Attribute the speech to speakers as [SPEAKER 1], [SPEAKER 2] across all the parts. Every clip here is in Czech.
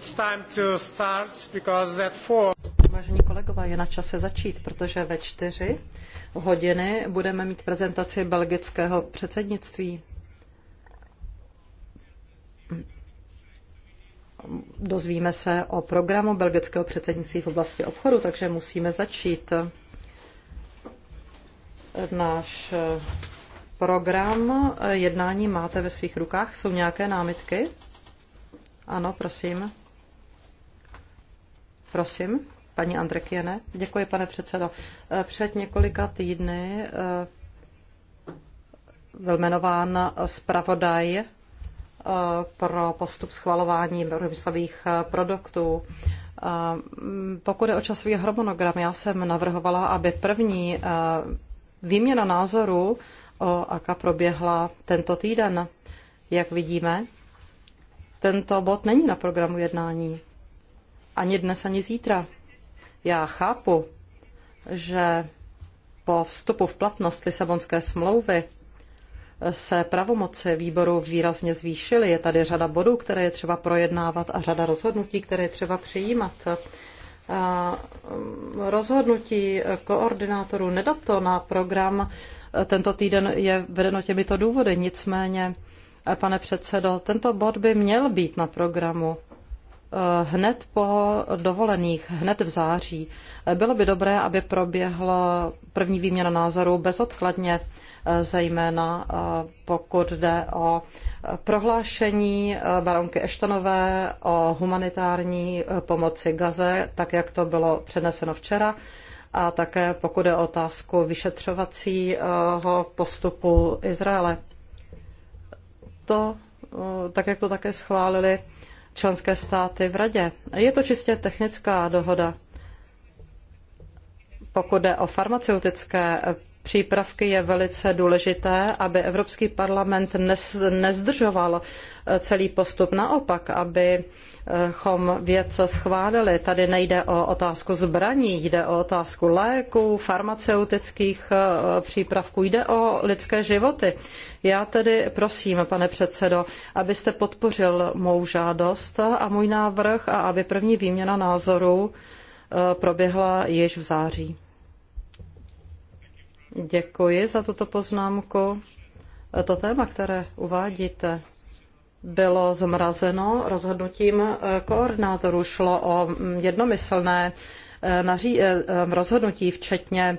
[SPEAKER 1] It's time to start Vážení kolegové, je na čase začít, protože ve čtyři hodiny budeme mít prezentaci belgického předsednictví. Dozvíme se o programu belgického předsednictví v oblasti obchodu, takže musíme začít. Náš program jednání máte ve svých rukách. Jsou nějaké námitky? Ano, prosím. Prosím, paní Andrekiene. Děkuji, pane předsedo. Eh, před několika týdny byl eh, jmenován zpravodaj eh, pro postup schvalování průmyslových produktů. Pokud je o časový harmonogram, já jsem navrhovala, aby první výměna názorů o AKA proběhla tento týden. Jak vidíme, tento bod není na programu jednání ani dnes, ani zítra. Já chápu, že po vstupu v platnost Lisabonské smlouvy se pravomoci výboru výrazně zvýšily. Je tady řada bodů, které je třeba projednávat a řada rozhodnutí, které je třeba přijímat. Mm, rozhodnutí koordinátorů nedato na program tento týden je vedeno těmito důvody. Nicméně, pane předsedo, tento bod by měl být na programu Eh, hned po dovolených, hned v září. Eh, bylo by dobré, aby proběhla první výměna názorů bezodkladně, eh, zejména pokud jde o prohlášení baronky Eštonové o humanitární pomoci Gaze, tak jak to bylo předneseno včera, a také pokud je otázku vyšetřovacího postupu Izraele. To, tak jak to také schválili členské státy v radě. Je to čistě technická dohoda. Pokud jde o farmaceutické přípravky je velice důležité, aby Evropský parlament nezdržoval eh, celý postup. Naopak, aby eh, věc schválili. Tady nejde o otázku zbraní, jde o otázku léků, farmaceutických eh, přípravků, jde o lidské životy. Já tedy prosím, pane předsedo, abyste podpořil mou žádost a můj návrh a aby první výměna názorů proběhla již v září. Děkuji za tuto poznámku. To téma, které uvádíte, bylo zmrazeno rozhodnutím koordinátorů. Šlo o jednomyslné eh, eh, eh, rozhodnutí, včetně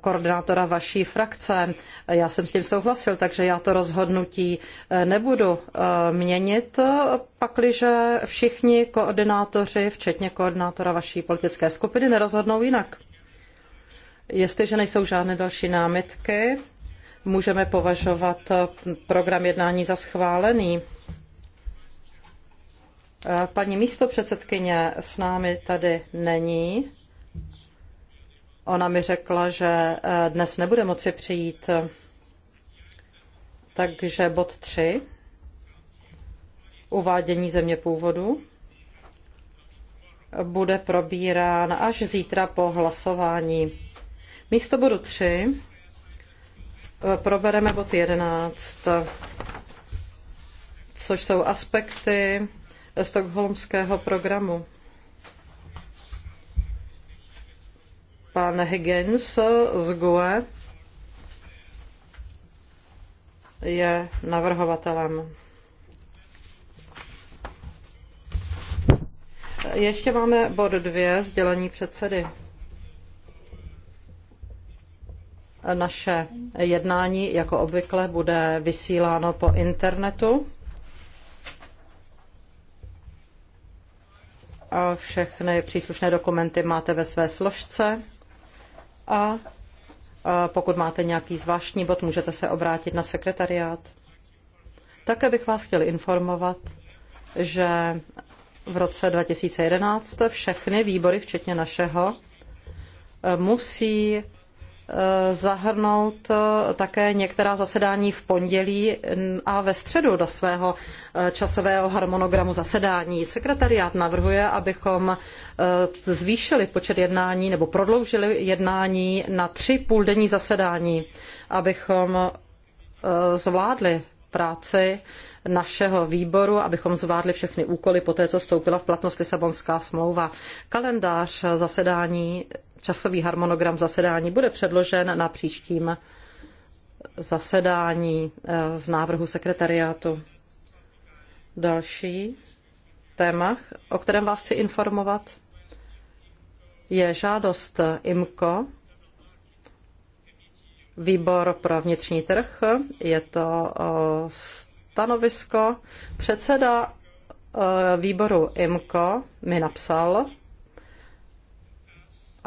[SPEAKER 1] koordinátora vaší frakce. Já jsem s tím souhlasil, takže já to rozhodnutí nebudu měnit, pakliže všichni koordinátoři, včetně koordinátora vaší politické skupiny, nerozhodnou jinak. Jestliže nejsou žádné další námitky, můžeme považovat eh, program jednání za schválený. Eh, paní místo předsedkyně s námi tady není. Ona mi řekla, že eh, dnes nebude moci přijít. Takže bod 3. Uvádění země původu bude probírán až zítra po hlasování. Místo bodu 3 eh, probereme bod 11, což jsou aspekty stokholmského programu. Pan Higgins z GUE je navrhovatelem. Ještě máme bod 2, sdělení předsedy. Naše jednání, jako obvykle, bude vysíláno po internetu. A všechny příslušné dokumenty máte ve své složce. A pokud máte nějaký zvláštní bod, můžete se obrátit na sekretariát. Také bych vás chtěl informovat, že v roce 2011 všechny výbory, včetně našeho, musí Eh, zahrnout eh, také některá zasedání v pondělí a ve středu do svého eh, časového harmonogramu zasedání. Sekretariát navrhuje, abychom zvýšili počet jednání nebo prodloužili jednání na tři půldenní zasedání, abychom zvládli práci našeho výboru, abychom zvládli všechny úkoly po té, co vstoupila v platnost Lisabonská smlouva. Kalendář zasedání časový harmonogram zasedání bude předložen na příštím zasedání eh, z návrhu sekretariátu. Další téma, o kterém vás chci informovat, je žádost IMCO, výbor pro vnitřní trh. Je to eh, stanovisko. Předseda eh, výboru IMCO mi napsal,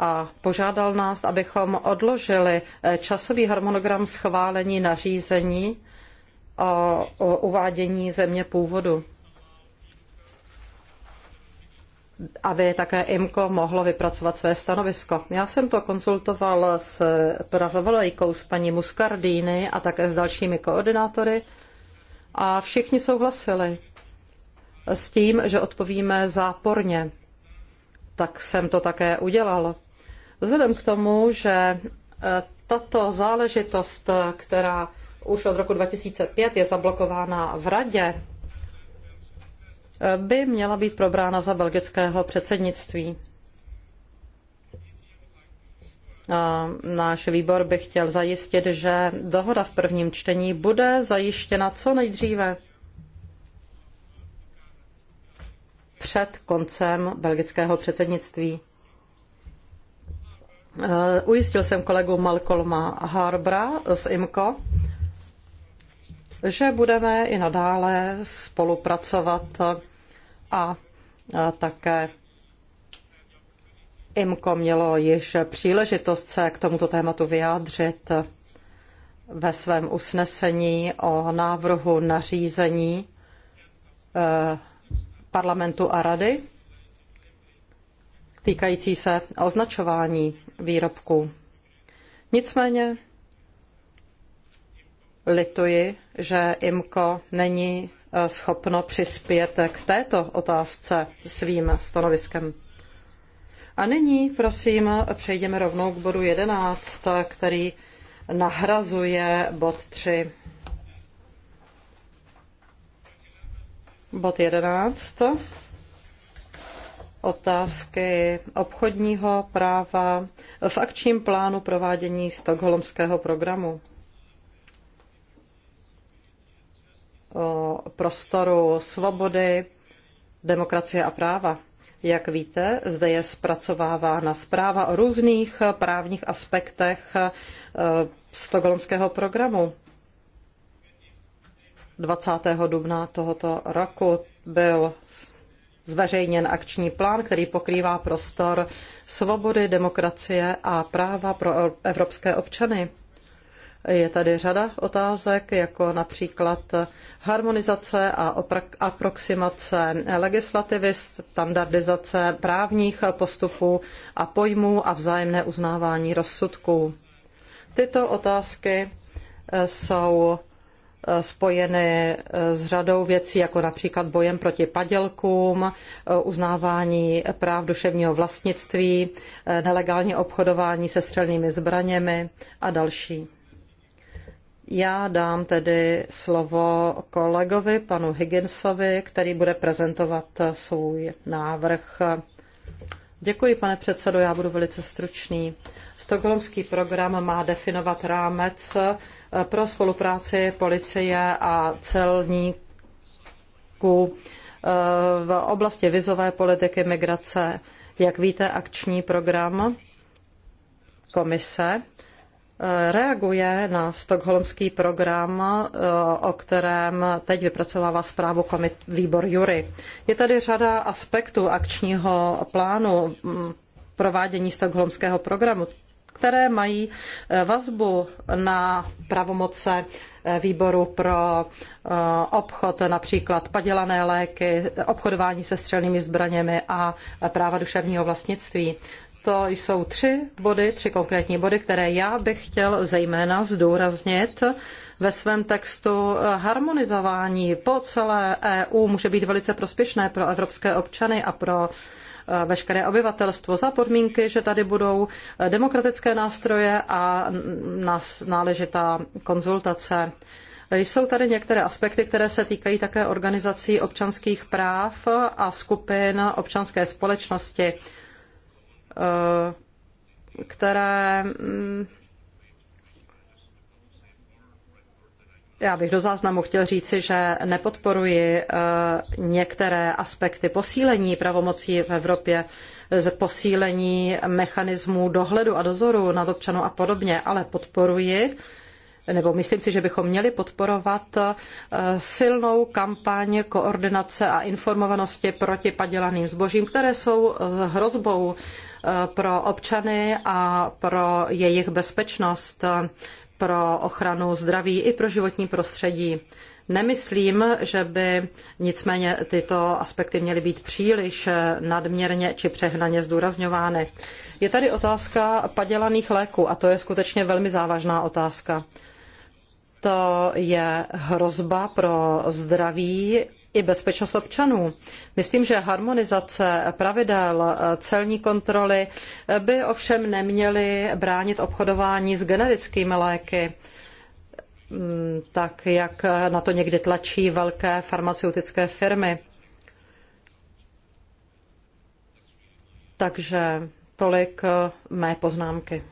[SPEAKER 1] a požádal nás, abychom odložili eh, časový harmonogram schválení nařízení o, o uvádění země původu. aby také IMCO mohlo vypracovat své stanovisko. Já jsem to konzultoval s pravolejkou, s paní Muscardini a také s dalšími koordinátory a všichni souhlasili s tím, že odpovíme záporně. Tak jsem to také udělal. Vzhledem k tomu, že e, tato záležitost, e, která už od roku 2005 je zablokována v radě, e, by měla být probrána za belgického předsednictví. Náš výbor by chtěl zajistit, že dohoda v prvním čtení bude zajištěna co nejdříve před koncem belgického předsednictví. Eh, ujistil jsem kolegu Malcolma Harbra z IMCO, že budeme i nadále spolupracovat a eh, také IMCO mělo již příležitost se k tomuto tématu vyjádřit ve svém usnesení o návrhu nařízení eh, parlamentu a rady týkající se označování výrobků. Nicméně lituji, že IMCO není eh, schopno přispět k této otázce svým stanoviskem. A nyní, prosím, přejdeme rovnou k bodu 11, který nahrazuje bod 3. Bod 11 otázky obchodního práva v akčním plánu provádění stokholmského programu. O prostoru svobody, demokracie a práva. Jak víte, zde je zpracovávána zpráva o různých právních aspektech e, stokholmského programu. 20. dubna tohoto roku byl zveřejněn akční plán, který pokrývá prostor svobody, demokracie a práva pro evropské občany. Je tady řada otázek, jako například harmonizace a aproximace legislativy, standardizace právních postupů a pojmů a vzájemné uznávání rozsudků. Tyto otázky jsou spojeny eh, s řadou věcí, jako například bojem proti padělkům, eh, uznávání práv duševního vlastnictví, eh, nelegální obchodování se střelnými zbraněmi a další. Já dám tedy slovo kolegovi, panu Higginsovi, který bude prezentovat svůj návrh. Děkuji, pane předsedo, já budu velice stručný. Stokholmský program má definovat rámec eh, pro spolupráci policie a celníků eh, v oblasti vizové politiky migrace. Jak víte, akční program komise eh, reaguje na stokholmský program, o kterém teď vypracovává zprávu komit výbor Jury. Je tady řada aspektů akčního plánu mm, provádění stokholmského programu které mají eh, vazbu na pravomoce eh, výboru pro eh, obchod, například padělané léky, obchodování se střelnými zbraněmi a práva duševního vlastnictví. To jsou tři body, tři konkrétní body, které já bych chtěl zejména zdůraznit ve svém textu. Harmonizování po celé EU může být velice prospěšné pro evropské občany a pro uh, Eh, veškeré obyvatelstvo za podmínky, že tady budou eh, demokratické nástroje a náležitá konzultace. Jsou tady některé aspekty, které se týkají také organizací občanských práv a skupin občanské společnosti, eh, které mm, Já bych do záznamu chtěl říci, že nepodporuji eh, některé aspekty posílení pravomocí v Evropě, posílení mechanismů dohledu a dozoru nad občanů a podobně, ale podporuji nebo myslím si, že bychom měli podporovat eh, silnou kampaň koordinace a informovanosti proti padělaným zbožím, které jsou hrozbou eh, pro občany a pro jejich bezpečnost pro ochranu zdraví i pro životní prostředí. Nemyslím, že by nicméně tyto aspekty měly být příliš nadměrně či přehnaně zdůrazňovány. Je tady otázka padělaných léků a to je skutečně velmi závažná otázka. To je hrozba pro zdraví i bezpečnost občanů. Myslím, že harmonizace pravidel eh, celní kontroly eh, by ovšem neměly bránit obchodování s generickými léky mm, tak jak na to někdy tlačí velké farmaceutické firmy. Takže tolik eh, mé poznámky.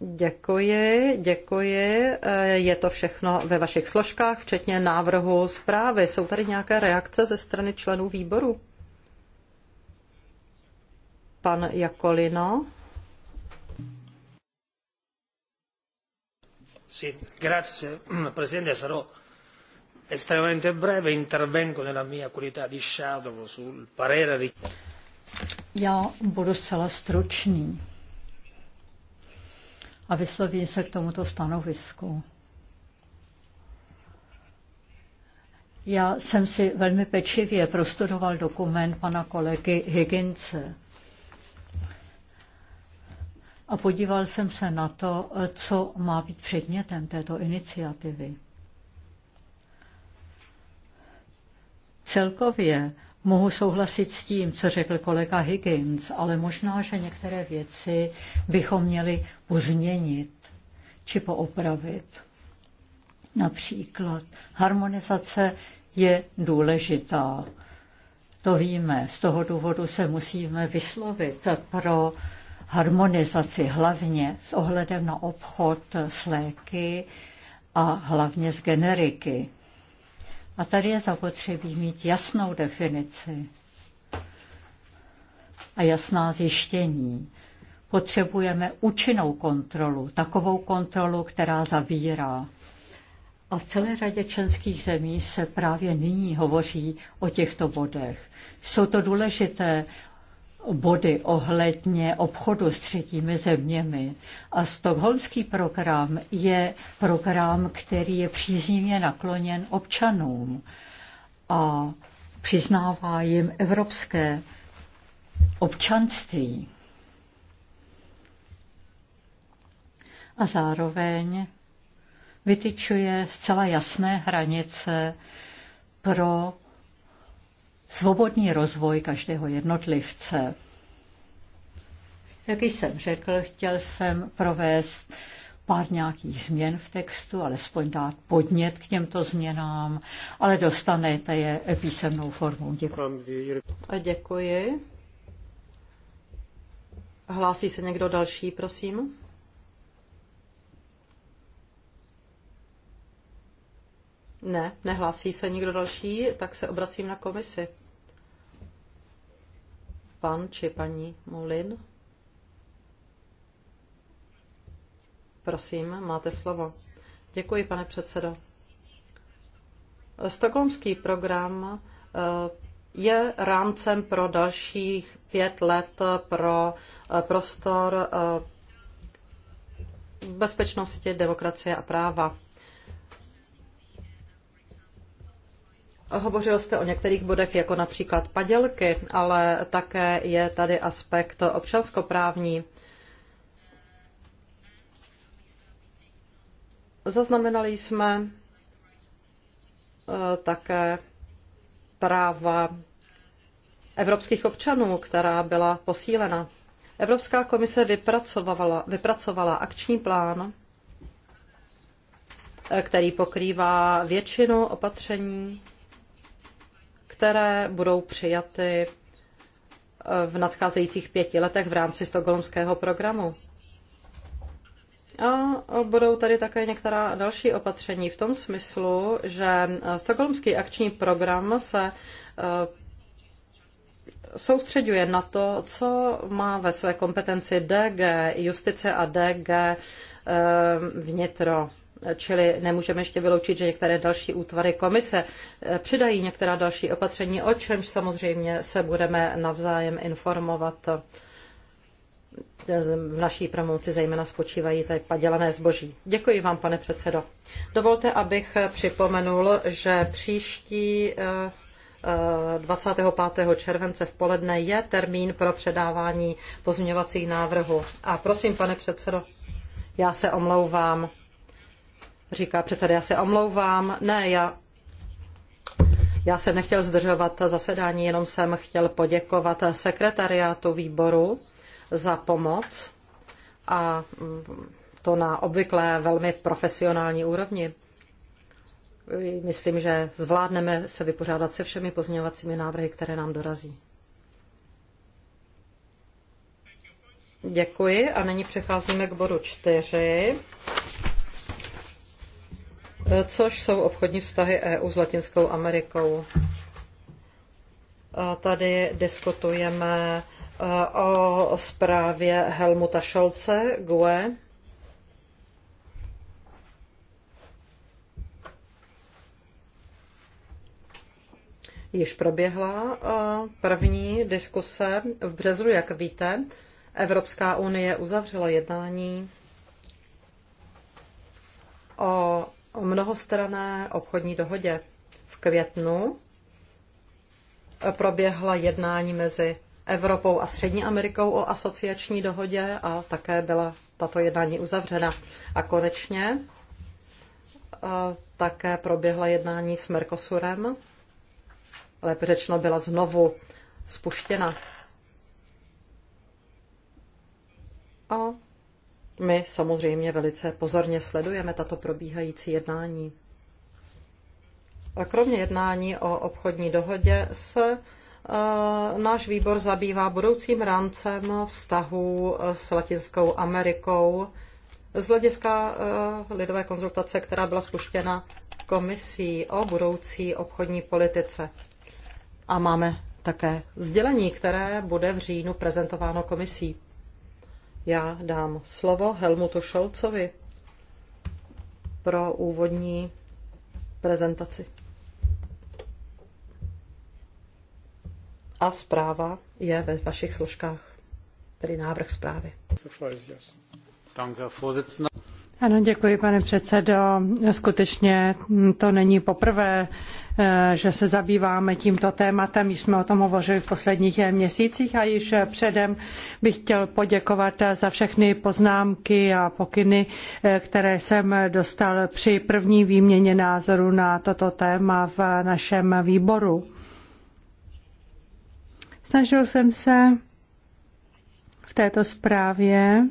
[SPEAKER 1] Děkuji, děkuji. Eh, je to všechno ve vašich složkách, včetně návrhu zprávy. Jsou tady nějaké reakce ze strany členů výboru? Pan Jakolino. Sì, grazie Presidente, sarò estremamente breve, intervengo nella mia qualità di shadow sul parere. di.
[SPEAKER 2] Já budu zcela stručný a vyslovím se k tomuto stanovisku. Já jsem si velmi pečlivě prostudoval dokument pana kolegy Higgince a podíval jsem se na to, co má být předmětem této iniciativy. Celkově Mohu souhlasit s tím, co řekl kolega Higgins, ale možná, že některé věci bychom měli pozměnit či poopravit. Například harmonizace je důležitá. To víme, z toho důvodu se musíme vyslovit pro harmonizaci, hlavně s ohledem na obchod s léky a hlavně s generiky. A tady je zapotřebí mít jasnou definici a jasná zjištění. Potřebujeme účinnou kontrolu, takovou kontrolu, která zabírá. A v celé řadě členských zemí se právě nyní hovoří o těchto bodech. Jsou to důležité body ohledně obchodu s třetími zeměmi. A stokholmský program je program, který je příznivě nakloněn občanům a přiznává jim evropské občanství. A zároveň vytyčuje zcela jasné hranice pro svobodný rozvoj každého jednotlivce. Jak již jsem řekl, chtěl jsem provést pár nějakých změn v textu, alespoň dát podnět k těmto změnám, ale dostanete je písemnou formou. Děkuji. A
[SPEAKER 1] děkuji. Hlásí se někdo další, prosím? Ne, nehlásí se nikdo další, tak se obracím na komisi. Pan či paní Molin? Prosím, máte slovo. Děkuji, pane předsedo. Stokholmský program eh, je rámcem pro dalších pět let pro eh, prostor eh, bezpečnosti, demokracie a práva. Hovořil jste o některých bodech, jako například padělky, ale také je tady aspekt občanskoprávní. Zaznamenali jsme eh, také práva evropských občanů, která byla posílena. Evropská komise vypracovala, vypracovala akční plán, eh, který pokrývá většinu opatření které budou přijaty eh, v nadcházejících pěti letech v rámci stokholmského programu. A budou tady také některá další opatření v tom smyslu, že eh, stokholmský akční program se eh, soustředuje na to, co má ve své kompetenci DG justice a DG vnitro čili nemůžeme ještě vyloučit, že některé další útvary komise eh, přidají některá další opatření, o čemž samozřejmě se budeme navzájem informovat. Eh, v naší promoci zejména spočívají tady padělané zboží. Děkuji vám, pane předsedo. Dovolte, abych připomenul, že příští 25. Eh, července v poledne je termín pro předávání pozměňovacích návrhů. A prosím, pane předsedo, já se omlouvám. Říká předseda, já se omlouvám. Ne, já já jsem nechtěl zdržovat zasedání, jenom jsem chtěl poděkovat sekretariátu výboru za pomoc a mm, to na obvyklé velmi profesionální úrovni. Myslím, že zvládneme se vypořádat se všemi pozměňovacími návrhy, které nám dorazí. Děkuji a nyní přecházíme k bodu čtyři což jsou obchodní vztahy EU s Latinskou Amerikou. tady diskutujeme e, o zprávě Helmuta Šolce, GUE. Již proběhla e, první diskuse v březnu, jak víte. Evropská unie uzavřela jednání o o mnohostrané obchodní dohodě. V květnu proběhla jednání mezi Evropou a Střední Amerikou o asociační dohodě a také byla tato jednání uzavřena. A konečně eh, také proběhla jednání s Mercosurem, ale řečeno byla znovu spuštěna. A my samozřejmě velice pozorně sledujeme tato probíhající jednání. A kromě jednání o obchodní dohodě se e, náš výbor zabývá budoucím rámcem vztahu s Latinskou Amerikou z hlediska e, lidové konzultace, která byla spuštěna komisí o budoucí obchodní politice. A máme také sdělení, které bude v říjnu prezentováno komisí. Já dám slovo Helmutu Šolcovi pro úvodní prezentaci. A zpráva je ve vašich složkách, tedy návrh zprávy.
[SPEAKER 3] Ano, děkuji, pane předsedo. Skutečně to není poprvé, eh, že se zabýváme tímto tématem. Již jsme o tom hovořili v posledních eh, měsících a již eh, předem bych chtěl poděkovat za všechny poznámky a pokyny, které jsem dostal při první výměně názorů na toto téma v našem výboru. Snažil jsem se v této zprávě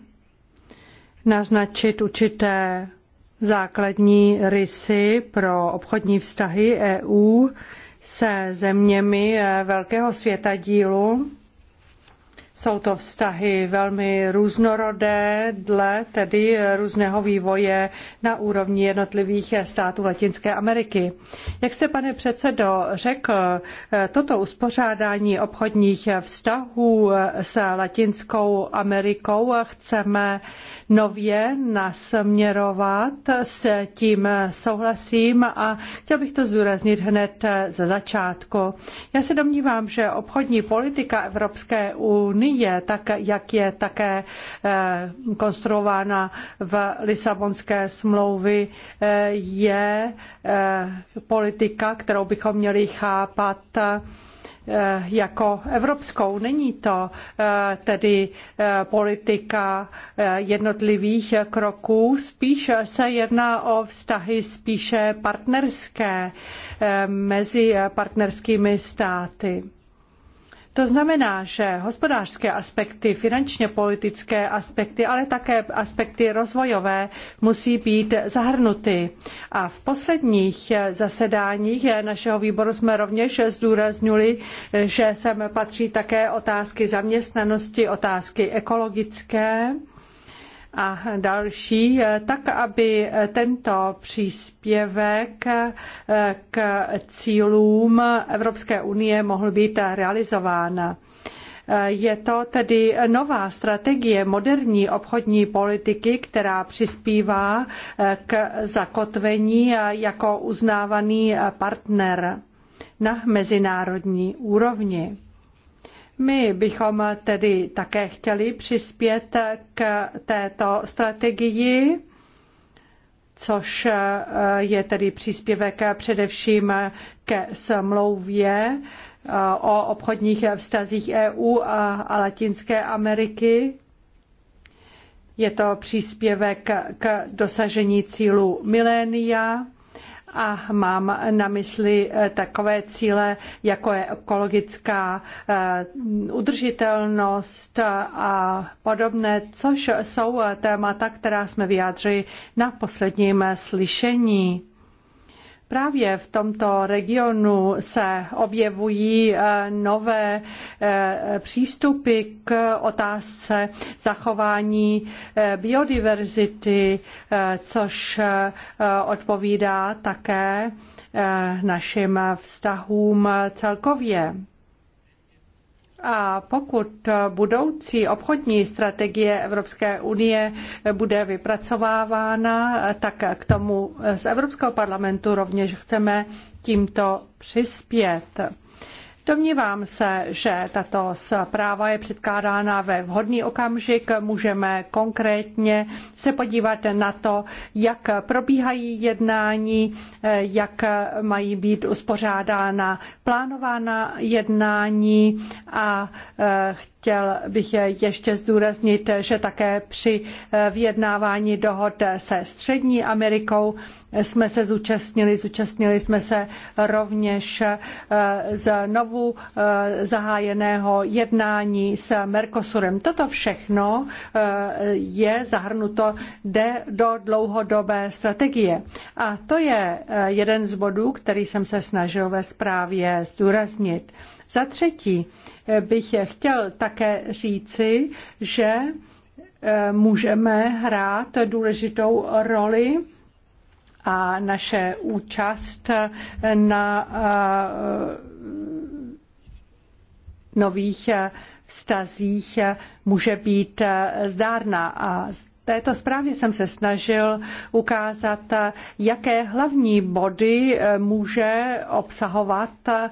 [SPEAKER 3] naznačit určité základní rysy pro obchodní vztahy EU se zeměmi eh, velkého světa dílu. Jsou to vztahy velmi různorodé, dle tedy eh, různého vývoje na úrovni jednotlivých eh, států Latinské Ameriky. Jak se, pane předsedo, řekl, toto uspořádání obchodních vztahů s Latinskou Amerikou chceme nově nasměrovat, s tím souhlasím a chtěl bych to zdůraznit hned ze začátku. Já se domnívám, že obchodní politika Evropské unie, tak jak je také eh, konstruována v Lisabonské smlouvy, eh, je eh, politika, kterou bychom měli chápat Eh, jako evropskou. Není to eh, tedy eh, politika jednotlivých kroků, spíš se jedná o vztahy spíše partnerské mezi partnerskými státy. To znamená, že hospodářské aspekty, finančně politické aspekty, ale také aspekty rozvojové musí být zahrnuty. A v posledních zasedáních našeho výboru jsme rovněž zdůraznili, že sem patří také otázky zaměstnanosti, otázky ekologické a další, tak aby tento příspěvek eh, k cílům Evropské unie mohl být realizován. Eh, je to tedy nová strategie moderní obchodní politiky, která přispívá eh, k zakotvení jako uznávaný partner na mezinárodní úrovni. My bychom tedy také chtěli přispět k této strategii což eh, je tedy příspěvek především ke smlouvě eh, o obchodních vztazích EU a Latinské Ameriky. Je to příspěvek k dosažení cílu milénia a mám na mysli eh, takové cíle, jako je ekologická eh, udržitelnost eh, a podobné, což jsou témata, která jsme vyjádřili na posledním slyšení. Právě v tomto regionu se objevují eh, nové eh, přístupy k otázce zachování eh, biodiverzity, což odpovídá také našim vztahům celkově. A pokud budoucí obchodní strategie Evropské unie bude vypracovávána, tak k tomu z Evropského parlamentu rovněž chceme tímto přispět. Domnívám se, že tato zpráva je předkládána ve vhodný okamžik. Můžeme konkrétně se podívat na to, jak probíhají jednání, jak mají být uspořádána plánována jednání a eh, Chtěl bych ještě zdůraznit, že také při eh, vyjednávání dohod se Střední Amerikou jsme se zúčastnili. Zúčastnili jsme se rovněž eh, znovu eh, zahájeného jednání s Mercosurem. Toto všechno je zahrnuto do dlouhodobé strategie. A to je jeden z bodů, který jsem se snažil ve zprávě zdůraznit. Za třetí eh, bych chtěl také říci, že eh, můžeme hrát důležitou roli a naše účast eh, na nových vztazích může být zdárná a této zprávě jsem se snažil ukázat, jaké hlavní body eh, může obsahovat eh,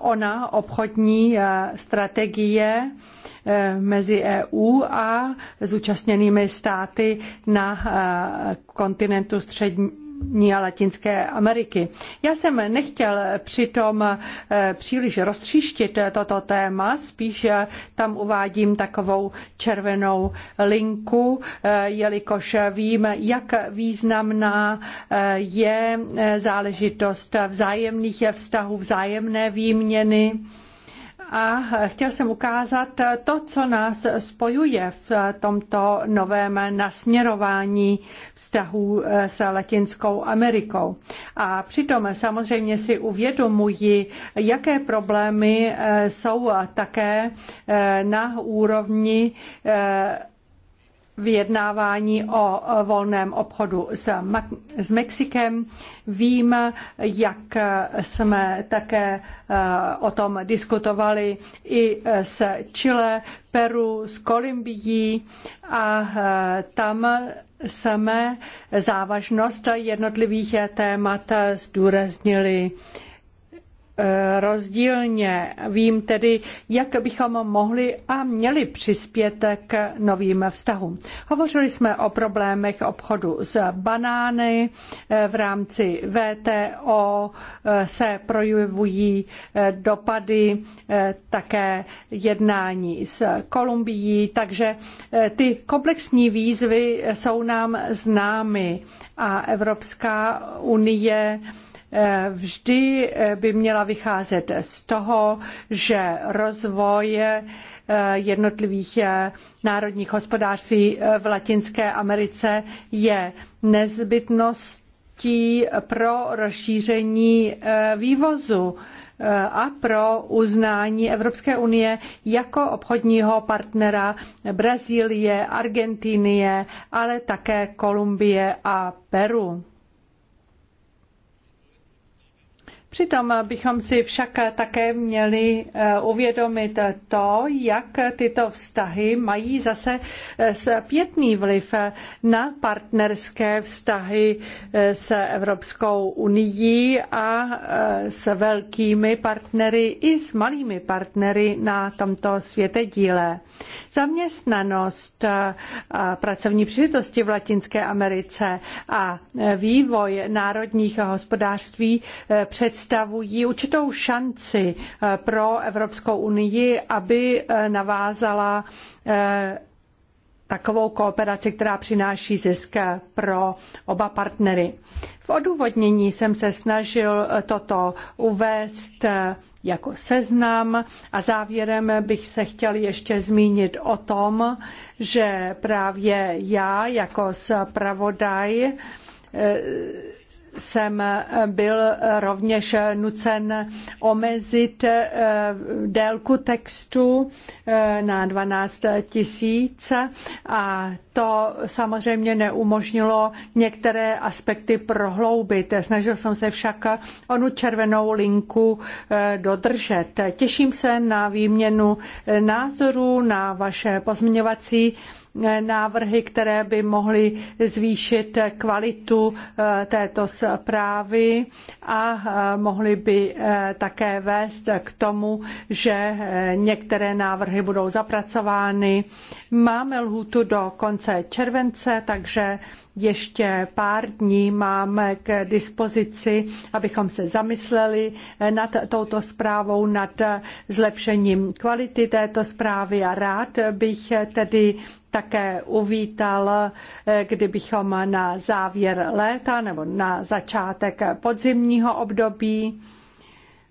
[SPEAKER 3] ona obchodní eh, strategie mezi EU a zúčastněnými státy na kontinentu střední Jižní a Latinské Ameriky. Já jsem nechtěl přitom eh, příliš roztříštit toto téma, spíš eh, tam uvádím takovou červenou linku, eh, jelikož vím, jak významná je záležitost vzájemných vztahů, vzájemné výměny a chtěl jsem ukázat to, co nás spojuje v tomto novém nasměrování vztahů s Latinskou Amerikou. A přitom samozřejmě si uvědomuji, jaké problémy jsou také na úrovni eh, vyjednávání o volném obchodu s, Mexikem. Vím, jak jsme také e, o tom diskutovali i s Chile, Peru, s Kolumbií a e, tam jsme závažnost jednotlivých témat zdůraznili Eh, rozdílně. Vím tedy, jak bychom mohli a měli přispět k novým vztahům. Hovořili jsme o problémech obchodu s banány eh, v rámci VTO eh, se projevují dopady také jednání s Kolumbií, takže ty komplexní výzvy jsou nám známy a Evropská unie Eh, vždy eh, by měla vycházet z toho, že rozvoj eh, jednotlivých národních hospodářství v Latinské Americe je nezbytností pro rozšíření vývozu a pro uznání Evropské unie jako obchodního partnera Brazílie, Argentinie, ale také Kolumbie a Peru. Přitom bychom si však také měli eh, uvědomit to, jak tyto vztahy mají zase eh, zpětný vliv eh, na partnerské vztahy s Evropskou unií a s velkými partnery i s malými partnery na tomto díle zaměstnanost, eh, eh, pracovní příležitosti v Latinské Americe a eh, vývoj národních hospodářství představují určitou šanci pro Evropskou unii, aby navázala takovou kooperaci, která přináší zisk pro oba partnery. V odůvodnění jsem se snažil toto uvést jako seznam a závěrem bych se chtěl ještě zmínit o tom, že právě já jako zpravodaj eh, jsem byl rovněž nucen omezit eh, délku textu eh, na 12 tisíc a to samozřejmě neumožnilo některé aspekty prohloubit. Snažil jsem se však onu červenou linku eh, dodržet. Těším se na výměnu názorů, na vaše pozměňovací návrhy, které by mohly zvýšit kvalitu eh, této zprávy a eh, mohly by eh, také vést k tomu, že některé návrhy budou zapracovány. Máme lhůtu do konce července, takže ještě pár dní máme k dispozici, abychom se zamysleli nad touto zprávou, nad zlepšením kvality této zprávy a rád bych tedy také uvítal, kdybychom na závěr léta nebo na začátek podzimního období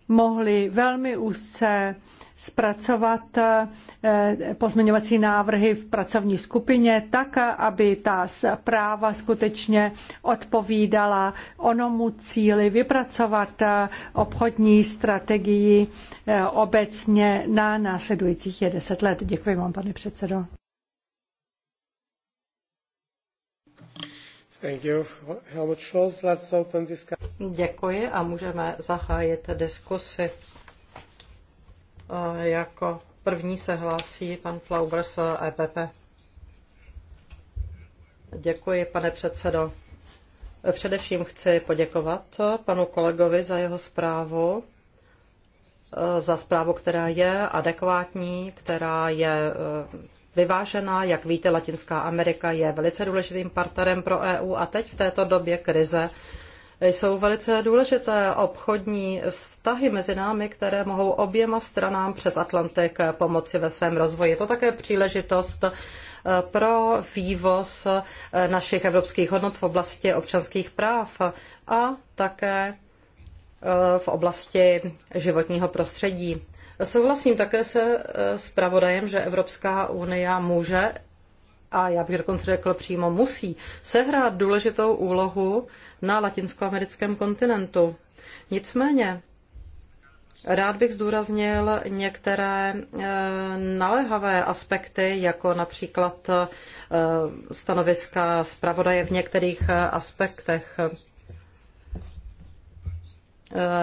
[SPEAKER 3] mohli velmi úzce zpracovat eh, pozměňovací návrhy v pracovní skupině tak, aby ta zpráva skutečně odpovídala onomu cíli vypracovat eh, obchodní strategii eh, obecně na následujících 10 let. Děkuji vám, pane předsedo.
[SPEAKER 1] Děkuji a můžeme zahájit diskusi. Jako první se hlásí pan Flauber z EPP. Děkuji, pane předsedo. Především chci poděkovat panu kolegovi za jeho zprávu, za zprávu, která je adekvátní, která je eh, vyvážená. Jak víte, Latinská Amerika je velice důležitým partnerem pro EU a teď v této době krize jsou velice důležité obchodní vztahy mezi námi, které mohou oběma stranám přes Atlantik pomoci ve svém rozvoji. Je to také příležitost eh, pro vývoz eh, našich evropských hodnot v oblasti občanských práv a také eh, v oblasti životního prostředí. Souhlasím také se zpravodajem, že Evropská unie může a já bych dokonce řekl přímo musí, sehrát důležitou úlohu na latinskoamerickém kontinentu. Nicméně Rád bych zdůraznil některé eh, naléhavé aspekty, jako například eh, stanoviska zpravodaje v některých eh, aspektech.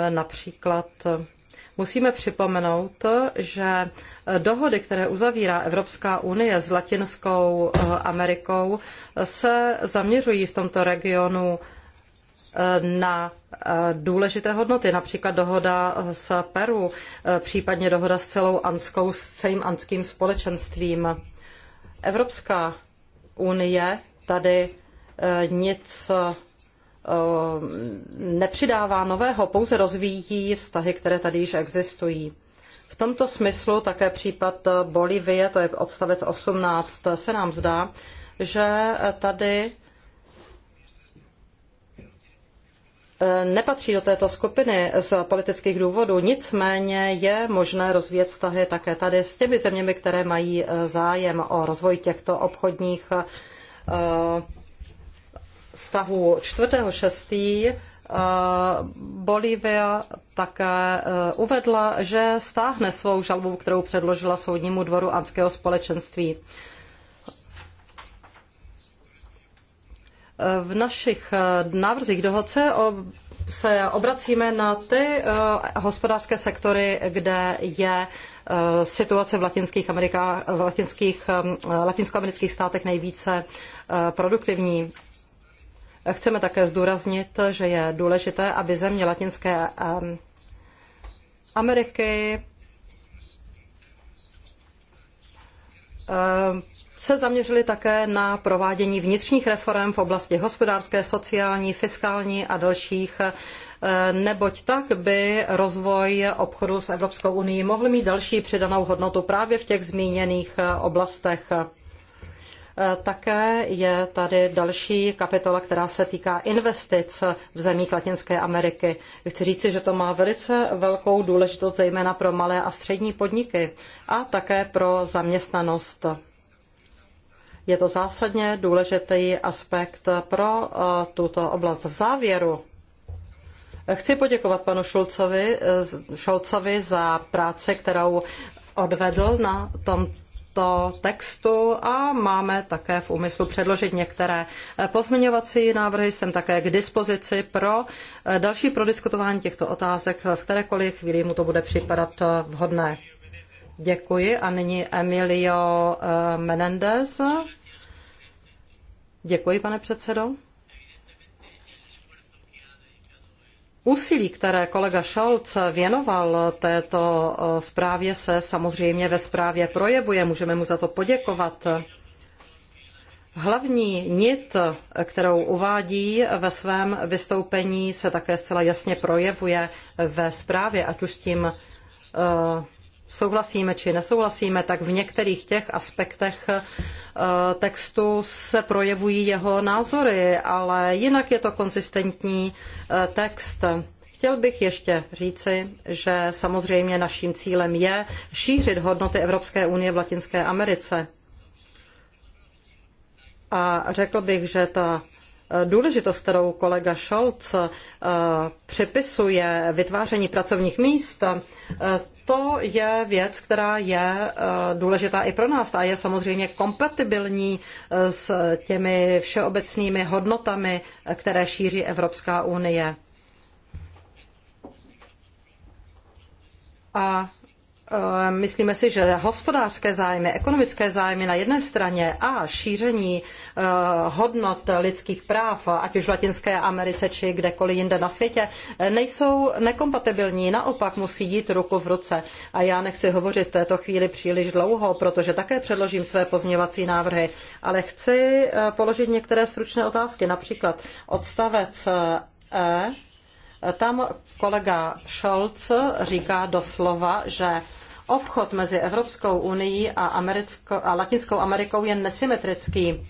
[SPEAKER 1] Například Musíme připomenout, že dohody, které uzavírá Evropská unie s Latinskou eh, Amerikou, se zaměřují v tomto regionu eh, na eh, důležité hodnoty, například dohoda s Peru, případně dohoda s celou anskou, s celým anským společenstvím. Evropská unie tady nic Eh, nepřidává nového, pouze rozvíjí vztahy, které tady již existují. V tomto smyslu také případ Bolivie, to je odstavec 18, se nám zdá, že tady eh, nepatří do této skupiny z politických důvodů, nicméně je možné rozvíjet vztahy také tady s těmi zeměmi, které mají eh, zájem o rozvoj těchto obchodních vztahu 4.6. Eh, Bolívia také eh, uvedla, že stáhne svou žalbu, kterou předložila Soudnímu dvoru Andského společenství. Eh, v našich návrzích dohodce se obracíme na ty hospodářské sektory, kde je situace v latinských, Amerikách, v latinských latinskoamerických státech nejvíce produktivní. Chceme také zdůraznit, že je důležité, aby země Latinské ehm, Ameriky ehm, se zaměřili také na provádění vnitřních reform v oblasti hospodářské, sociální, fiskální a dalších, ehm, neboť tak by rozvoj obchodu s Evropskou unii mohl mít další přidanou hodnotu právě v těch zmíněných oblastech. E, také je tady další kapitola, která se týká investic v zemích Latinské Ameriky. Chci říci, že to má velice velkou důležitost zejména pro malé a střední podniky a také pro zaměstnanost. Je to zásadně důležitý aspekt pro e, tuto oblast. V závěru chci poděkovat panu Šulcovi, e, Šulcovi za práci, kterou odvedl na tom, tohoto textu a máme také v úmyslu předložit některé eh, pozměňovací návrhy. Jsem také k dispozici pro eh, další prodiskutování těchto otázek v kterékoliv chvíli mu to bude připadat eh, vhodné. Děkuji a nyní Emilio Menendez. Děkuji, pane předsedo. Úsilí, které kolega Scholz věnoval této eh, zprávě, se samozřejmě ve zprávě projevuje. Můžeme mu za to poděkovat. Hlavní nit, kterou uvádí ve svém vystoupení, se také zcela jasně projevuje ve zprávě, ať už s tím eh, souhlasíme či nesouhlasíme, tak v některých těch aspektech eh, textu se projevují jeho názory, ale jinak je to konsistentní eh, text. Chtěl bych ještě říci, že samozřejmě naším cílem je šířit hodnoty Evropské unie v Latinské Americe. A řekl bych, že ta eh, důležitost, kterou kolega Scholz připisuje vytváření pracovních míst, to je věc, která je eh, důležitá i pro nás a je samozřejmě kompatibilní eh, s těmi všeobecnými hodnotami, eh, které šíří Evropská unie. A Eh, myslíme si, že hospodářské zájmy, ekonomické zájmy na jedné straně a šíření eh, hodnot lidských práv, ať už v Latinské Americe či kdekoliv jinde na světě, eh, nejsou nekompatibilní, naopak musí jít ruku v ruce. A já nechci hovořit v této chvíli příliš dlouho, protože také předložím své pozměvací návrhy, ale chci položit některé stručné otázky, například odstavec E tam kolega Scholz říká doslova, že obchod mezi Evropskou unii a, a Latinskou Amerikou je nesymetrický.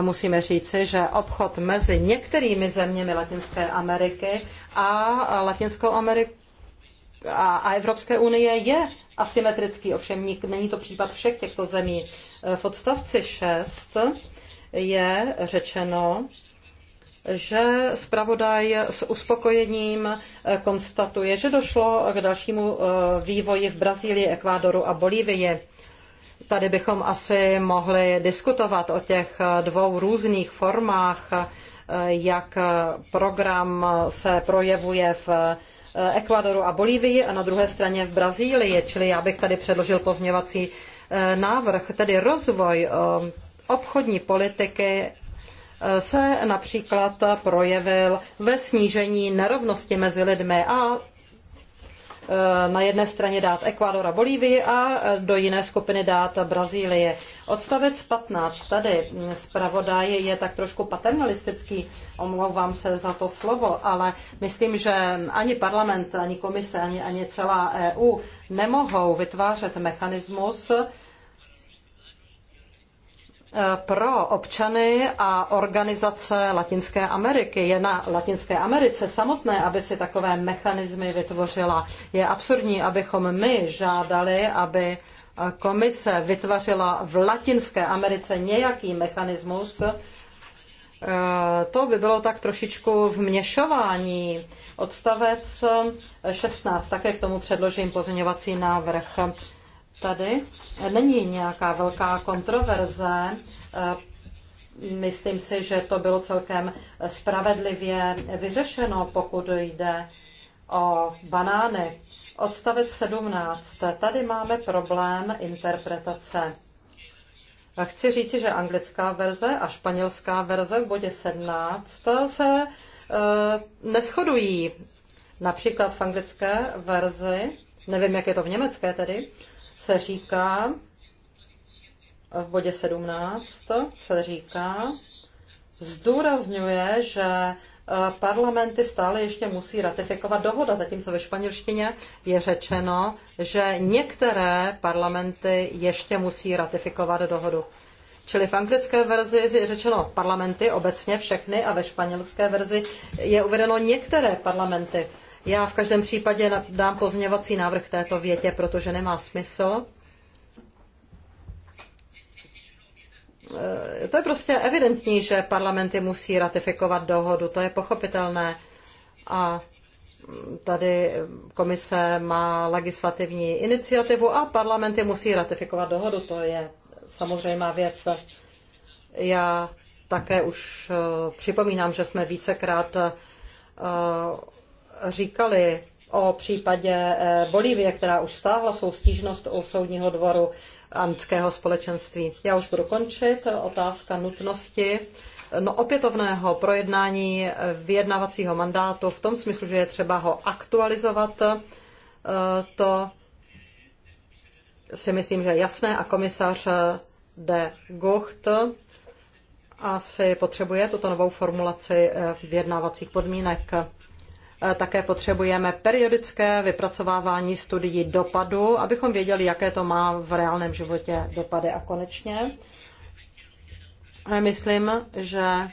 [SPEAKER 1] Musíme říci, že obchod mezi některými zeměmi Latinské Ameriky a Latinskou Amerikou a Evropské unie je asymetrický, ovšem není to případ všech těchto zemí. E, v odstavci 6 je řečeno, že zpravodaj s uspokojením eh, konstatuje, že došlo k dalšímu eh, vývoji v Brazílii, Ekvádoru a Bolívii. Tady bychom asi mohli diskutovat o těch eh, dvou různých formách, jak program se projevuje v Ekvádoru a Bolívii a na druhé straně v Brazílii, čili já bych tady předložil pozměvací návrh, tedy rozvoj obchodní politiky se například projevil ve snížení nerovnosti mezi lidmi a e, na jedné straně dát Ekvádor a Bolívii a do jiné skupiny dát Brazílii. Odstavec 15 tady zpravodaj je tak trošku paternalistický, omlouvám se za to slovo, ale myslím, že ani parlament, ani komise, ani, ani celá EU nemohou vytvářet mechanismus, Eh, pro občany a organizace Latinské Ameriky. Je na Latinské Americe samotné, aby si takové mechanismy vytvořila. Je absurdní, abychom my žádali, aby eh, komise vytvořila v Latinské Americe nějaký mechanismus, eh, to by bylo tak trošičku vměšování. Odstavec 16, také k tomu předložím pozměňovací návrh tady není nějaká velká kontroverze. Eh, myslím si, že to bylo celkem spravedlivě vyřešeno, pokud jde o banány. Odstavec 17. Tady máme problém interpretace. Chci říci, že anglická verze a španělská verze v bodě 17 se e, neschodují. Například v anglické verzi, nevím, jak je to v německé tedy, se říká, v bodě 17 se říká, zdůrazňuje, že eh, parlamenty stále ještě musí ratifikovat dohoda, zatímco ve španělštině je řečeno, že některé parlamenty ještě musí ratifikovat dohodu. Čili v anglické verzi je řečeno parlamenty obecně všechny a ve španělské verzi je uvedeno některé parlamenty. Já v každém případě dám pozměňovací návrh k této větě, protože nemá smysl. E, to je prostě evidentní, že parlamenty musí ratifikovat dohodu, to je pochopitelné. A tady komise má legislativní iniciativu a parlamenty musí ratifikovat dohodu, to je samozřejmá věc. Já také už e, připomínám, že jsme vícekrát e, říkali o případě eh, Bolívie, která už stáhla svou stížnost u soudního dvoru andského společenství. Já už budu končit. Otázka nutnosti eh, no, opětovného projednání eh, vyjednávacího mandátu v tom smyslu, že je třeba ho aktualizovat, to si myslím, že je jasné a komisař de Gucht asi potřebuje tuto novou formulaci vyjednávacích podmínek. Eh, také potřebujeme periodické vypracovávání studií dopadu, abychom věděli, jaké to má v reálném životě dopady. A konečně eh, myslím, že eh,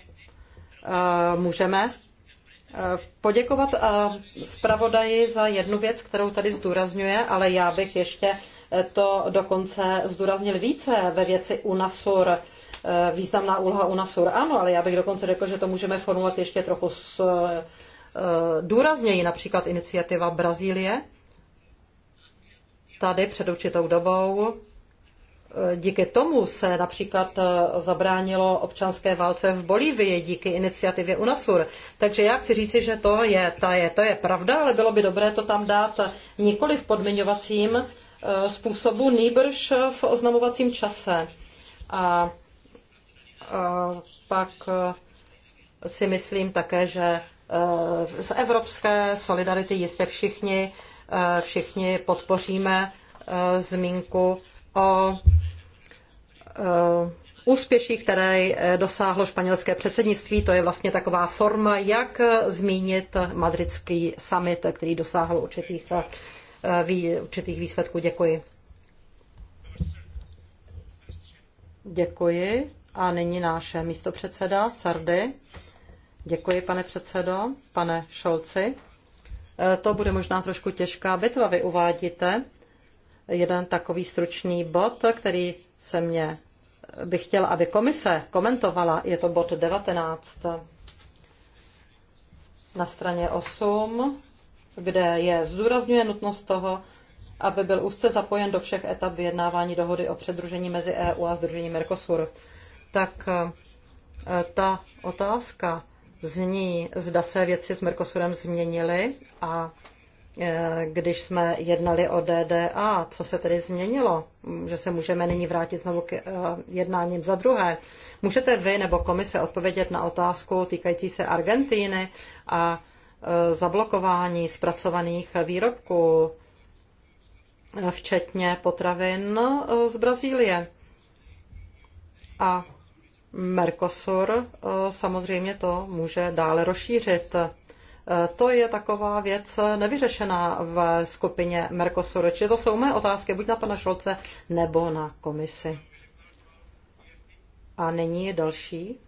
[SPEAKER 1] můžeme poděkovat zpravodaji za jednu věc, kterou tady zdůrazňuje, ale já bych ještě to dokonce zdůraznil více ve věci UNASUR, významná úloha UNASUR, ano, ale já bych dokonce řekl, že to můžeme formulovat ještě trochu s Eh, důrazněji, například iniciativa Brazílie. Tady před určitou dobou eh, Díky tomu se například eh, zabránilo občanské válce v Bolívii díky iniciativě UNASUR. Takže já chci říci, že to je, ta je, to je pravda, ale bylo by dobré to tam dát nikoli v podmiňovacím způsobu, nýbrž v oznamovacím čase. A, a pak si myslím také, že z evropské solidarity jistě všichni, eh, všichni podpoříme eh, zmínku o eh, úspěších, které dosáhlo španělské předsednictví. To je vlastně taková forma, jak zmínit madridský summit, který dosáhl určitých, určitých výsledků. Děkuji. Děkuji. A nyní náš místopředseda Sardy. Děkuji, pane předsedo, pane Šolci. Eh, to bude možná trošku těžká bitva. Vy uvádíte jeden takový stručný bod, který se mě eh, bych aby komise komentovala. Je to bod 19 na straně 8, kde je zdůrazňuje nutnost toho, aby byl úzce zapojen do všech etap vyjednávání dohody o předružení mezi EU a združení Mercosur. Tak eh, ta otázka zní, zda se věci s Mercosurem změnily a e, když jsme jednali o DDA, co se tedy změnilo, že se můžeme nyní vrátit znovu k e, jednáním za druhé. Můžete vy nebo komise odpovědět na otázku týkající se Argentíny a e, zablokování zpracovaných výrobků, včetně potravin z Brazílie. A Mercosur eh, samozřejmě to může dále rozšířit. Eh, to je taková věc nevyřešená v skupině Mercosur. Čili to jsou mé otázky buď na pana Šolce nebo na komisi. A nyní další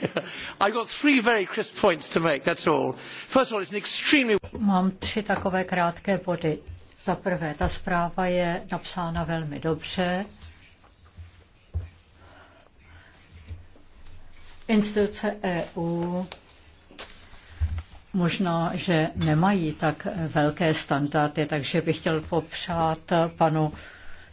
[SPEAKER 3] three very crisp points to make, all. First of all, an
[SPEAKER 2] extremely... Mám tři takové krátké body. Za prvé, ta zpráva je napsána velmi dobře. Instituce EU možná, že nemají tak velké standardy, takže bych chtěl popřát panu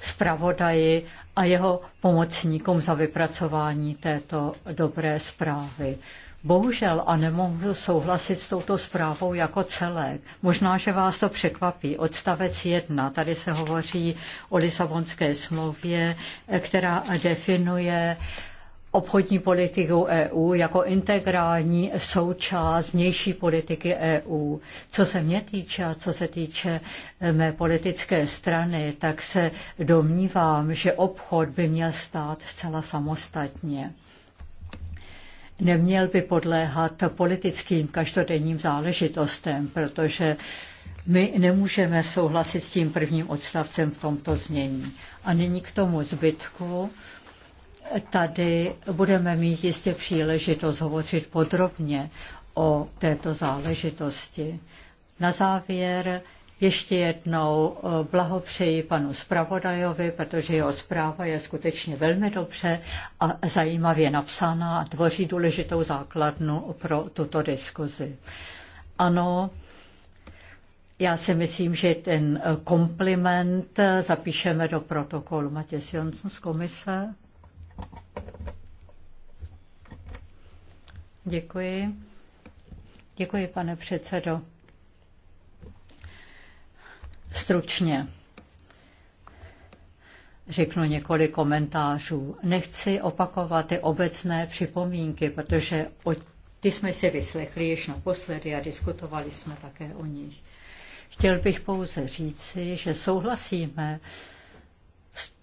[SPEAKER 2] zpravodaji, a jeho pomocníkům za vypracování této dobré zprávy. Bohužel a nemohu souhlasit s touto zprávou jako celek. Možná, že vás to překvapí. Odstavec 1, tady se hovoří o Lisabonské smlouvě, která definuje uh, obchodní politiku EU jako integrální součást vnější politiky EU. Co se mě týče a co se týče eh, mé politické strany, tak se domnívám, že obchod by měl stát zcela samostatně. Neměl by podléhat politickým každodenním záležitostem, protože my nemůžeme souhlasit s tím prvním odstavcem v tomto znění. A nyní k tomu zbytku Tady budeme mít jistě příležitost hovořit podrobně o této záležitosti. Na závěr ještě jednou eh, blahopřeji panu zpravodajovi, protože jeho zpráva je skutečně velmi dobře a zajímavě napsaná a tvoří důležitou základnu pro tuto diskuzi. Ano, já si myslím, že ten eh, kompliment eh, zapíšeme do protokolu. Matěs Jonsons komise. Děkuji. Děkuji, pane předsedo. Stručně řeknu několik komentářů. Nechci opakovat ty obecné připomínky, protože o ty jsme si vyslechli již naposledy a diskutovali jsme také o nich. Chtěl bych pouze říci, že souhlasíme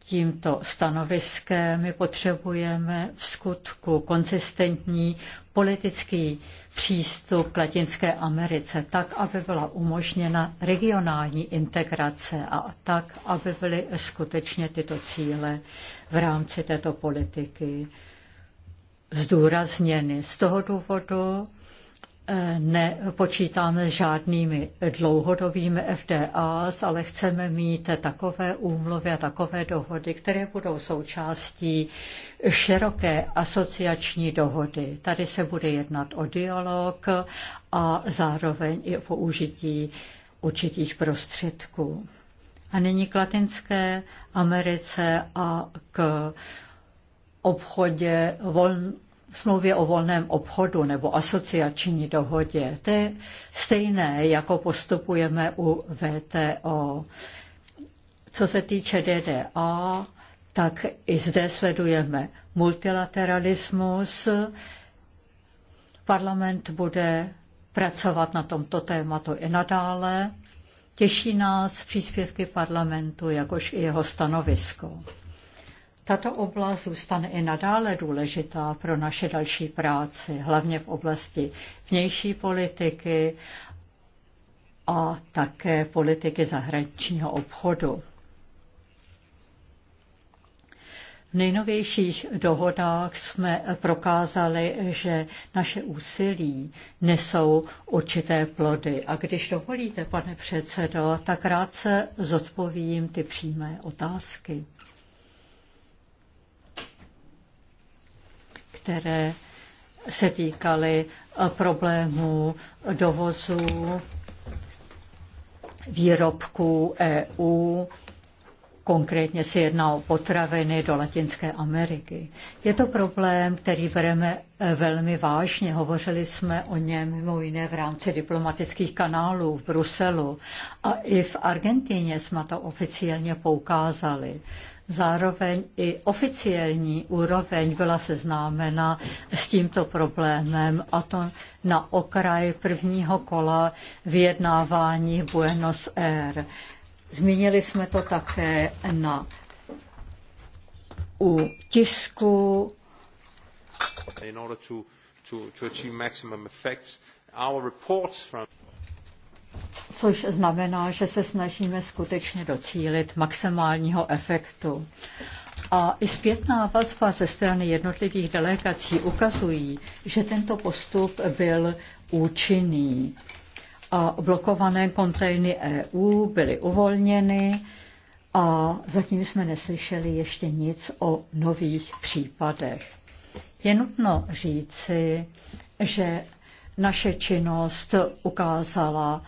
[SPEAKER 2] tímto stanoviskem. My potřebujeme v skutku konsistentní politický přístup k Latinské Americe, tak, aby byla umožněna regionální integrace a tak, aby byly skutečně tyto cíle v rámci této politiky zdůrazněny. Z toho důvodu nepočítáme s žádnými dlouhodobými FDA, ale chceme mít takové úmluvy a takové dohody, které budou součástí široké asociační dohody. Tady se bude jednat o dialog a zároveň i o použití určitých prostředků. A nyní k Latinské Americe a k obchodě, voln, smlouvě o volném obchodu nebo asociační dohodě. To je stejné, jako postupujeme u VTO. Co se týče DDA, tak i zde sledujeme multilateralismus. Parlament bude pracovat na tomto tématu i nadále. Těší nás příspěvky parlamentu, jakož i jeho stanovisko. Tato oblast zůstane i nadále důležitá pro naše další práci, hlavně v oblasti vnější politiky a také politiky zahraničního obchodu. V nejnovějších dohodách jsme prokázali, že naše úsilí nesou určité plody. A když dovolíte, pane předsedo, tak rád se zodpovím ty přímé otázky. které se týkaly eh, problémů dovozu výrobků EU, konkrétně se jedná o potraviny do Latinské Ameriky. Je to problém, který bereme eh, velmi vážně. Hovořili jsme o něm mimo jiné v rámci diplomatických kanálů v Bruselu a i v Argentině jsme to oficiálně poukázali. Zároveň i oficiální úroveň byla seznámena s tímto problémem a to na okraji prvního kola vyjednávání Buenos Aires. Zmínili jsme to také na u tisku.
[SPEAKER 3] In order to, to, to achieve maximum effects, our reports from
[SPEAKER 2] což znamená, že se snažíme skutečně docílit maximálního efektu. A i zpětná vazba ze strany jednotlivých delegací ukazují, že tento postup byl účinný. A blokované kontejny EU byly uvolněny a zatím jsme neslyšeli ještě nic o nových případech. Je nutno říci, že naše činnost ukázala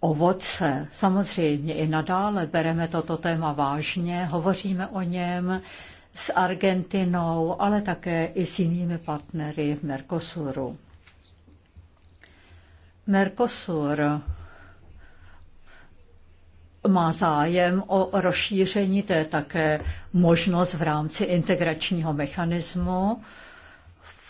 [SPEAKER 2] ovoce. Samozřejmě i nadále bereme toto téma vážně, hovoříme o něm s Argentinou, ale také i s jinými partnery v Mercosuru. Mercosur má zájem o rozšíření, to je také možnost v rámci integračního mechanismu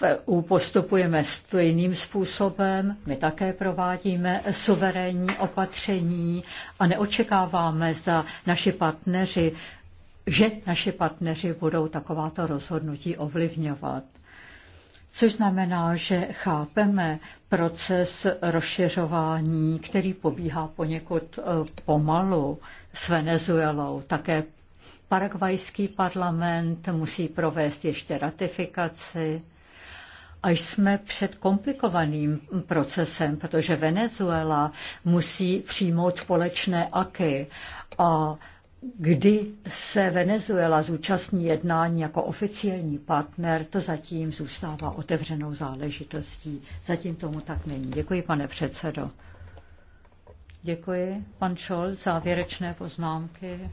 [SPEAKER 2] v EU postupujeme stejným způsobem, my také provádíme suverénní opatření a neočekáváme, zda naši partneři, že naši partneři budou takováto rozhodnutí ovlivňovat. Což znamená, že chápeme proces rozšiřování, který pobíhá poněkud eh, pomalu s Venezuelou. Také Paragvajský parlament musí provést ještě ratifikaci a jsme před komplikovaným procesem, protože Venezuela musí přijmout společné aky a kdy se Venezuela zúčastní jednání jako oficiální partner, to zatím zůstává otevřenou záležitostí. Zatím tomu tak není. Děkuji, pane předsedo. Děkuji, pan Čol, závěrečné poznámky.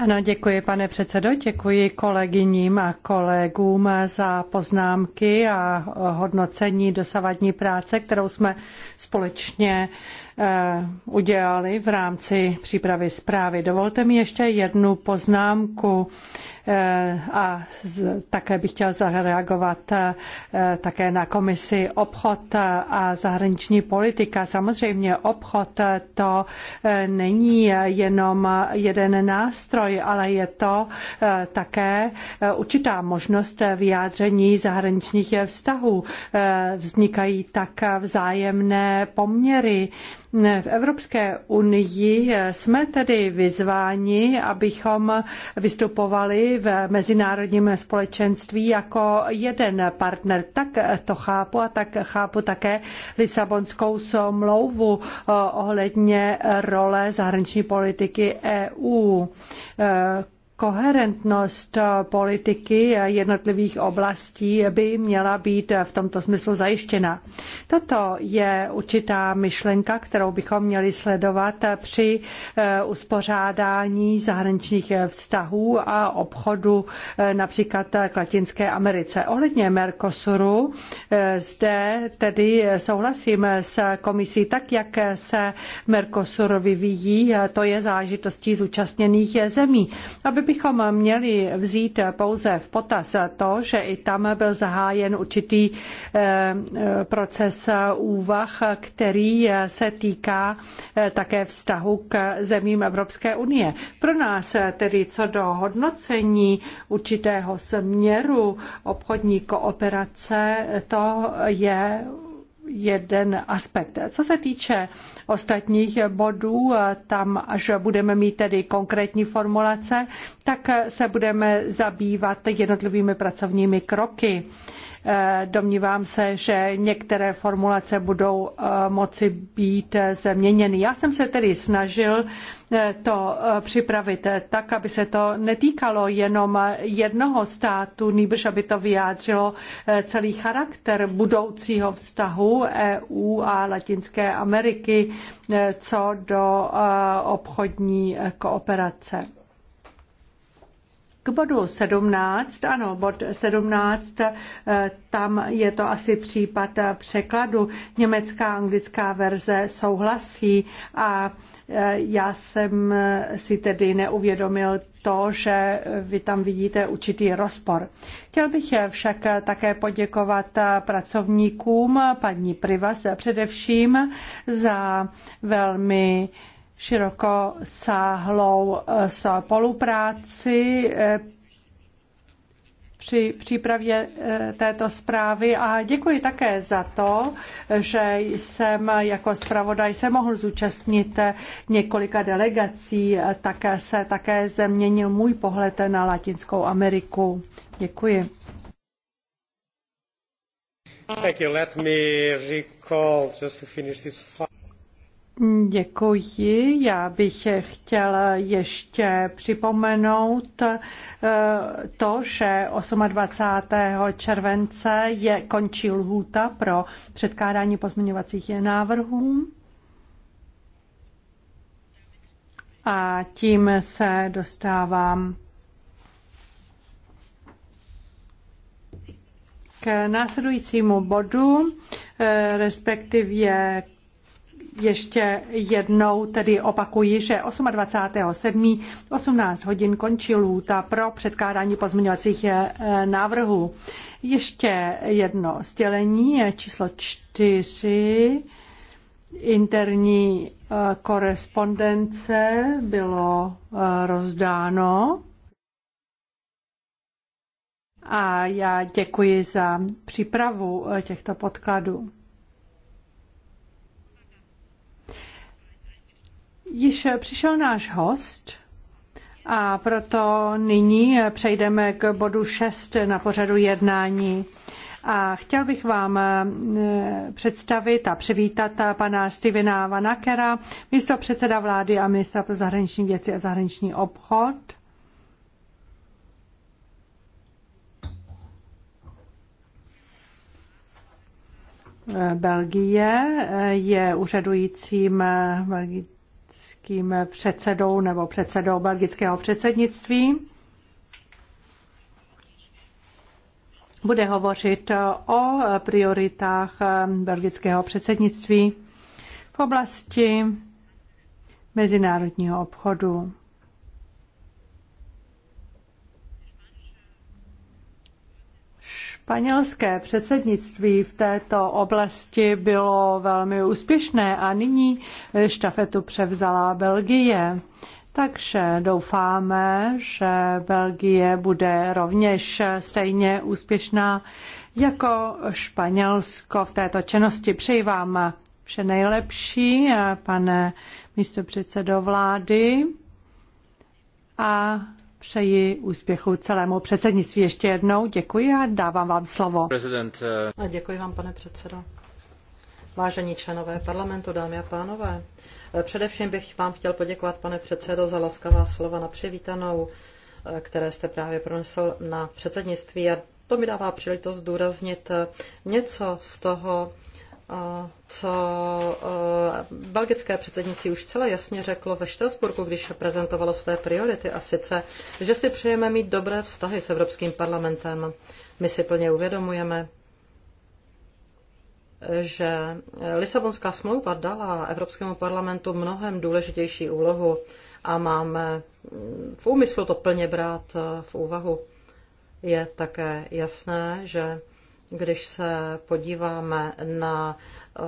[SPEAKER 3] Ano, děkuji, pane předsedo, děkuji kolegyním a kolegům za poznámky a hodnocení dosavadní práce, kterou jsme společně Eh, udělali v rámci přípravy zprávy. Dovolte mi ještě jednu poznámku eh, a také bych chtěl zareagovat eh, také na komisi obchod a zahraniční politika. Samozřejmě obchod to není jenom jeden nástroj, ale je to také určitá možnost vyjádření zahraničních vztahů. Vznikají tak vzájemné poměry v Evropské unii jsme tedy vyzváni, abychom vystupovali v mezinárodním společenství jako jeden partner. Tak to chápu a tak chápu také Lisabonskou smlouvu eh, ohledně role zahraniční politiky EU. Eh, Koherentnost eh, politiky jednotlivých oblastí by měla být eh, v tomto smyslu zajištěna. Toto je určitá myšlenka, kterou bychom měli sledovat eh, při uspořádání zahraničních vztahů a obchodu například k Latinské Americe. Ohledně Mercosuru zde tedy souhlasím s komisí tak, jak se Mercosur vyvíjí, to je zážitostí zúčastněných zemí, aby bychom měli vzít pouze v potaz to, že i tam byl zahájen určitý eh, proces úvah, který se týká eh, také vztahu k zemím Evropské unie. Pro nás tedy co do hodnocení určitého směru obchodní kooperace, to je jeden aspekt. Co se týče ostatních bodů, tam až budeme mít tedy konkrétní formulace, tak se budeme zabývat jednotlivými pracovními kroky. Eh, domnívám se, že některé formulace budou eh, moci být eh, změněny. Já jsem se tedy snažil to připravit tak, aby se to netýkalo jenom jednoho státu, nýbrž aby to vyjádřilo celý charakter budoucího vztahu EU a Latinské Ameriky co do obchodní kooperace. K bodu 17, ano, bod 17, eh, tam je to asi případ eh, překladu. Německá a anglická verze souhlasí a eh, já jsem si tedy neuvědomil to, že vy tam vidíte určitý rozpor. Chtěl bych však také poděkovat pracovníkům, paní Privas především, za velmi široko sáhlou eh, spolupráci eh, při přípravě eh, této zprávy a děkuji také za to, že jsem jako zpravodaj se mohl zúčastnit několika delegací. Také se také změnil můj pohled na Latinskou Ameriku. Děkuji.
[SPEAKER 1] Thank you. Let me recall just to finish this
[SPEAKER 3] Děkuji. Já bych chtěla ještě připomenout eh, to, že 28. července je končí lhůta pro předkládání pozměňovacích návrhů. A tím se dostávám k následujícímu bodu, eh, respektive ještě jednou tedy opakuji, že 28.7. 18 hodin končí lůta pro předkládání pozměňovacích eh, návrhů. Ještě jedno sdělení eh, číslo 4. Interní eh, korespondence bylo rozdáno. A já děkuji za přípravu těchto podkladů. Již přišel náš host a proto nyní přejdeme k bodu 6 na pořadu jednání. A chtěl bych vám eh, představit a přivítat pana Stevena Vanakera, místo předseda vlády a ministra pro zahraniční věci a zahraniční obchod. Eh, Belgie eh, je úřadujícím belgickým předsedou nebo předsedou belgického předsednictví. Bude hovořit o prioritách belgického předsednictví v oblasti mezinárodního obchodu. Španělské předsednictví v této oblasti bylo velmi úspěšné a nyní štafetu převzala Belgie. Takže doufáme, že Belgie bude rovněž stejně úspěšná jako Španělsko v této činnosti. Přeji vám vše nejlepší, pane místopředsedo vlády. A Přeji úspěchu celému předsednictví. Ještě jednou děkuji a dávám vám
[SPEAKER 1] slovo.
[SPEAKER 2] Eh,
[SPEAKER 1] a děkuji vám, pane předsedo. Vážení členové parlamentu, dámy a pánové, eh, především bych vám chtěl poděkovat, pane předsedo, za laskavá slova na přivítanou, eh, které jste právě pronesl na předsednictví a to mi dává příležitost zdůraznit něco z toho, co e, belgické předsednictví už celé jasně řeklo ve Štrasburku, když prezentovalo své priority a sice, že si přejeme mít dobré vztahy s Evropským parlamentem. My si plně uvědomujeme, že Lisabonská smlouva dala Evropskému parlamentu mnohem důležitější úlohu a máme v úmyslu to plně brát v úvahu. Je také jasné, že když se podíváme na eh,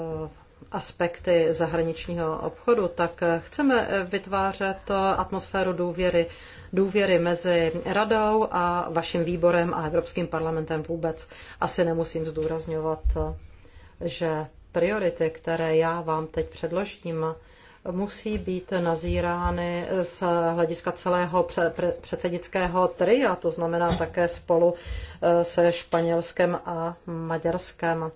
[SPEAKER 1] aspekty zahraničního obchodu, tak eh, chceme eh, vytvářet atmosféru důvěry, důvěry mezi radou a vaším výborem a Evropským parlamentem vůbec. Asi nemusím zdůrazňovat, že priority, které já vám teď předložím, musí být nazírány z hlediska celého předsednického tria, to znamená také spolu eh, se Španělskem a Maďarskem.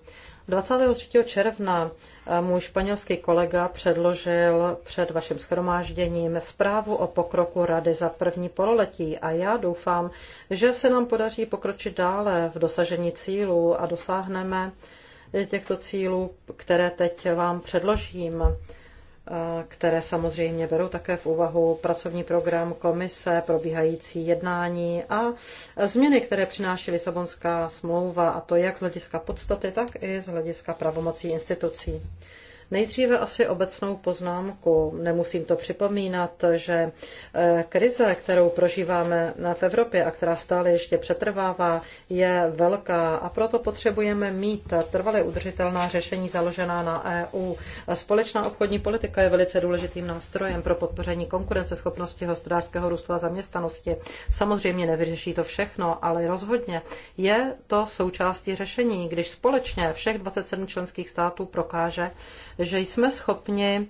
[SPEAKER 1] 23. června eh, můj španělský kolega předložil před vaším schromážděním zprávu o pokroku Rady za první pololetí a já doufám, že se nám podaří pokročit dále v dosažení cílů a dosáhneme těchto cílů, které teď vám předložím které samozřejmě berou také v úvahu pracovní program komise, probíhající jednání a změny, které přináší Lisabonská smlouva, a to jak z hlediska podstaty, tak i z hlediska pravomocí institucí. Nejdříve asi obecnou poznámku. Nemusím to připomínat, že eh, krize, kterou prožíváme v Evropě a která stále ještě přetrvává, je velká a proto potřebujeme mít trvale udržitelná řešení založená na EU. Společná obchodní politika je velice důležitým nástrojem pro podpoření konkurenceschopnosti hospodářského růstu a zaměstnanosti. Samozřejmě nevyřeší to všechno, ale rozhodně je to součástí řešení, když společně všech 27 členských států prokáže, že jsme schopni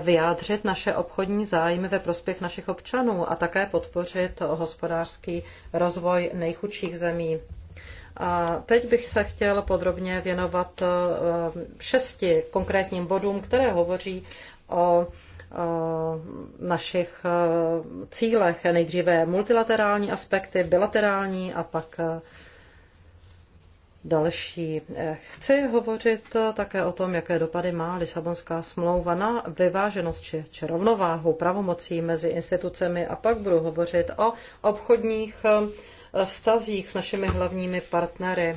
[SPEAKER 1] vyjádřit naše obchodní zájmy ve prospěch našich občanů a také podpořit hospodářský rozvoj nejchudších zemí. A teď bych se chtěl podrobně věnovat eh, šesti konkrétním bodům, které hovoří o eh, našich eh, cílech. Nejdříve multilaterální aspekty, bilaterální a pak další. Eh, chci hovořit eh, také o tom, jaké dopady má Lisabonská smlouva na vyváženost či, či rovnováhu pravomocí mezi institucemi a pak budu hovořit o obchodních eh, vztazích s našimi hlavními partnery.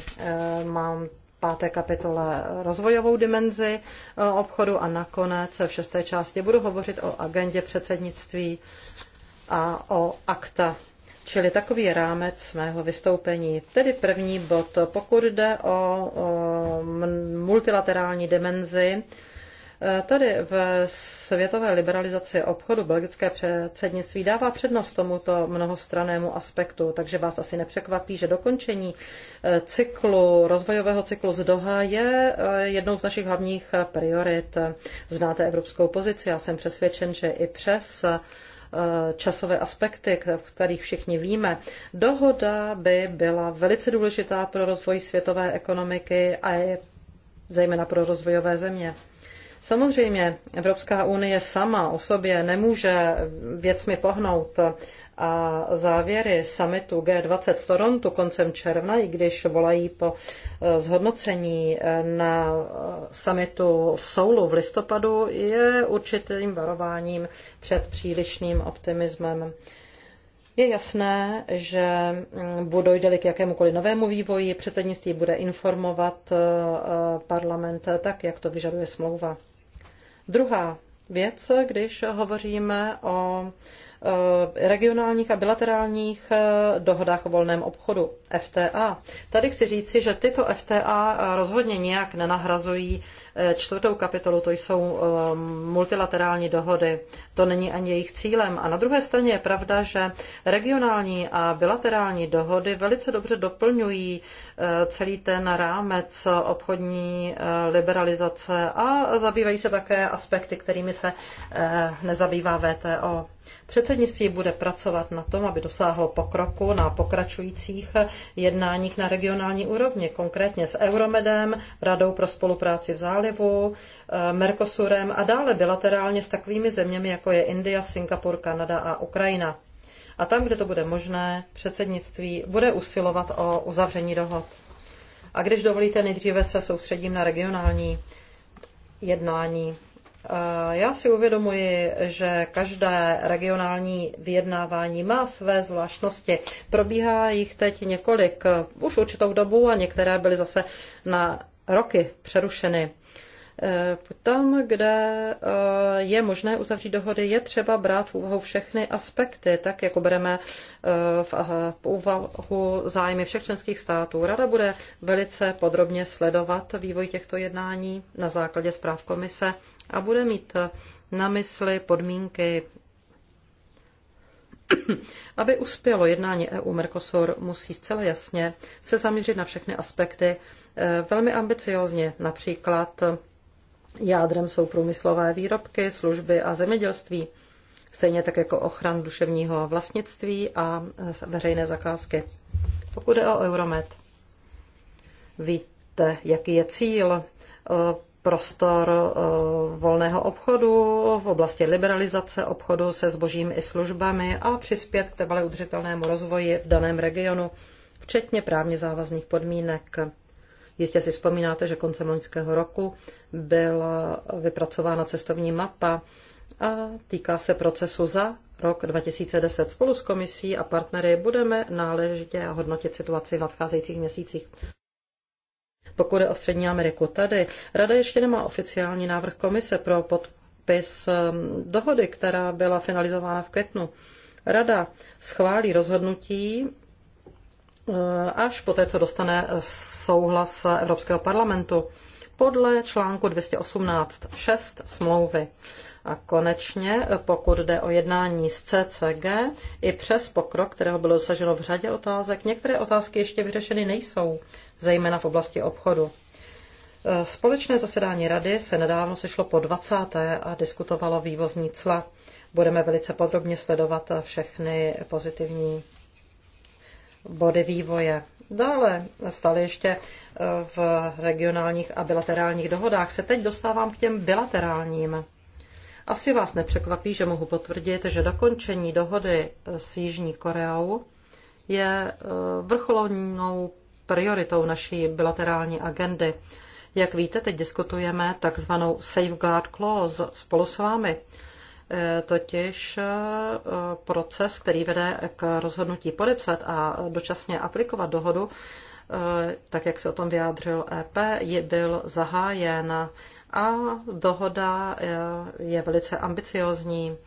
[SPEAKER 1] Mám páté kapitole rozvojovou dimenzi obchodu a nakonec v šesté části budu hovořit o agendě předsednictví a o akta Čili takový rámec mého vystoupení. Tedy první bod, pokud jde o, o multilaterální dimenzi, e, Tady v světové liberalizaci obchodu belgické předsednictví dává přednost tomuto mnohostranému aspektu, takže vás asi nepřekvapí, že dokončení e, cyklu, rozvojového cyklu z Doha je e, jednou z našich hlavních priorit. Znáte evropskou pozici, já jsem přesvědčen, že i přes Eh, časové aspekty, o kterých všichni víme. Dohoda by byla velice důležitá pro rozvoj světové ekonomiky a je zejména pro rozvojové země. Samozřejmě Evropská unie sama o sobě nemůže věcmi pohnout a závěry summitu G20 v Torontu koncem června, i když volají po eh, zhodnocení eh, na eh, summitu v Soulu v listopadu, je určitým varováním před přílišným optimismem. Je jasné, že mm, dojde-li k jakémukoliv novému vývoji, předsednictví bude informovat parlament tak, jak to vyžaduje smlouva. Druhá věc, když hovoříme o Eh, regionálních a bilaterálních eh, dohodách o volném obchodu. FTA. Tady chci říci, že tyto FTA rozhodně nijak nenahrazují eh, čtvrtou kapitolu, to jsou eh, multilaterální dohody. To není ani jejich cílem. A na druhé straně je pravda, že regionální a bilaterální dohody velice dobře doplňují eh, celý ten rámec obchodní liberalizace a zabývají se také aspekty, kterými se nezabývá VTO. Předsednictví bude pracovat na tom, aby dosáhlo pokroku na pokračujících jednáních na regionální úrovni, konkrétně s Euromedem, Radou pro spolupráci v zálivu, eh, Mercosurem a dále bilaterálně s takovými zeměmi, jako je Indie, Singapur, Kanada a Ukrajina. A tam, kde to bude možné, předsednictví bude usilovat o uzavření dohod. A když dovolíte, nejdříve se soustředím na regionální jednání. Já si uvědomuji, že každé regionální vyjednávání má své zvláštnosti. Probíhá jich teď několik už určitou dobu a některé byly zase na roky přerušeny. E, tam, kde e, je možné uzavřít dohody, je třeba brát v úvahu všechny aspekty, tak jako bereme e, v úvahu zájmy všech členských států. Rada bude velice podrobně sledovat vývoj těchto jednání na základě zpráv komise a bude mít eh, na mysli podmínky. Aby uspělo jednání EU-Mercosur, musí zcela jasně se zaměřit na všechny aspekty eh, velmi ambiciozně, například eh, jádrem jsou průmyslové výrobky, služby a zemědělství, stejně tak jako ochran duševního vlastnictví a veřejné zakázky. Pokud je o Euromed, víte, jaký je cíl prostor eh, volného obchodu v oblasti liberalizace obchodu se zbožím i službami a přispět k trvale udržitelnému rozvoji v daném regionu, včetně právně závazných podmínek. Jistě si vzpomínáte, že koncem loňského roku byla vypracována cestovní mapa a týká se procesu za rok 2010. Spolu s komisí a partnery budeme náležitě hodnotit situaci v nadcházejících měsících. Pokud je o Střední Ameriku tady, Rada ještě nemá oficiální návrh komise pro podpis ehm, dohody, která byla finalizována v květnu. Rada schválí rozhodnutí ehm, až poté, co dostane souhlas Evropského parlamentu podle článku 218.6 smlouvy. A konečně, pokud jde o jednání s CCG, i přes pokrok, kterého bylo dosaženo v řadě otázek, některé otázky ještě vyřešeny nejsou zejména v oblasti obchodu. E, společné zasedání rady se nedávno sešlo po 20. a diskutovalo vývozní cla. Budeme velice podrobně sledovat všechny pozitivní body vývoje. Dále stále ještě e, v regionálních a bilaterálních dohodách se teď dostávám k těm bilaterálním. Asi vás nepřekvapí, že mohu potvrdit, že dokončení dohody s Jižní Koreou je e, vrcholnou prioritou naší bilaterální agendy. Jak víte, teď diskutujeme takzvanou safeguard clause spolu s vámi, eh, totiž eh, proces, který vede k rozhodnutí podepsat a dočasně aplikovat dohodu, eh, tak jak se o tom vyjádřil EP, je byl zahájen a dohoda je velice ambiciozní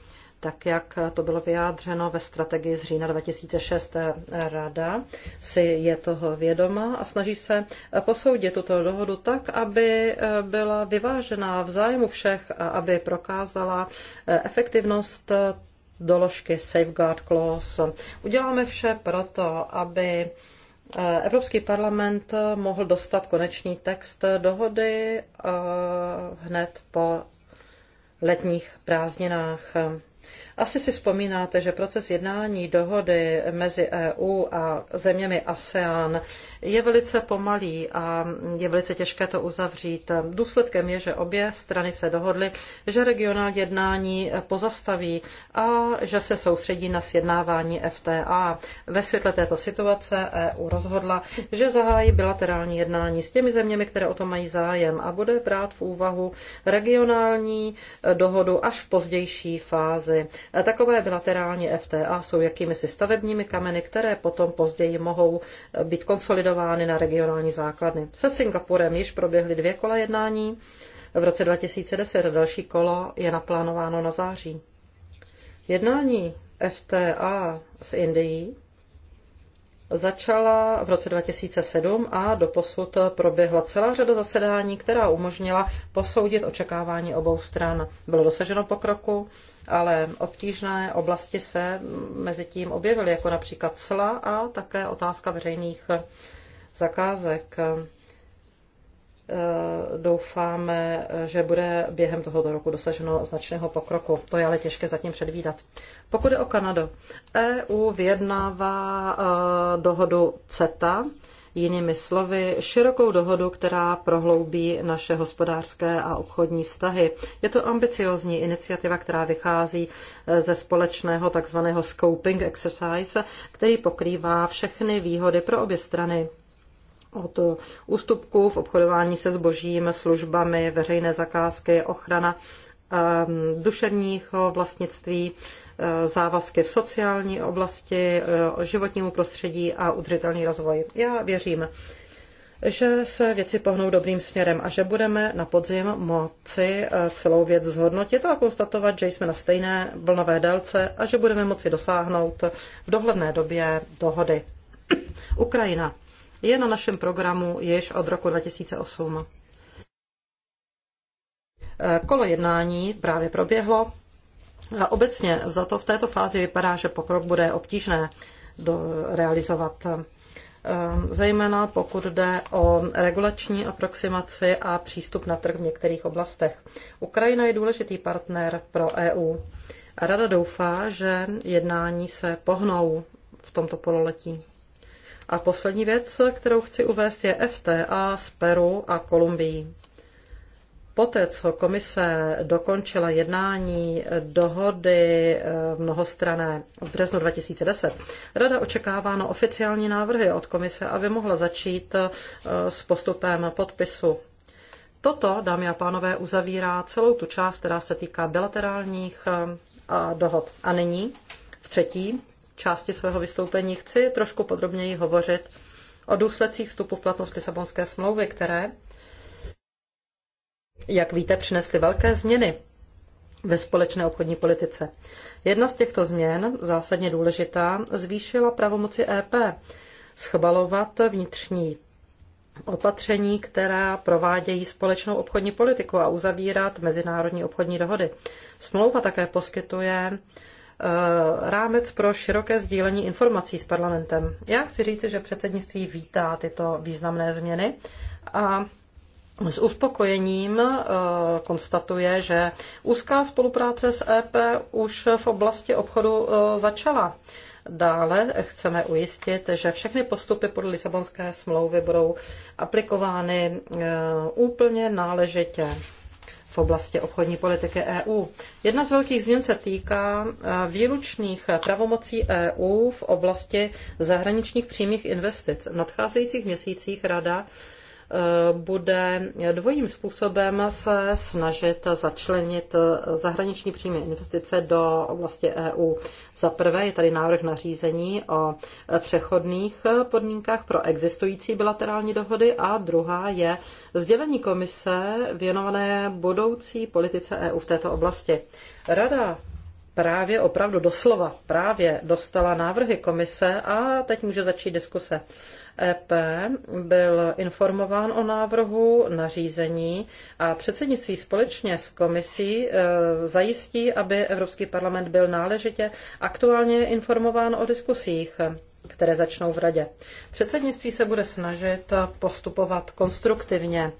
[SPEAKER 1] tak jak to bylo vyjádřeno ve strategii z října 2006. Rada si je toho vědoma a snaží se posoudit tuto dohodu tak, aby byla vyvážená v zájmu všech a aby prokázala efektivnost doložky Safeguard Clause. Uděláme vše proto, aby Evropský parlament mohl dostat konečný text dohody eh, hned po letních prázdninách. Asi si vzpomínáte, že proces jednání dohody mezi EU a zeměmi ASEAN je velice pomalý a je velice těžké to uzavřít. Důsledkem je, že obě strany se dohodly, že regionální jednání pozastaví a že se soustředí na sjednávání FTA. Ve světle této situace EU rozhodla, že zahájí bilaterální jednání s těmi zeměmi, které o to mají zájem a bude brát v úvahu regionální dohodu až v pozdější fázi. Takové bilaterální FTA jsou jakými si stavebními kameny, které potom později mohou být konsolidovány revidovány na regionální základny. Se Singapurem již proběhly dvě kola jednání. V roce 2010 další kolo je naplánováno na září. Jednání FTA s Indií začala v roce 2007 a doposud proběhla celá řada zasedání, která umožnila posoudit očekávání obou stran. Bylo dosaženo pokroku, ale obtížné oblasti se mezi tím objevily, jako například cla a také otázka veřejných zakázek. Eh, doufáme, že bude během tohoto roku dosaženo značného pokroku. To je ale těžké zatím předvídat. Pokud je o Kanadu, EU vyjednává eh, dohodu CETA, jinými slovy širokou dohodu, která prohloubí naše hospodářské a obchodní vztahy. Je to ambiciozní iniciativa, která vychází eh, ze společného takzvaného scoping exercise, který pokrývá všechny výhody pro obě strany od ústupků v obchodování se zbožím, službami, veřejné zakázky, ochrana ehm, duševního vlastnictví, eh, závazky v sociální oblasti, eh, životnímu prostředí a udržitelný rozvoj. Já věřím, že se věci pohnou dobrým směrem a že budeme na podzim moci eh, celou věc zhodnotit a konstatovat, že jsme na stejné vlnové délce a že budeme moci dosáhnout v dohledné době dohody. Ukrajina je na našem programu již od roku 2008. Eh, kolo jednání právě proběhlo. A obecně za to v této fázi vypadá, že pokrok bude obtížné do, realizovat eh, zejména pokud jde o regulační aproximaci a přístup na trh v některých oblastech. Ukrajina je důležitý partner pro EU. Rada doufá, že jednání se pohnou v tomto pololetí. A poslední věc, kterou chci uvést, je FTA z Peru a Kolumbií. Poté, co komise dokončila jednání dohody eh, mnohostrané v březnu 2010, rada očekává na oficiální návrhy od komise, aby mohla začít eh, s postupem podpisu. Toto, dámy a pánové, uzavírá celou tu část, která se týká bilaterálních eh, dohod. A nyní v třetí části svého vystoupení chci trošku podrobněji hovořit o důsledcích vstupu v platnost Lisabonské smlouvy, které, jak víte, přinesly velké změny ve společné obchodní politice. Jedna z těchto změn, zásadně důležitá, zvýšila pravomoci EP schvalovat vnitřní opatření, která provádějí společnou obchodní politiku a uzavírat mezinárodní obchodní dohody. Smlouva také poskytuje Eh, rámec pro široké sdílení informací s parlamentem. Já chci říct, že předsednictví vítá tyto významné změny a s uspokojením eh, konstatuje, že úzká spolupráce s EP už v oblasti obchodu eh, začala. Dále chceme ujistit, že všechny postupy podle Lisabonské smlouvy budou aplikovány úplně náležitě v oblasti obchodní politiky EU. Jedna z velkých změn se týká e, výlučných pravomocí EU v oblasti zahraničních přímých investic. V nadcházejících měsících Rada Eh, bude dvojím způsobem se snažit začlenit zahraniční příjmy investice do oblasti EU. Za prvé je tady návrh na řízení o přechodných podmínkách pro existující bilaterální dohody a druhá je sdělení komise věnované budoucí politice EU v této oblasti. Rada právě opravdu doslova právě dostala návrhy komise a teď může začít diskuse. EP byl informován o návrhu nařízení a předsednictví společně s komisí e, zajistí, aby Evropský parlament byl náležitě aktuálně informován o diskusích které začnou v radě. Předsednictví se bude snažit postupovat konstruktivně.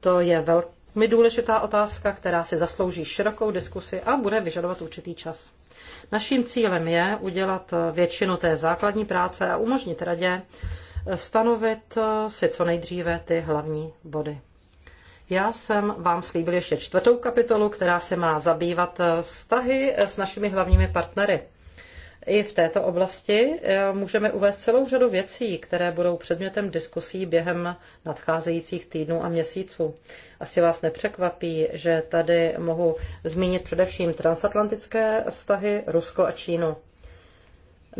[SPEAKER 1] To je velmi důležitá otázka, která si zaslouží širokou diskusi a bude vyžadovat určitý čas. Naším cílem je udělat většinu té základní práce a umožnit radě stanovit eh, si co nejdříve ty hlavní body. Já jsem vám slíbil ještě čtvrtou kapitolu, která se má zabývat eh, vztahy s našimi hlavními partnery. I v této oblasti eh, můžeme uvést celou řadu věcí, které budou předmětem diskusí během nadcházejících týdnů a měsíců. Asi vás nepřekvapí, že tady mohu zmínit především transatlantické vztahy Rusko a Čínu.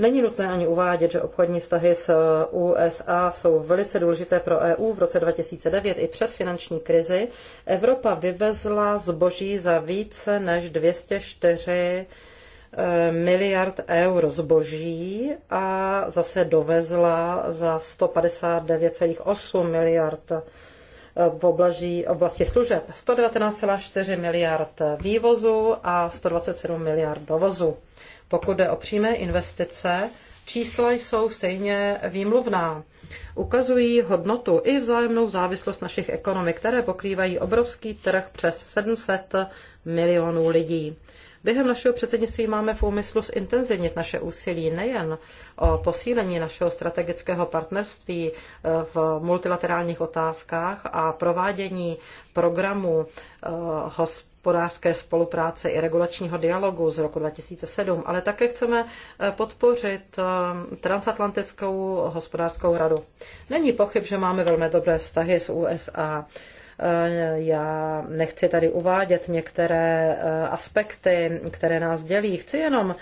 [SPEAKER 1] Není nutné ani uvádět, že obchodní vztahy s eh, USA jsou velice důležité pro EU. V roce 2009 i přes finanční krizi Evropa vyvezla zboží za více než 204 eh, miliard eur zboží a zase dovezla za 159,8 miliard eh, v oblasti, oblasti služeb 119,4 miliard vývozu a 127 miliard dovozu. Pokud jde o přímé investice, čísla jsou stejně výmluvná. Ukazují hodnotu i vzájemnou závislost našich ekonomik, které pokrývají obrovský trh přes 700 milionů lidí. Během našeho předsednictví máme v úmyslu zintenzivnit naše úsilí nejen o posílení našeho strategického partnerství eh, v multilaterálních otázkách a provádění programu eh, hospodářské spolupráce i regulačního dialogu z roku 2007, ale také chceme eh, podpořit eh, transatlantickou hospodářskou radu. Není pochyb, že máme velmi dobré vztahy s USA. Eh, já nechci tady uvádět některé aspekty, které nás dělí. Chci jenom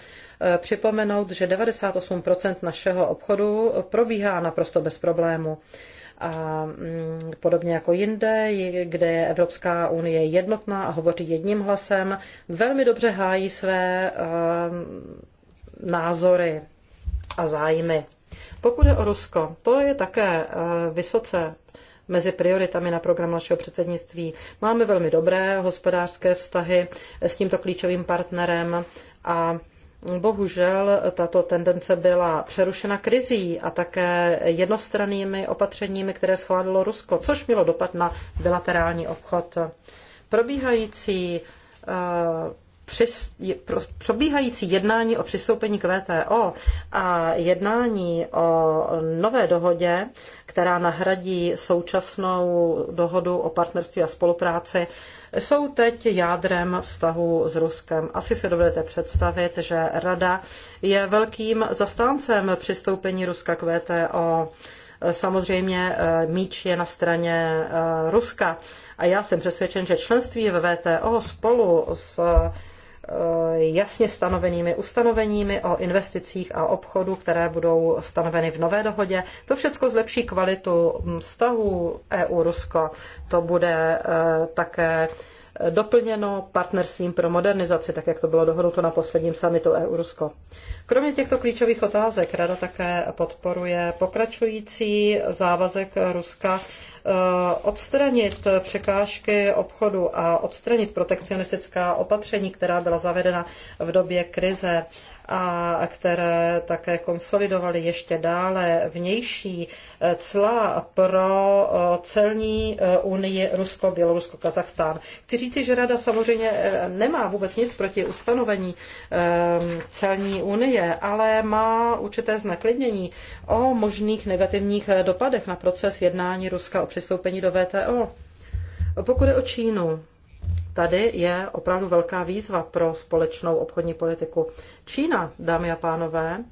[SPEAKER 1] připomenout, že 98 našeho obchodu probíhá naprosto bez problému a mm, podobně jako jinde, kde je Evropská unie jednotná a hovoří jedním hlasem, velmi dobře hájí své mm, názory a zájmy. Pokud je o Rusko, to je také vysoce mezi prioritami na program našeho předsednictví. Máme velmi dobré hospodářské vztahy s tímto klíčovým partnerem a Bohužel tato tendence byla přerušena krizí a také jednostrannými opatřeními, které schválilo Rusko, což mělo dopad na bilaterální obchod. Probíhající eh, probíhající jednání o přistoupení k VTO a jednání o nové dohodě, která nahradí současnou dohodu o partnerství a spolupráci, jsou teď jádrem vztahu s Ruskem. Asi se dovedete představit, že Rada je velkým zastáncem přistoupení Ruska k VTO. Samozřejmě eh, míč je na straně eh, Ruska a já jsem přesvědčen, že členství v VTO spolu s Eh, jasně stanovenými ustanoveními o investicích a obchodu, které budou stanoveny v nové dohodě. To všechno zlepší kvalitu mm, vztahu EU-Rusko. To bude eh, také doplněno partnerstvím pro modernizaci, tak jak to bylo dohodnuto na posledním summitu EU-Rusko. Kromě těchto klíčových otázek Rada také podporuje pokračující závazek Ruska Eh, odstranit překážky obchodu a odstranit protekcionistická opatření, která byla zavedena v době krize a které také konsolidovaly ještě dále vnější e, cla pro e, celní e, unii Rusko, Bělorusko, Kazachstán. Chci říci, že Rada samozřejmě nemá vůbec nic proti ustanovení celní unie, ale má určité zneklidnění o možných negativních dopadech na proces jednání Ruska o přistoupení do VTO. Pokud je o Čínu, tady je opravdu velká výzva pro společnou obchodní politiku. Čína, dámy a pánové,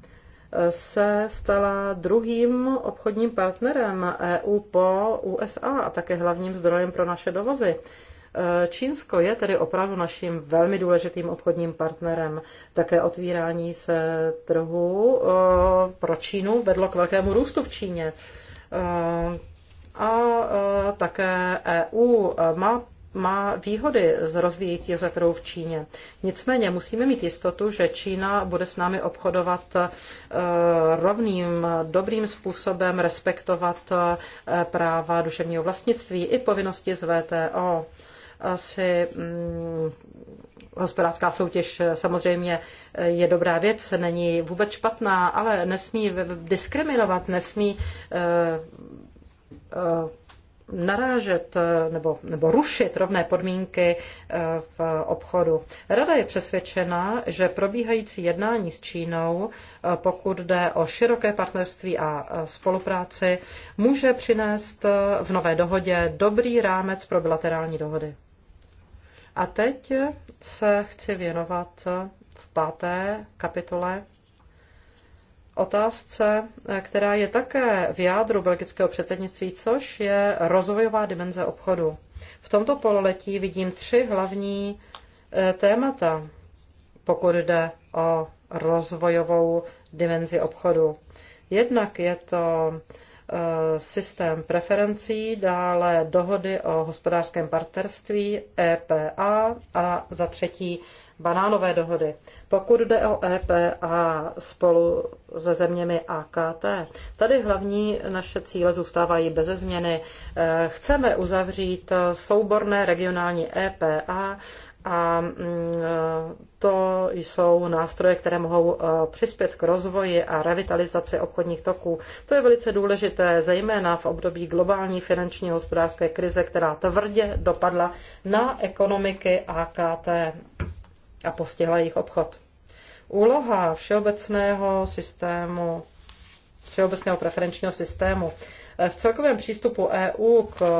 [SPEAKER 1] se stala druhým obchodním partnerem EU po USA a také hlavním zdrojem pro naše dovozy. Čínsko je tedy opravdu naším velmi důležitým obchodním partnerem. Také otvírání se trhu pro Čínu vedlo k velkému růstu v Číně. A také EU má má výhody z rozvíjejícího se trhu v Číně. Nicméně musíme mít jistotu, že Čína bude s námi obchodovat eh, rovným, dobrým způsobem, respektovat eh, práva duševního vlastnictví i povinnosti z VTO. Asi hm, hospodářská soutěž samozřejmě je dobrá věc, není vůbec špatná, ale nesmí diskriminovat, nesmí eh, eh narážet eh, nebo, nebo rušit rovné podmínky eh, v obchodu. Rada je přesvědčena, že probíhající jednání s Čínou, eh, pokud jde o široké partnerství a spolupráci, může přinést v nové dohodě dobrý rámec pro bilaterální dohody. A teď se chci věnovat v páté kapitole otázce, která je také v jádru belgického předsednictví, což je rozvojová dimenze obchodu. V tomto pololetí vidím tři hlavní eh, témata, pokud jde o rozvojovou dimenzi obchodu. Jednak je to eh, systém preferencí, dále dohody o hospodářském partnerství EPA a za třetí banánové dohody. Pokud jde o e a spolu se zeměmi AKT, tady hlavní naše cíle zůstávají beze změny. Eh, chceme uzavřít souborné regionální EPA a mm, eh, to jsou nástroje, které mohou eh, přispět k rozvoji a revitalizaci obchodních toků. To je velice důležité, zejména v období globální finanční hospodářské krize, která tvrdě dopadla na ekonomiky AKT a postihla jejich obchod. Úloha všeobecného systému, všeobecného preferenčního systému v celkovém přístupu EU k e,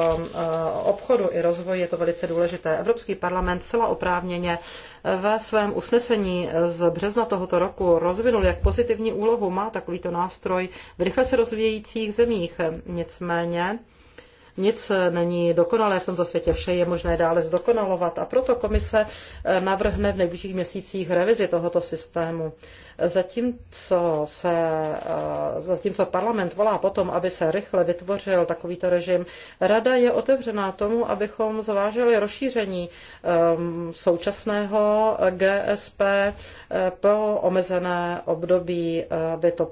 [SPEAKER 1] obchodu i rozvoji je to velice důležité. Evropský parlament zcela oprávněně e, ve svém usnesení z března tohoto roku rozvinul, jak pozitivní úlohu má takovýto nástroj v rychle se rozvíjejících zemích. Nicméně nic není dokonalé v tomto světě, vše je možné dále zdokonalovat a proto komise eh, navrhne v nejbližších měsících revizi tohoto systému. Zatímco, se, eh, zatímco parlament volá potom, aby se rychle vytvořil takovýto režim, rada je otevřená tomu, abychom zvážili rozšíření eh, současného GSP po omezené období, aby to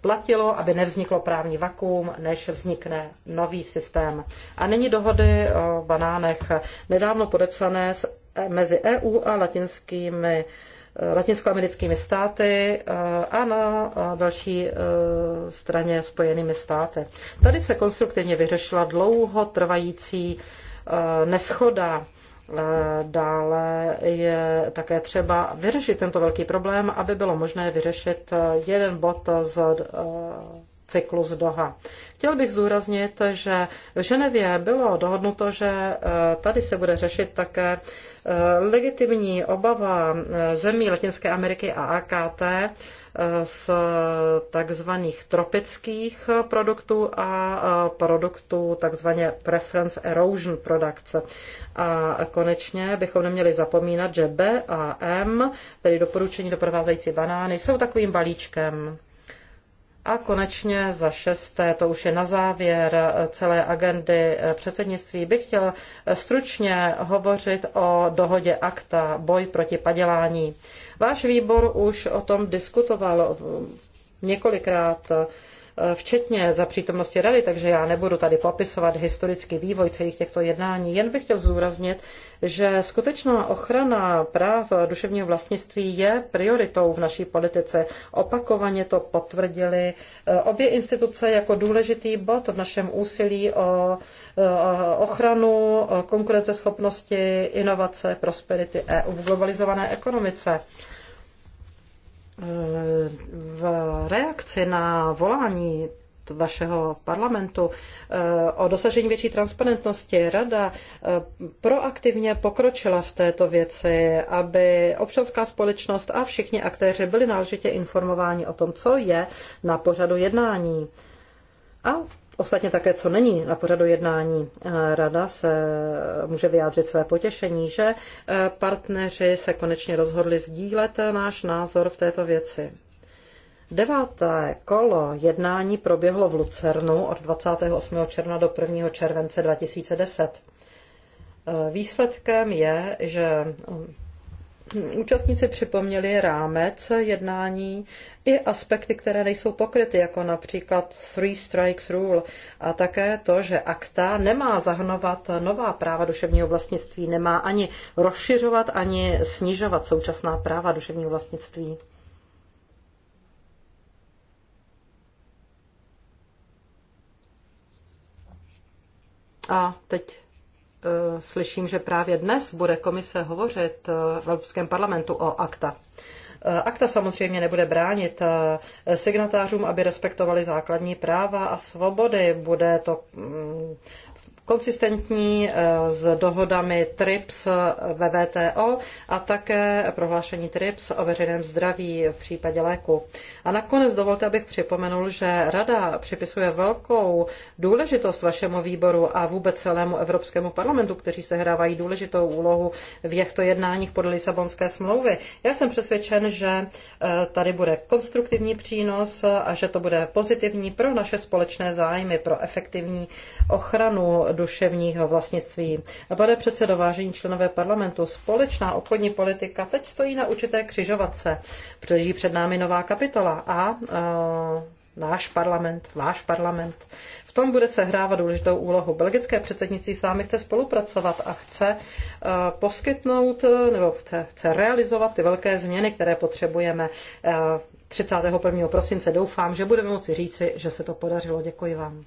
[SPEAKER 1] platilo, aby nevzniklo právní vakuum, než vznikne nový systém. A nyní dohody o banánech nedávno podepsané mezi EU a latinskými eh, latinskoamerickými státy eh, a na eh, další straně spojenými státy. Tady se konstruktivně vyřešila dlouho trvající neschoda Dále je také třeba vyřešit tento velký problém, aby bylo možné vyřešit eh, jeden bod z eh, cyklu z Doha. Chtěl bych zdůraznit, že v Ženevě bylo dohodnuto, že eh, tady se bude řešit také legitimní obava zemí Latinské Ameriky a AKT z takzvaných tropických produktů a produktů takzvaně preference erosion products. A konečně bychom neměli zapomínat, že B a M, tedy doporučení doprovázející banány, jsou takovým balíčkem. A konečně za šesté, to už je na závěr celé agendy předsednictví, bych chtěl stručně hovořit o dohodě akta boj proti padělání. Váš výbor už o tom diskutoval několikrát. Eh, včetně za přítomnosti rady, takže já nebudu tady popisovat historický vývoj celých těchto jednání. Jen bych chtěl zúraznit, že skutečná ochrana práv duševního vlastnictví je prioritou v naší politice. Opakovaně to potvrdili eh, obě instituce jako důležitý bod v našem úsilí o eh, ochranu konkurenceschopnosti, inovace, prosperity EU v globalizované ekonomice v reakci na volání vašeho parlamentu eh, o dosažení větší transparentnosti. Rada eh, proaktivně pokročila v této věci, aby občanská společnost a všichni aktéři byli náležitě informováni o tom, co je na pořadu jednání. A Ostatně také, co není na pořadu jednání eh, rada, se může vyjádřit své potěšení, že eh, partneři se konečně rozhodli sdílet eh, náš názor v této věci. Deváté kolo jednání proběhlo v Lucernu od 28. června do 1. července 2010. Výsledkem je, že účastníci připomněli rámec jednání i aspekty, které nejsou pokryty, jako například Three Strikes Rule a také to, že akta nemá zahrnovat nová práva duševního vlastnictví, nemá ani rozšiřovat, ani snižovat současná práva duševního vlastnictví. A teď Eh, slyším, že právě dnes bude komise hovořit eh, v Evropském parlamentu o akta. Eh, akta samozřejmě nebude bránit signatářům, aby respektovali základní práva a svobody. Bude to mm, konsistentní eh, s dohodami TRIPS ve VTO a také prohlášení TRIPS o veřejném zdraví v případě léku. A nakonec dovolte, abych připomenul, že Rada připisuje velkou důležitost vašemu výboru a vůbec celému Evropskému parlamentu, kteří se hrávají důležitou úlohu v těchto jednáních podle Lisabonské smlouvy. Já jsem přesvědčen, že eh, tady bude konstruktivní přínos a že to bude pozitivní pro naše společné zájmy, pro efektivní ochranu duševního vlastnictví. Pane předsedo, vážení členové parlamentu, společná obchodní politika teď stojí na určité křižovatce. Přileží před námi nová kapitola a náš parlament, váš parlament. V tom bude se hrávat důležitou úlohu. Belgické předsednictví s vámi chce spolupracovat a chce poskytnout nebo chce, chce realizovat ty velké změny, které potřebujeme. 31. prosince doufám, že budeme moci říci, že se to podařilo. Děkuji vám.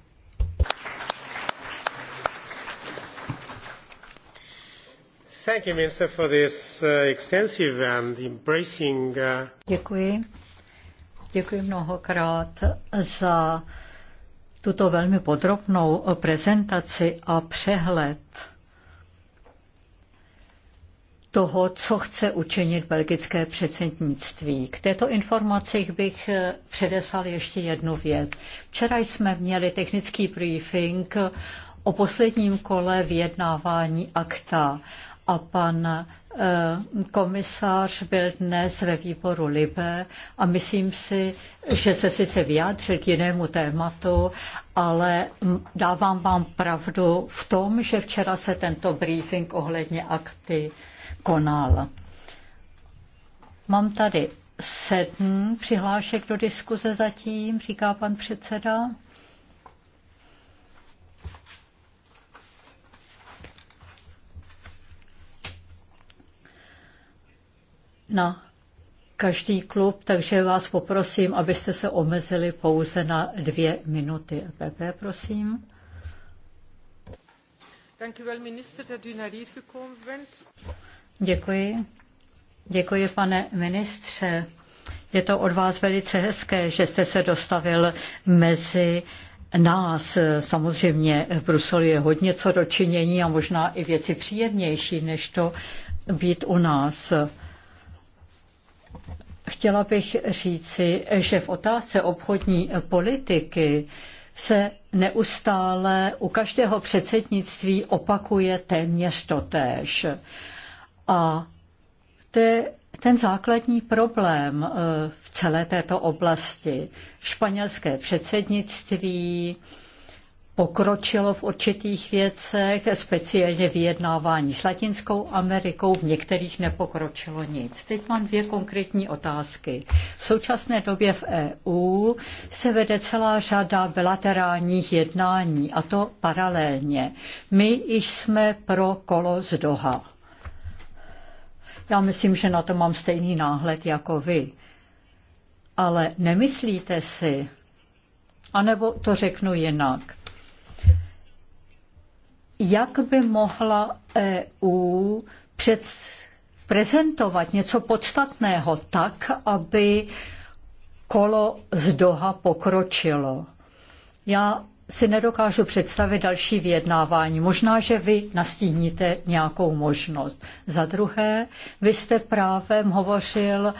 [SPEAKER 2] Thank you, Minister, for this uh, extensive and embracing, uh, Děkuji. Děkuji mnohokrát za tuto velmi podrobnou prezentaci a přehled toho, co chce učinit belgické předsednictví. K této informaci bych eh, předeslal ještě jednu věc. Včera jsme měli technický briefing o posledním kole vyjednávání akta a pan eh, komisář byl dnes ve výboru Libe a myslím si, že se sice vyjádřil k jinému tématu, ale dávám vám pravdu v tom, že včera se tento briefing ohledně akty konal. Mám tady sedm přihlášek do diskuze zatím, říká pan předseda. na každý klub, takže vás poprosím, abyste se omezili pouze na dvě minuty. Pepe, prosím. Děkuji. Děkuji, pane ministře. Je to od vás velice hezké, že jste se dostavil mezi nás. Samozřejmě v Bruselu je hodně co dočinění a možná i věci příjemnější, než to být u nás. Chtěla bych říci, že v otázce obchodní politiky se neustále u každého předsednictví opakuje téměř totéž. A to je ten základní problém eh, v celé této oblasti. Španělské předsednictví pokročilo v určitých věcech, speciálně vyjednávání s Latinskou Amerikou, v některých nepokročilo nic. Teď mám dvě konkrétní otázky. V současné době v EU se vede celá řada bilaterálních jednání, a to paralelně. My jsme pro kolo z Doha. Já myslím, že na to mám stejný náhled jako vy. Ale nemyslíte si, anebo to řeknu jinak – jak by mohla EU před, prezentovat něco podstatného tak, aby kolo z Doha pokročilo. Já si nedokážu představit další vyjednávání. Možná, že vy nastíníte nějakou možnost. Za druhé, vy jste právě hovořil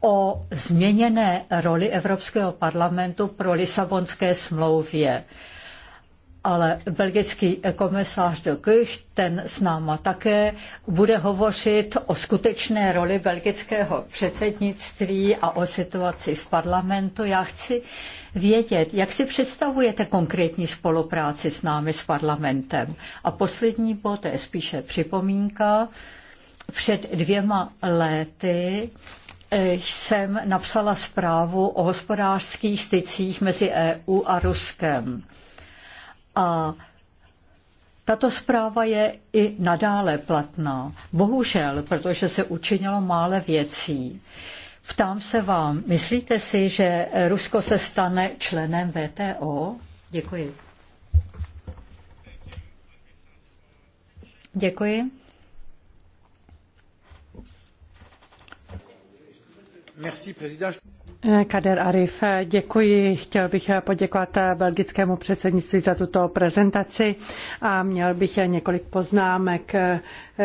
[SPEAKER 2] o změněné roli Evropského parlamentu pro Lisabonské smlouvě ale belgický komisář de Gucht, ten s náma také bude hovořit o skutečné roli belgického předsednictví a o situaci v parlamentu. Já chci vědět, jak si představujete konkrétní spolupráci s námi, s parlamentem. A poslední bod, je spíše připomínka, před dvěma lety eh, jsem napsala zprávu o hospodářských stycích mezi EU a Ruskem a tato zpráva je i nadále platná. Bohužel, protože se učinilo mále věcí. Ptám se vám, myslíte si, že Rusko se stane členem VTO? Děkuji. Děkuji. Merci, président. Kader
[SPEAKER 3] Arif, děkuji. Chtěl bych poděkovat belgickému předsednictví za tuto prezentaci a měl bych několik poznámek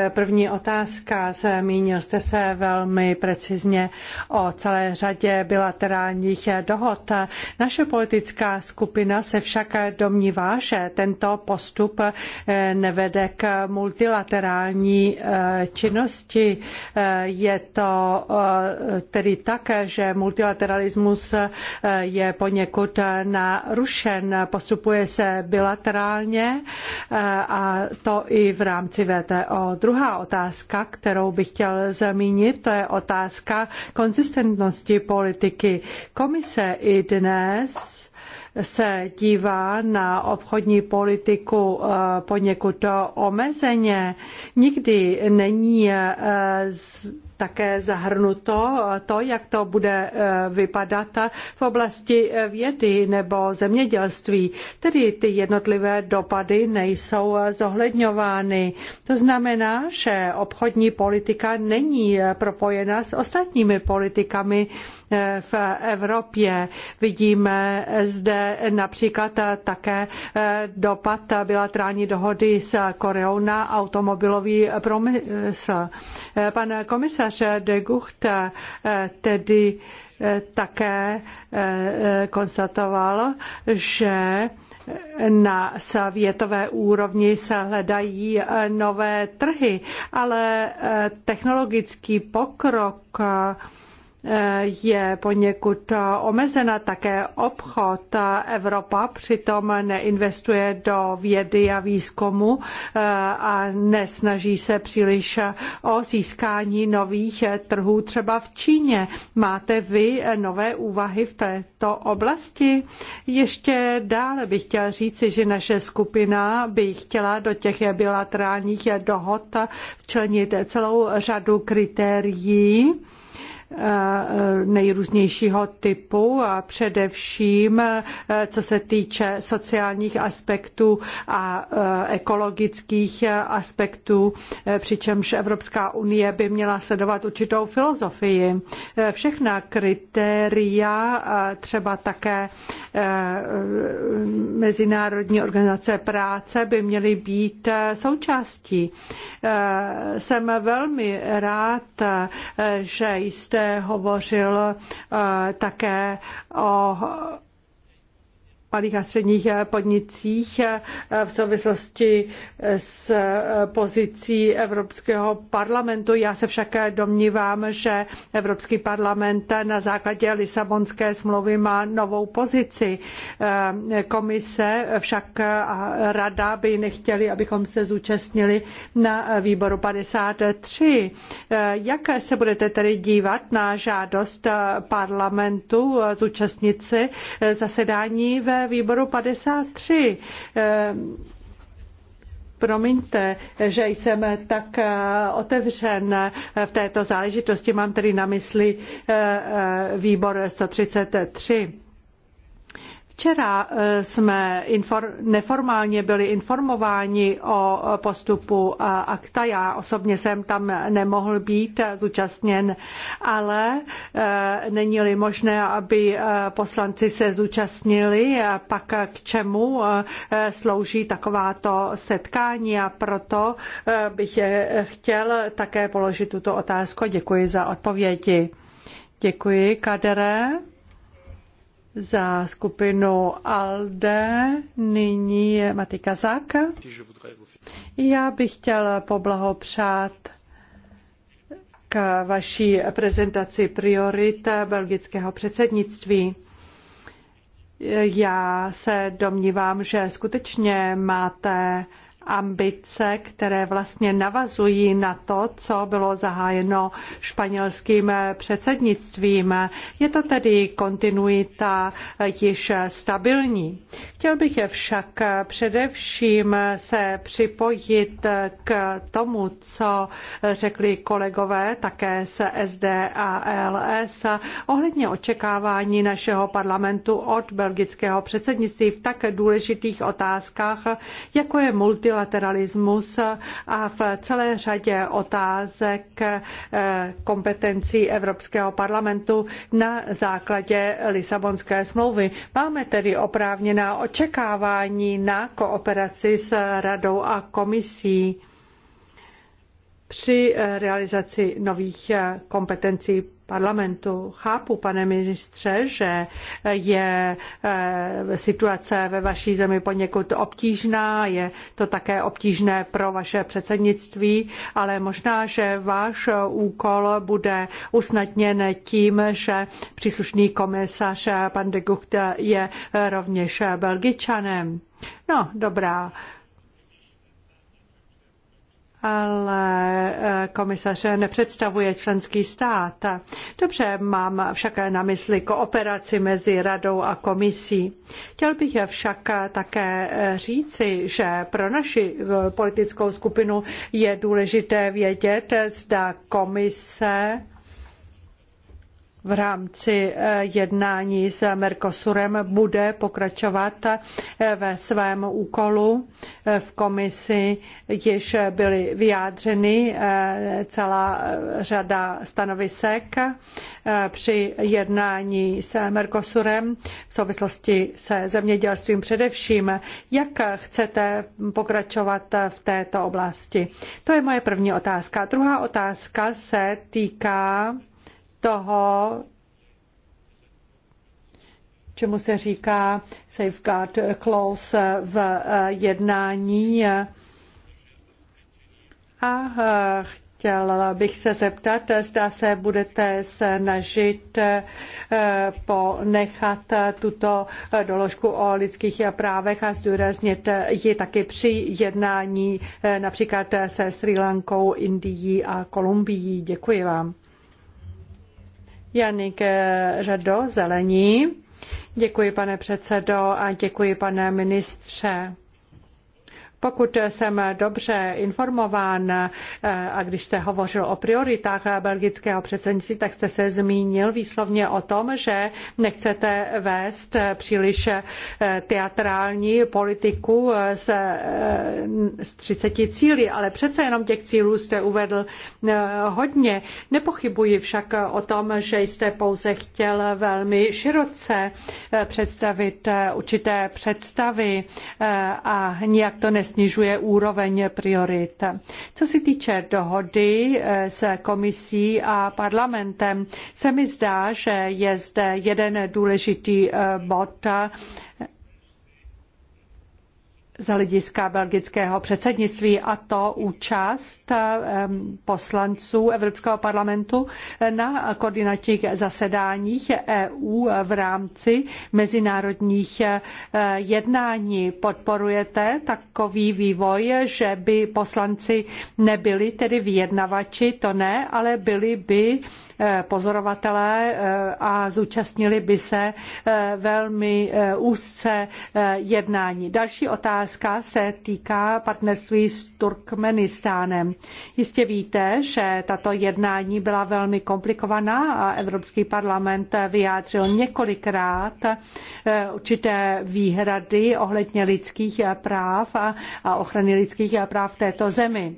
[SPEAKER 3] První otázka. Zmínil jste se velmi precizně o celé řadě bilaterálních dohod. Naše politická skupina se však domnívá, že tento postup eh, nevede k multilaterální eh, činnosti. Eh, je to tedy tak, že multilateralismus je poněkud narušen, postupuje se bilaterálně a to i v rámci VTO Druhá otázka, kterou bych chtěl zmínit, to je otázka konzistentnosti politiky. Komise i dnes se dívá na obchodní politiku eh, poněkud omezeně. Nikdy není eh, také zahrnuto to, jak to bude eh, vypadat v oblasti eh, vědy nebo zemědělství. Tedy ty jednotlivé dopady nejsou eh, zohledňovány. To znamená, že obchodní politika není propojena s ostatními politikami v Evropě. Vidíme zde například také dopad bilaterální dohody s Koreou na automobilový promysl. Pan komisař de Gucht tedy také konstatoval, že na světové úrovni se hledají nové trhy, ale technologický pokrok je poněkud omezena také obchod. Evropa přitom neinvestuje do vědy a výzkumu eh, a nesnaží se příliš o získání nových trhů třeba v Číně. Máte vy nové úvahy v této oblasti? Ještě dále bych chtěla říci, že naše skupina by chtěla do těch bilaterálních dohod včlenit celou řadu kritérií, Eh, nejrůznějšího typu, a především eh, co se týče sociálních aspektů a eh, ekologických aspektů, přičemž Evropská unie by měla sledovat určitou filozofii. Všechna kritéria, třeba také Mezinárodní organizace práce, by měly být součástí. Jsem velmi rád, že jste hovořil eh, také o malých a středních podnicích eh, v souvislosti s eh, pozicí Evropského parlamentu. Já se však domnívám, že Evropský parlament na základě Lisabonské smlouvy má novou pozici. Eh, komise však a rada by nechtěli, abychom se zúčastnili na výboru 53. Jak se budete tedy dívat na žádost parlamentu zúčastnit se zasedání ve výboru 53 eh, promiňte, že jsem tak eh, otevřen v této záležitosti. Mám tedy na mysli eh, výbor 133. Včera eh, jsme neformálně byli informováni o postupu eh, akta. Já osobně jsem tam nemohl být eh, zúčastněn, ale není-li možné, aby poslanci se zúčastnili, pak k čemu slouží takováto setkání a proto bych chtěl také položit tuto otázku. Děkuji za odpovědi. Děkuji, Kadere. Za skupinu ALDE nyní je Maty Kazák. Já bych chtěl poblahopřát k vaší prezentaci priorit belgického předsednictví. Já se domnívám, že skutečně máte ambice, které vlastně navazují na to, co bylo zahájeno španělským předsednictvím. Je to tedy kontinuita již stabilní. Chtěl bych je však především se připojit k tomu, co řekli kolegové také z SD a LS ohledně očekávání našeho parlamentu od belgického předsednictví v tak důležitých otázkách, jako je multi multilateralismus a v celé řadě otázek eh, kompetencí Evropského parlamentu na základě Lisabonské smlouvy. Máme tedy oprávněná očekávání na kooperaci s radou a komisí při eh, realizaci nových eh, kompetencí parlamentu. Chápu, pane ministře, že eh, je situace ve vaší zemi poněkud obtížná, je to také obtížné pro vaše předsednictví, ale možná, že váš úkol bude usnadněn tím, že příslušný komisař pan de Gucht je rovněž belgičanem. No, dobrá ale eh, komisař nepředstavuje členský stát. Dobře, mám však na mysli kooperaci mezi radou a komisí. Chtěl bych však také eh, říci, že pro naši eh, politickou skupinu je důležité vědět, zda komise v rámci eh, jednání s Mercosurem bude pokračovat eh, ve svém úkolu. Eh, v komisi již byly vyjádřeny celá řada stanovisek při jednání s Mercosurem v souvislosti se zemědělstvím především. Jak chcete pokračovat v této oblasti? To je moje první otázka. Druhá otázka se týká toho, čemu se říká safeguard clause v eh, jednání. A eh, chtěla bych se zeptat, zda se budete snažit eh, ponechat tuto doložku o lidských právech a zdůraznit ji taky při jednání například se Sri Lankou, Indií a Kolumbií. Děkuji vám. Janik Řado, Zelení. Děkuji, pane předsedo, a děkuji, pane ministře. Pokud jsem dobře informován eh, a když jste hovořil o prioritách belgického předsednictví, tak jste se zmínil výslovně o tom, že nechcete vést příliš eh, teatrální politiku eh, s, s 30 cíly, ale přece jenom těch cílů jste uvedl hodně. Nepochybuji však o tom, že jste pouze chtěl velmi široce představit určité představy a nijak to nestačí snižuje úroveň priorit. Co se týče dohody eh, s komisí a parlamentem, se mi zdá, že je zde jeden důležitý eh, bod, z hlediska belgického předsednictví, a to účast poslanců Evropského parlamentu na koordinačních zasedáních EU v rámci mezinárodních eh, jednání. Podporujete takový vývoj, že by poslanci nebyli tedy vyjednavači, to ne, ale byli by Eh, pozorovatelé eh, a zúčastnili by se eh, velmi úzce jednání. Další otázka se týká partnerství s Turkmenistánem. Jistě víte, že tato jednání byla velmi komplikovaná a Evropský parlament vyjádřil několikrát určité výhrady ohledně lidských práv a ochrany lidských práv v této zemi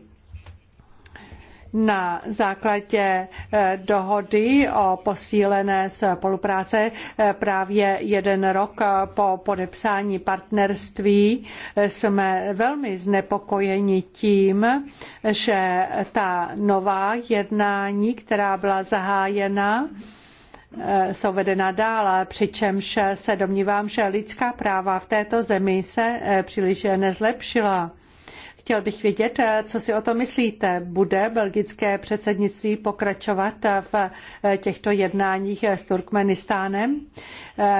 [SPEAKER 3] na základě eh, dohody o posílené spolupráce eh, právě jeden rok eh, po podepsání partnerství jsme velmi znepokojeni tím, že ta nová jednání, která byla zahájena, jsou vedena dál, přičemž se domnívám, že lidská práva v této zemi se příliš nezlepšila Chtěl bych vědět, eh, co si o to myslíte. Bude belgické předsednictví pokračovat eh, v eh, těchto jednáních s Turkmenistánem?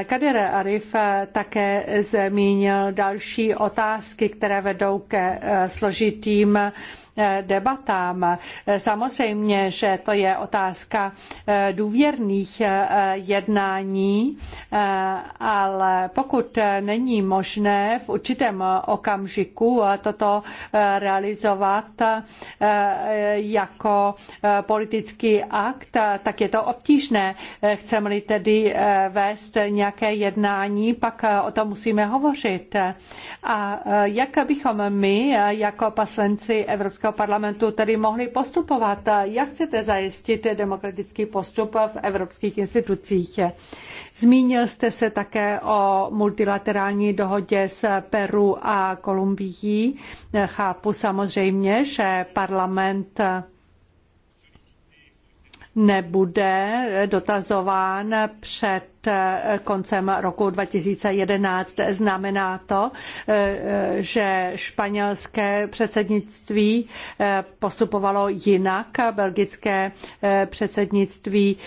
[SPEAKER 3] Kadir Arif také zmínil další otázky, které vedou ke složitým Eh, debatám. Eh, samozřejmě, že to je otázka eh, důvěrných jednání, ale pokud není možné v určitém okamžiku toto realizovat jako politický akt, tak je to obtížné. Chceme-li tedy vést nějaké jednání, pak o tom musíme hovořit. A jak bychom my, jako paslenci Evropské Evropského parlamentu tedy mohli postupovat. Jak chcete zajistit demokratický postup v evropských institucích? Zmínil jste se také o multilaterální dohodě s Peru a Kolumbií. Chápu samozřejmě, že parlament nebude dotazován před Eh, koncem roku 2011. Znamená to, eh, že španělské předsednictví eh, postupovalo jinak, belgické předsednictví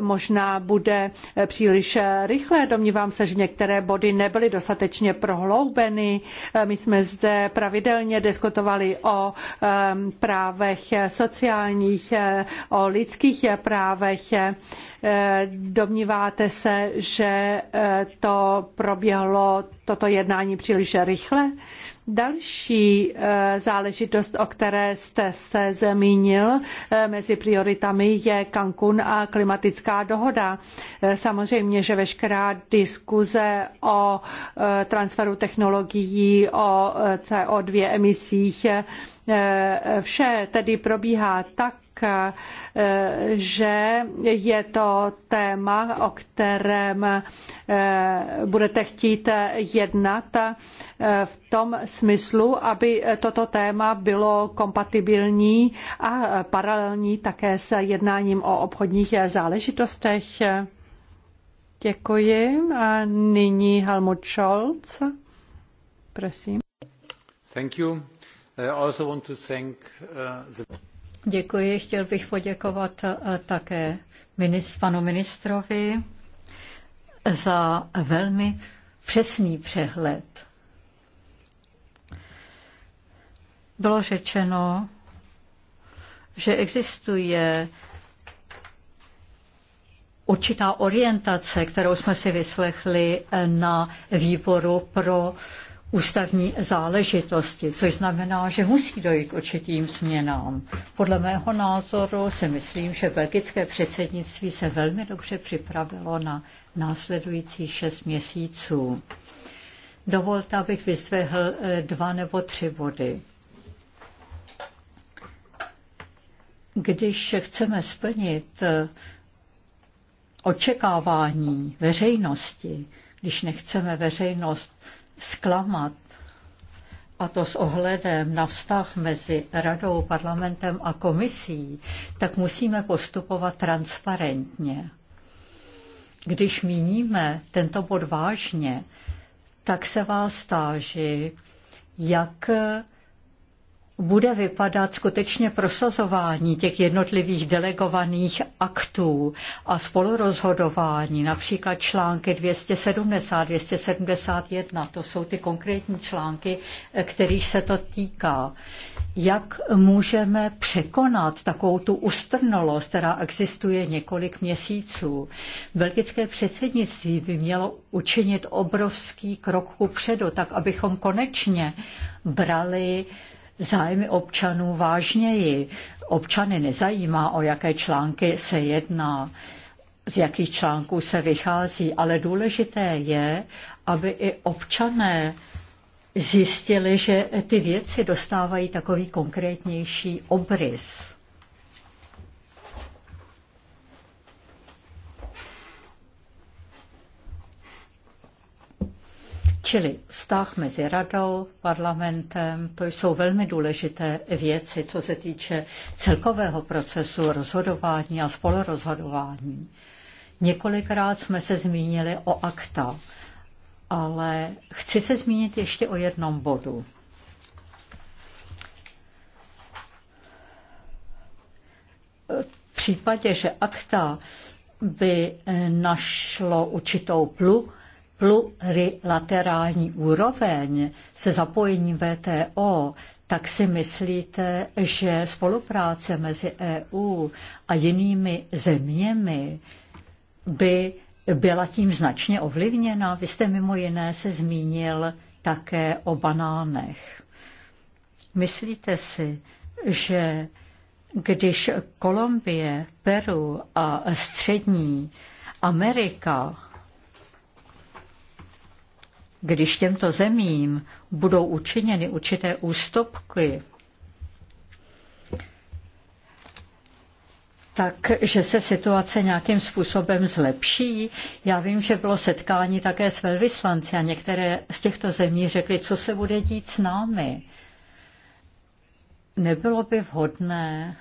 [SPEAKER 3] možná bude příliš rychlé. Domnívám se, že některé body nebyly dostatečně prohloubeny. My jsme zde pravidelně diskutovali o právech sociálních, o lidských právech, Eh, domníváte se, že eh, to proběhlo, toto jednání příliš rychle? Další eh, záležitost, o které jste se zmínil mezi prioritami, je Cancún a klimatická dohoda. Samozřejmě, že veškerá diskuze o transferu technologií, o CO2 emisích, vše tedy probíhá tak, Eh, že je to téma, o kterém eh, budete chtít jednat eh, v tom smyslu, aby toto téma bylo kompatibilní a paralelní také s jednáním o obchodních záležitostech. Děkuji. A nyní Helmut Scholz. Prosím.
[SPEAKER 2] Thank you. I also want to thank uh, the... Děkuji, chtěl bych poděkovat eh, také panu ministrovi za velmi přesný přehled. Bylo řečeno, že existuje určitá orientace, kterou jsme si vyslechli eh, na výboru pro ústavní záležitosti, což znamená, že musí dojít k určitým změnám. Podle mého názoru si myslím, že belgické předsednictví se velmi dobře připravilo na následujících šest měsíců. Dovolte, abych vyzvehl eh, dva nebo tři body. Když chceme splnit eh, očekávání veřejnosti, když nechceme veřejnost zklamat. A to s ohledem na vztah mezi radou, parlamentem a komisí, tak musíme postupovat transparentně. Když míníme tento bod vážně, tak se vás stáží, jak bude vypadat skutečně prosazování těch jednotlivých delegovaných aktů a spolurozhodování, například články 270, 271, to jsou ty konkrétní články, eh, kterých se to týká. Jak můžeme překonat takovou tu ustrnolost, která existuje několik měsíců? Belgické předsednictví by mělo učinit obrovský krok ku předu, tak abychom konečně brali zájmy občanů vážněji. Občany nezajímá, o jaké články se jedná z jakých článků se vychází, ale důležité je, aby i občané zjistili, že ty věci dostávají takový konkrétnější obrys. Čili vztah mezi radou, parlamentem, to jsou velmi důležité věci, co se týče celkového procesu rozhodování a spolorozhodování. Několikrát jsme se zmínili o akta, ale chci se zmínit ještě o jednom bodu. V případě, že akta by našlo určitou plu, plurilaterální úroveň se zapojením VTO, tak si myslíte, že spolupráce mezi EU a jinými zeměmi by byla tím značně ovlivněna? Vy jste mimo jiné se zmínil také o banánech. Myslíte si, že když Kolumbie, Peru a Střední Amerika když těmto zemím budou učiněny určité ústupky, takže se situace nějakým způsobem zlepší. Já vím, že bylo setkání také s velvyslanci a některé z těchto zemí řekly, co se bude dít s námi. Nebylo by vhodné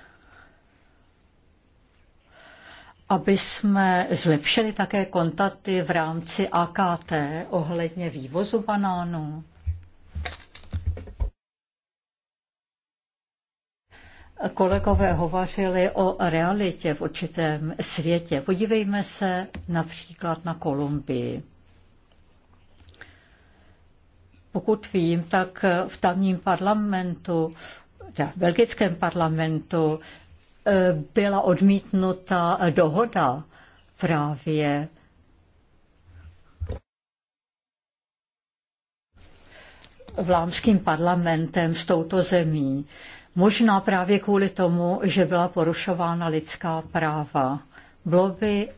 [SPEAKER 2] aby jsme zlepšili také kontakty v rámci AKT ohledně vývozu banánů? Kolegové hovořili o realitě v určitém světě. Podívejme se například na Kolumbii. Pokud vím, tak v tamním parlamentu, v belgickém parlamentu, Eh, byla odmítnuta dohoda právě vlámským parlamentem s touto zemí. Možná právě kvůli tomu, že byla porušována lidská práva. Bylo by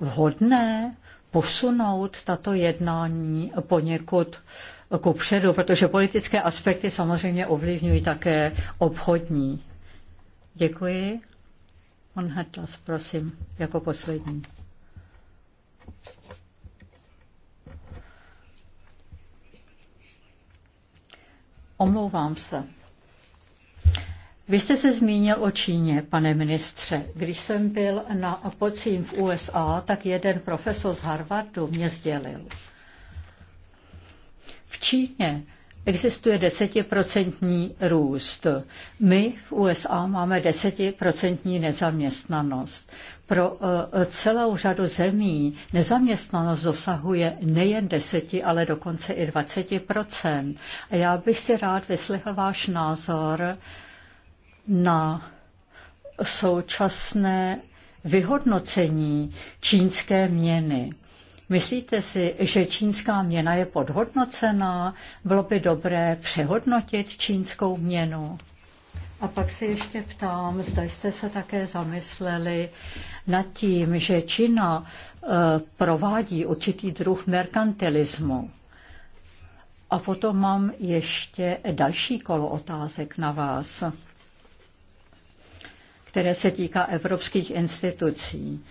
[SPEAKER 2] vhodné posunout tato jednání poněkud ku předu, protože politické aspekty samozřejmě ovlivňují také obchodní. Děkuji. Pan prosím, jako poslední. Omlouvám se. Vy jste se zmínil o Číně, pane ministře. Když jsem byl na podzim v USA, tak jeden profesor z Harvardu mě sdělil. V Číně existuje desetiprocentní růst. My v USA máme desetiprocentní nezaměstnanost. Pro eh, celou řadu zemí nezaměstnanost dosahuje nejen deseti, ale dokonce i 20 A já bych si rád vyslechl váš názor na současné vyhodnocení čínské měny. Myslíte si, že čínská měna je podhodnocená? Bylo by dobré přehodnotit čínskou měnu? A pak se ještě ptám, zda jste se také zamysleli nad tím, že Čína eh, provádí určitý druh merkantilismu. A potom mám ještě další kolo otázek na vás, které se týká evropských institucí.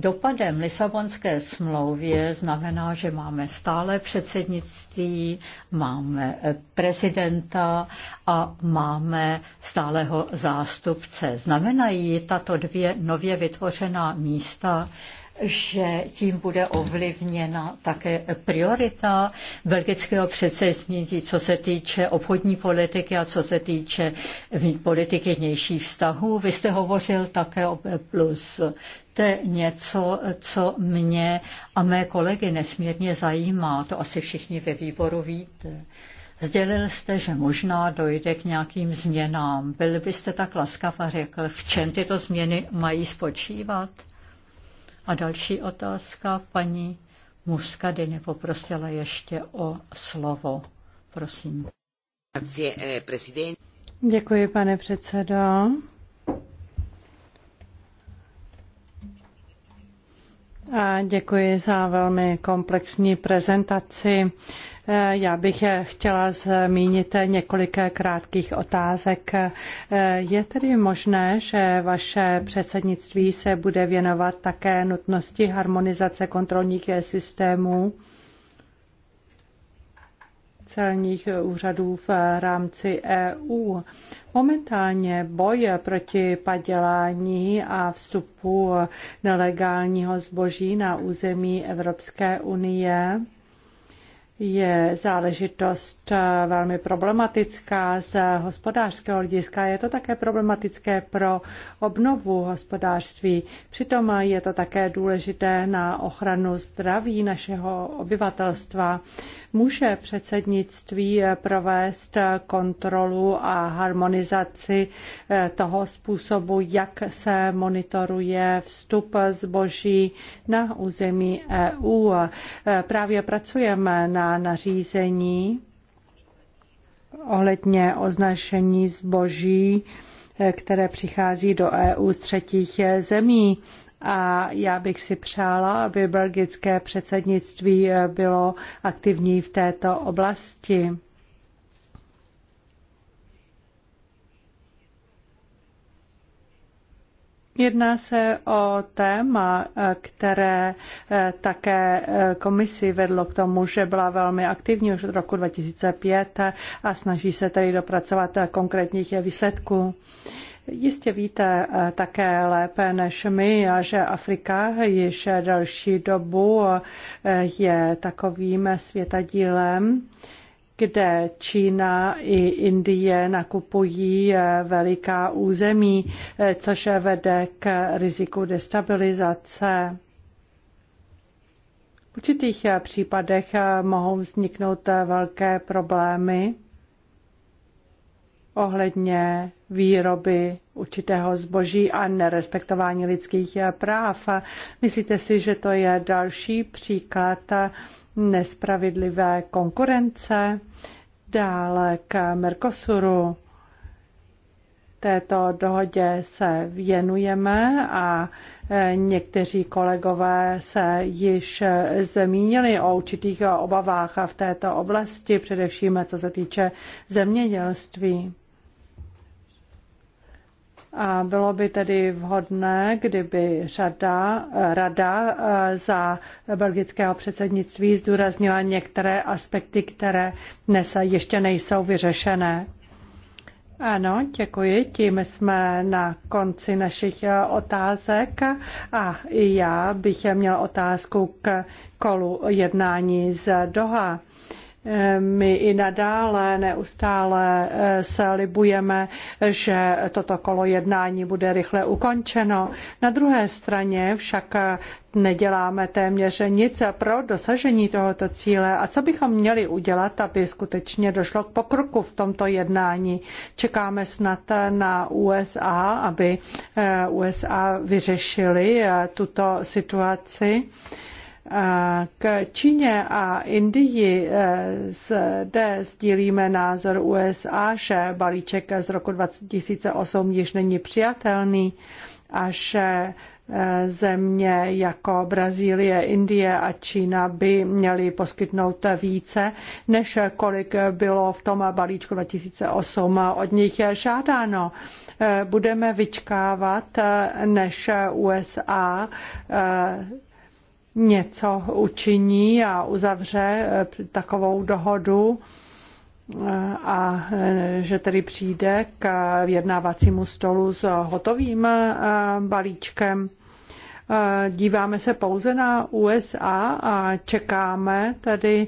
[SPEAKER 2] Dopadem Lisabonské smlouvě znamená, že máme stále předsednictví, máme prezidenta a máme stáleho zástupce. Znamenají tato dvě nově vytvořená místa, že tím bude ovlivněna také priorita belgického předsednictví, co se týče obchodní politiky a co se týče politiky vnějších vztahů. Vy jste hovořil také o B+ to je něco, co mě a mé kolegy nesmírně zajímá. To asi všichni ve výboru víte. Sdělil jste, že možná dojde k nějakým změnám. Byl byste tak laskav a řekl, v čem tyto změny mají spočívat? A další otázka, paní Muscadini poprosila ještě o slovo. Prosím.
[SPEAKER 1] Eh,
[SPEAKER 3] Děkuji, pane předsedo. A děkuji za velmi komplexní prezentaci. Eh, já bych chtěla zmínit několik krátkých otázek. Eh, je tedy možné, že vaše předsednictví se bude věnovat také nutnosti harmonizace kontrolních systémů? celních úřadů v rámci EU. Momentálně boj proti padělání a vstupu nelegálního zboží na území Evropské unie je záležitost eh, velmi problematická z hospodářského hlediska. Je to také problematické pro obnovu hospodářství. Přitom je to také důležité na ochranu zdraví našeho obyvatelstva. Může předsednictví eh, provést eh, kontrolu a harmonizaci toho způsobu, jak se monitoruje vstup zboží na území EU. Právě pracujeme na nařízení ohledně označení zboží, eh, které přichází do EU z třetích eh, zemí. A já bych si přála, aby belgické předsednictví eh, bylo aktivní v této oblasti. Jedná se o téma, které eh, také eh, komisi vedlo k tomu, že byla velmi aktivní už od roku 2005 a snaží se tedy dopracovat eh, konkrétních výsledků. Jistě víte také lépe než my, že Afrika již další dobu je takovým světadílem kde Čína i Indie nakupují eh, veliká území, eh, což vede k riziku destabilizace. V určitých eh, případech mohou vzniknout velké problémy ohledně výroby určitého zboží a nerespektování lidských práv. Myslíte si, že to je další příklad nespravedlivé konkurence, dále k Mercosuru. Této dohodě se věnujeme a e, někteří kolegové se již zmínili o určitých obavách v této oblasti, především co se týče zemědělství. A bylo by tedy vhodné, kdyby řada, rada eh, za belgického předsednictví zdůraznila některé aspekty, které dnes ještě nejsou vyřešené. Ano, děkuji. Tím jsme na konci našich eh, otázek a i já bych měl otázku k kolu jednání z Doha. My i nadále neustále eh, se libujeme, že toto kolo jednání bude rychle ukončeno. Na druhé straně však neděláme téměř nic pro dosažení tohoto cíle. A co bychom měli udělat, aby skutečně došlo k pokroku v tomto jednání? Čekáme snad na USA, aby eh, USA vyřešili eh, tuto situaci. K Číně a Indii eh, zde sdílíme názor USA, že balíček z roku 2008 již není přijatelný a že eh, země jako Brazílie, Indie a Čína by měly poskytnout více, než kolik bylo v tom balíčku 2008 od nich žádáno. Eh, budeme vyčkávat, než USA něco učiní a uzavře eh, takovou dohodu eh, a eh, že tedy přijde k vyjednávacímu stolu s hotovým balíčkem. Díváme se pouze na USA a čekáme tedy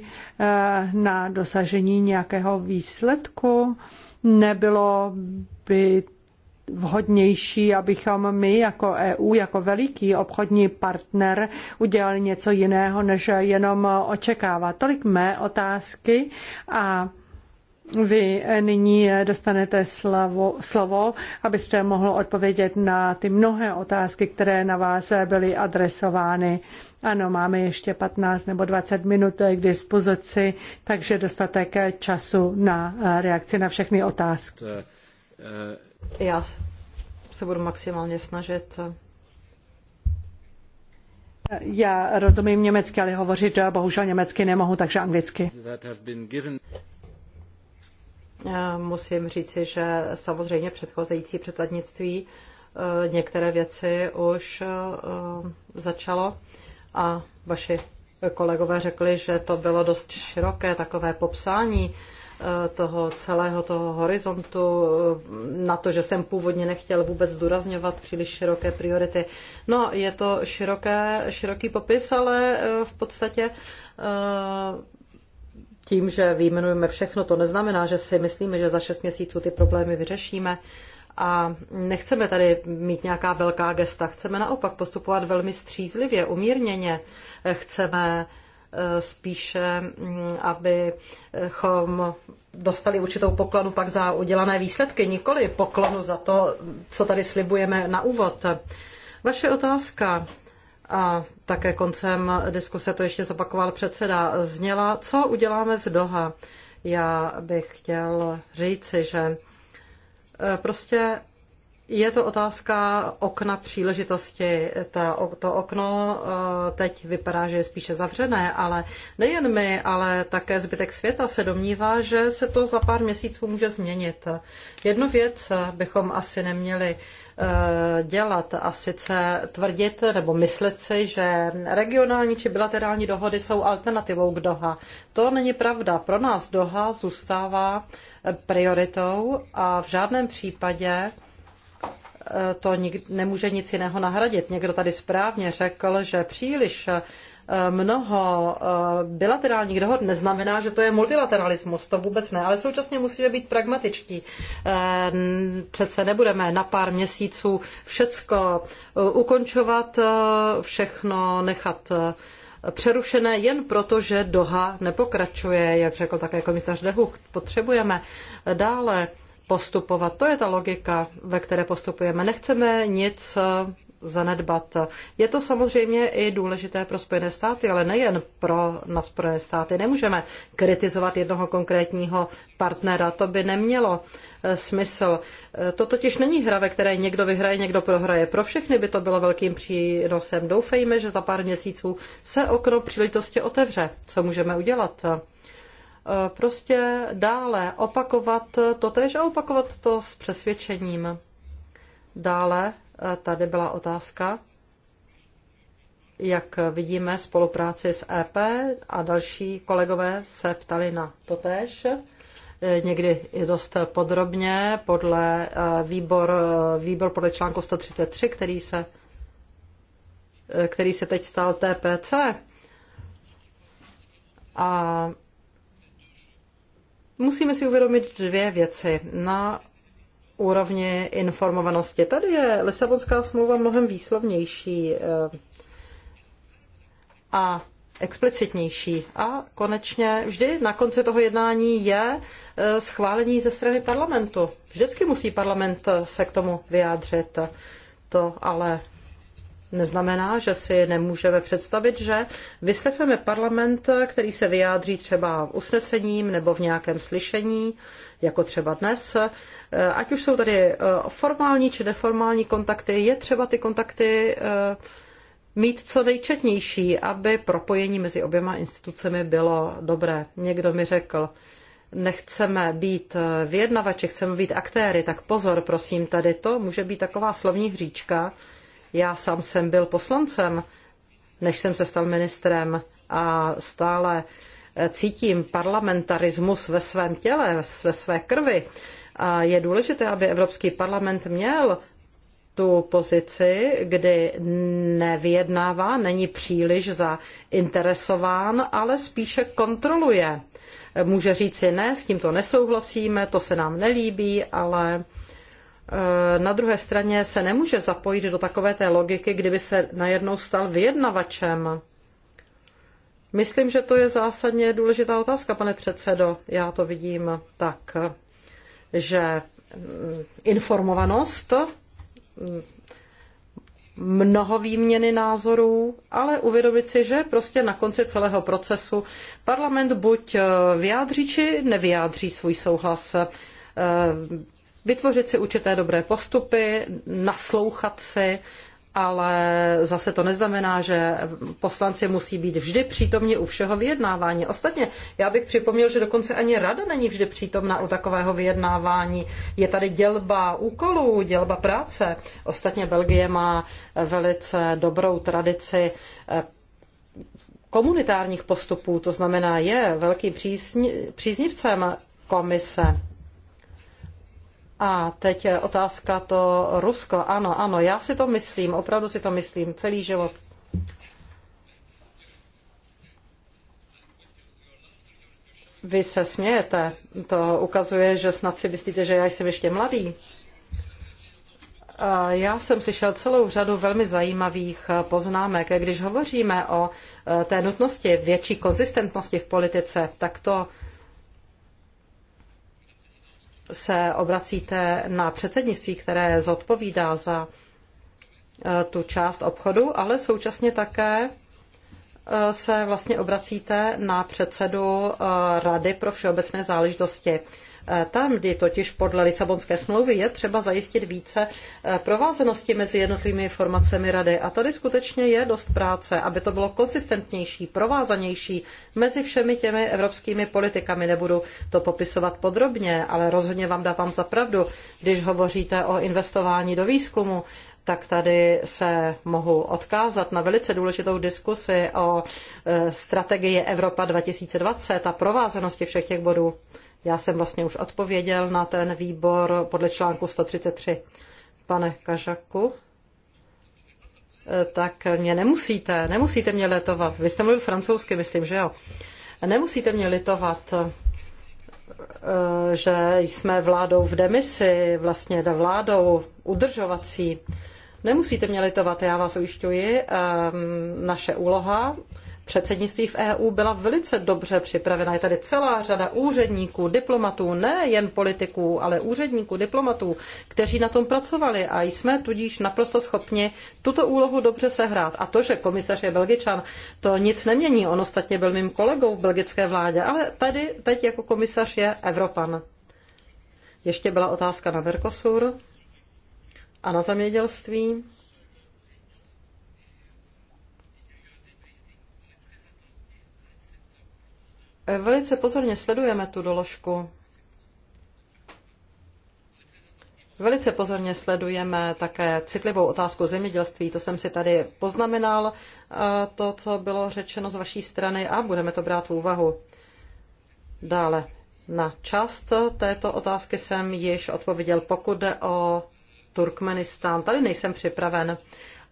[SPEAKER 3] na dosažení nějakého výsledku. Nebylo by vhodnější, abychom my jako EU, jako veliký obchodní partner udělali něco jiného, než jenom očekávat. Tolik mé otázky a vy nyní dostanete slovo, slovo, abyste mohl odpovědět na ty mnohé otázky, které na vás byly adresovány. Ano, máme ještě 15 nebo 20 minut k dispozici, takže dostatek času na reakci na všechny otázky.
[SPEAKER 1] Uh, uh... Já se budu maximálně snažit.
[SPEAKER 3] Já rozumím německy, ale hovořit bohužel německy nemohu, takže anglicky.
[SPEAKER 1] Musím říci, že samozřejmě předchozející předladnictví eh, některé věci už eh, začalo a vaši kolegové řekli, že to bylo dost široké takové popsání Eh, toho celého toho horizontu, eh, na to, že jsem původně nechtěl vůbec zdůrazňovat příliš široké priority. No, je to široké, široký popis, ale eh, v podstatě tím, že vyjmenujeme všechno, to neznamená, že si myslíme, že za šest měsíců ty problémy vyřešíme. A nechceme tady mít nějaká velká gesta, chceme naopak postupovat velmi střízlivě, umírněně, chceme uh, Eh, spíše, mm, abychom dostali určitou poklonu pak za udělané výsledky, nikoli poklonu za to, co tady slibujeme na úvod. Vaše otázka a také koncem diskuse to ještě zopakoval předseda, zněla, co uděláme z Doha. Já bych chtěl říci, že eh, prostě je to otázka okna příležitosti. Ta, to okno eh, teď vypadá, že je spíše zavřené, ale nejen my, ale také zbytek světa se domnívá, že se to za pár měsíců může změnit. Jednu věc bychom asi neměli eh, dělat a sice tvrdit nebo myslet si, že regionální či bilaterální dohody jsou alternativou k Doha. To není pravda. Pro nás Doha zůstává prioritou a v žádném případě to nemůže nic jiného nahradit. Někdo tady správně řekl, že příliš eh, mnoho eh, bilaterálních dohod neznamená, že to je multilateralismus, to vůbec ne, ale současně musíme být pragmatičtí. Eh, přece nebudeme na pár měsíců všecko ukončovat, všechno nechat přerušené jen proto, že Doha nepokračuje, jak řekl také komisař Dehu, Potřebujeme dále postupovat. To je ta logika, ve které postupujeme. Nechceme nic eh, zanedbat. Je to samozřejmě i důležité pro Spojené státy, ale nejen pro na Spojené státy. Nemůžeme kritizovat jednoho konkrétního partnera, to by nemělo eh, smysl. Eh, to totiž není hra, ve které někdo vyhraje, někdo prohraje. Pro všechny by to bylo velkým přínosem. Doufejme, že za pár měsíců se okno příležitosti otevře. Co můžeme udělat? Eh, prostě dále opakovat to tež a opakovat to s přesvědčením. Dále eh, tady byla otázka, jak vidíme spolupráci s EP a další kolegové se ptali na totéž eh, někdy je dost podrobně podle výbor, výbor podle článku 133, který se, který se teď stal TPC. A Musíme si uvědomit dvě věci. Na úrovni informovanosti. Tady je Lisabonská smlouva mnohem výslovnější eh, a explicitnější. A konečně vždy na konci toho jednání je eh, schválení ze strany parlamentu. Vždycky musí parlament eh, se k tomu vyjádřit. To ale neznamená, že si nemůžeme představit, že vyslechneme parlament, který se vyjádří třeba usnesením nebo v nějakém slyšení, jako třeba dnes. Ať už jsou tady eh, formální či neformální kontakty, je třeba ty kontakty eh, mít co nejčetnější, aby propojení mezi oběma institucemi bylo dobré. Někdo mi řekl, nechceme být eh, vyjednavači, chceme být aktéry, tak pozor, prosím, tady to může být taková slovní hříčka, já sám jsem byl poslancem, než jsem se stal ministrem a stále eh, cítím parlamentarismus ve svém těle, ve své krvi. A je důležité, aby Evropský parlament měl tu pozici, kdy nevyjednává, není příliš zainteresován, ale spíše kontroluje. Může říci ne, s tímto nesouhlasíme, to se nám nelíbí, ale Eh, na druhé straně se nemůže zapojit do takové té logiky, kdyby se najednou stal vyjednavačem. Myslím, že to je zásadně důležitá otázka, pane předsedo. Já to vidím tak, že mm, informovanost, mm, mnoho výměny názorů, ale uvědomit si, že prostě na konci celého procesu parlament buď eh, vyjádří, či nevyjádří svůj souhlas eh, vytvořit si určité dobré postupy, naslouchat si, ale zase to neznamená, že poslanci musí být vždy přítomni u všeho vyjednávání. Ostatně, já bych připomněl, že dokonce ani rada není vždy přítomna u takového vyjednávání. Je tady dělba úkolů, dělba práce. Ostatně Belgie má velice dobrou tradici eh, komunitárních postupů, to znamená je velký přísni, příznivcem komise a teď je otázka to Rusko. Ano, ano, já si to myslím, opravdu si to myslím, celý život. Vy se smějete, to ukazuje, že snad si myslíte, že já jsem ještě mladý. Já jsem slyšel celou řadu velmi zajímavých poznámek. Když hovoříme o e, té nutnosti větší konzistentnosti v politice, tak to se obracíte na předsednictví, které zodpovídá za e, tu část obchodu, ale současně také e, se vlastně obracíte na předsedu e, Rady pro všeobecné záležitosti. Tam, kdy totiž podle Lisabonské smlouvy je třeba zajistit více eh, provázenosti mezi jednotlivými formacemi rady. A tady skutečně je dost práce, aby to bylo konsistentnější, provázanější mezi všemi těmi evropskými politikami. Nebudu to popisovat podrobně, ale rozhodně vám dávám za pravdu, když hovoříte o investování do výzkumu, tak tady se mohu odkázat na velice důležitou diskusi o eh, strategii Evropa 2020 a provázanosti všech těch bodů. Já jsem vlastně už odpověděl na ten výbor podle článku 133. Pane Kažaku, eh, tak mě nemusíte, nemusíte mě letovat. Vy jste mluvil francouzsky, myslím, že jo. Nemusíte mě litovat, eh, že jsme vládou v demisi, vlastně vládou udržovací. Nemusíte mě litovat, já vás ujišťuji. Eh, naše úloha předsednictví v EU byla velice dobře připravena. Je tady celá řada úředníků, diplomatů, ne jen politiků, ale úředníků, diplomatů, kteří na tom pracovali a jsme tudíž naprosto schopni tuto úlohu dobře sehrát. A to, že komisař je belgičan, to nic nemění. On ostatně byl mým kolegou v belgické vládě, ale tady teď jako komisař je Evropan. Ještě byla otázka na Mercosur a na zemědělství. Velice pozorně sledujeme tu doložku. Velice pozorně sledujeme také citlivou otázku zemědělství. To jsem si tady poznamenal, eh, to, co bylo řečeno z vaší strany a budeme to brát v úvahu. Dále. Na část této otázky jsem již odpověděl, pokud jde o Turkmenistán. Tady nejsem připraven.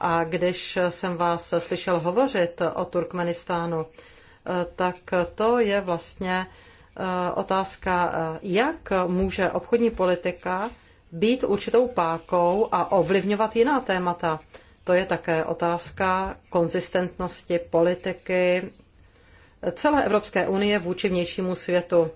[SPEAKER 1] A když jsem vás slyšel hovořit o Turkmenistánu, tak to je vlastně eh, otázka, eh, jak může obchodní politika být určitou pákou a ovlivňovat jiná témata. To je také otázka konzistentnosti politiky celé Evropské unie vůči vnějšímu světu.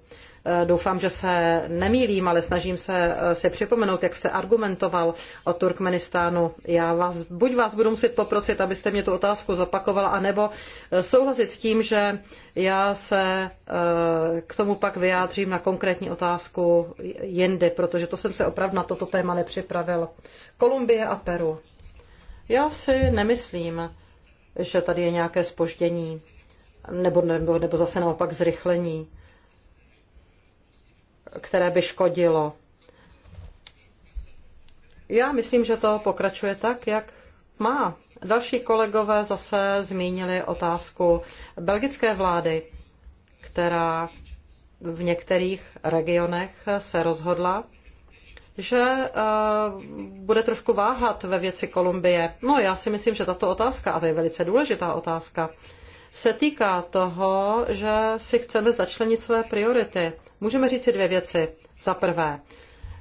[SPEAKER 1] Eh, doufám, že se nemýlím, ale snažím se eh, si připomenout, jak jste argumentoval o Turkmenistánu. Já vás, buď vás budu muset poprosit, abyste mě tu otázku zopakovala, anebo eh, souhlasit s tím, že já se k tomu pak vyjádřím na konkrétní otázku jinde, protože to jsem se opravdu na toto téma nepřipravil. Kolumbie a Peru. Já si nemyslím, že tady je nějaké spoždění, nebo, nebo, nebo zase naopak zrychlení které by škodilo. Já myslím, že to pokračuje tak, jak má. Další kolegové zase zmínili otázku belgické vlády, která v některých regionech se rozhodla, že eh, bude trošku váhat ve věci Kolumbie. No, já si myslím, že tato otázka, a to je velice důležitá otázka, se týká toho, že si chceme začlenit své priority. Můžeme říct si dvě věci. Za prvé,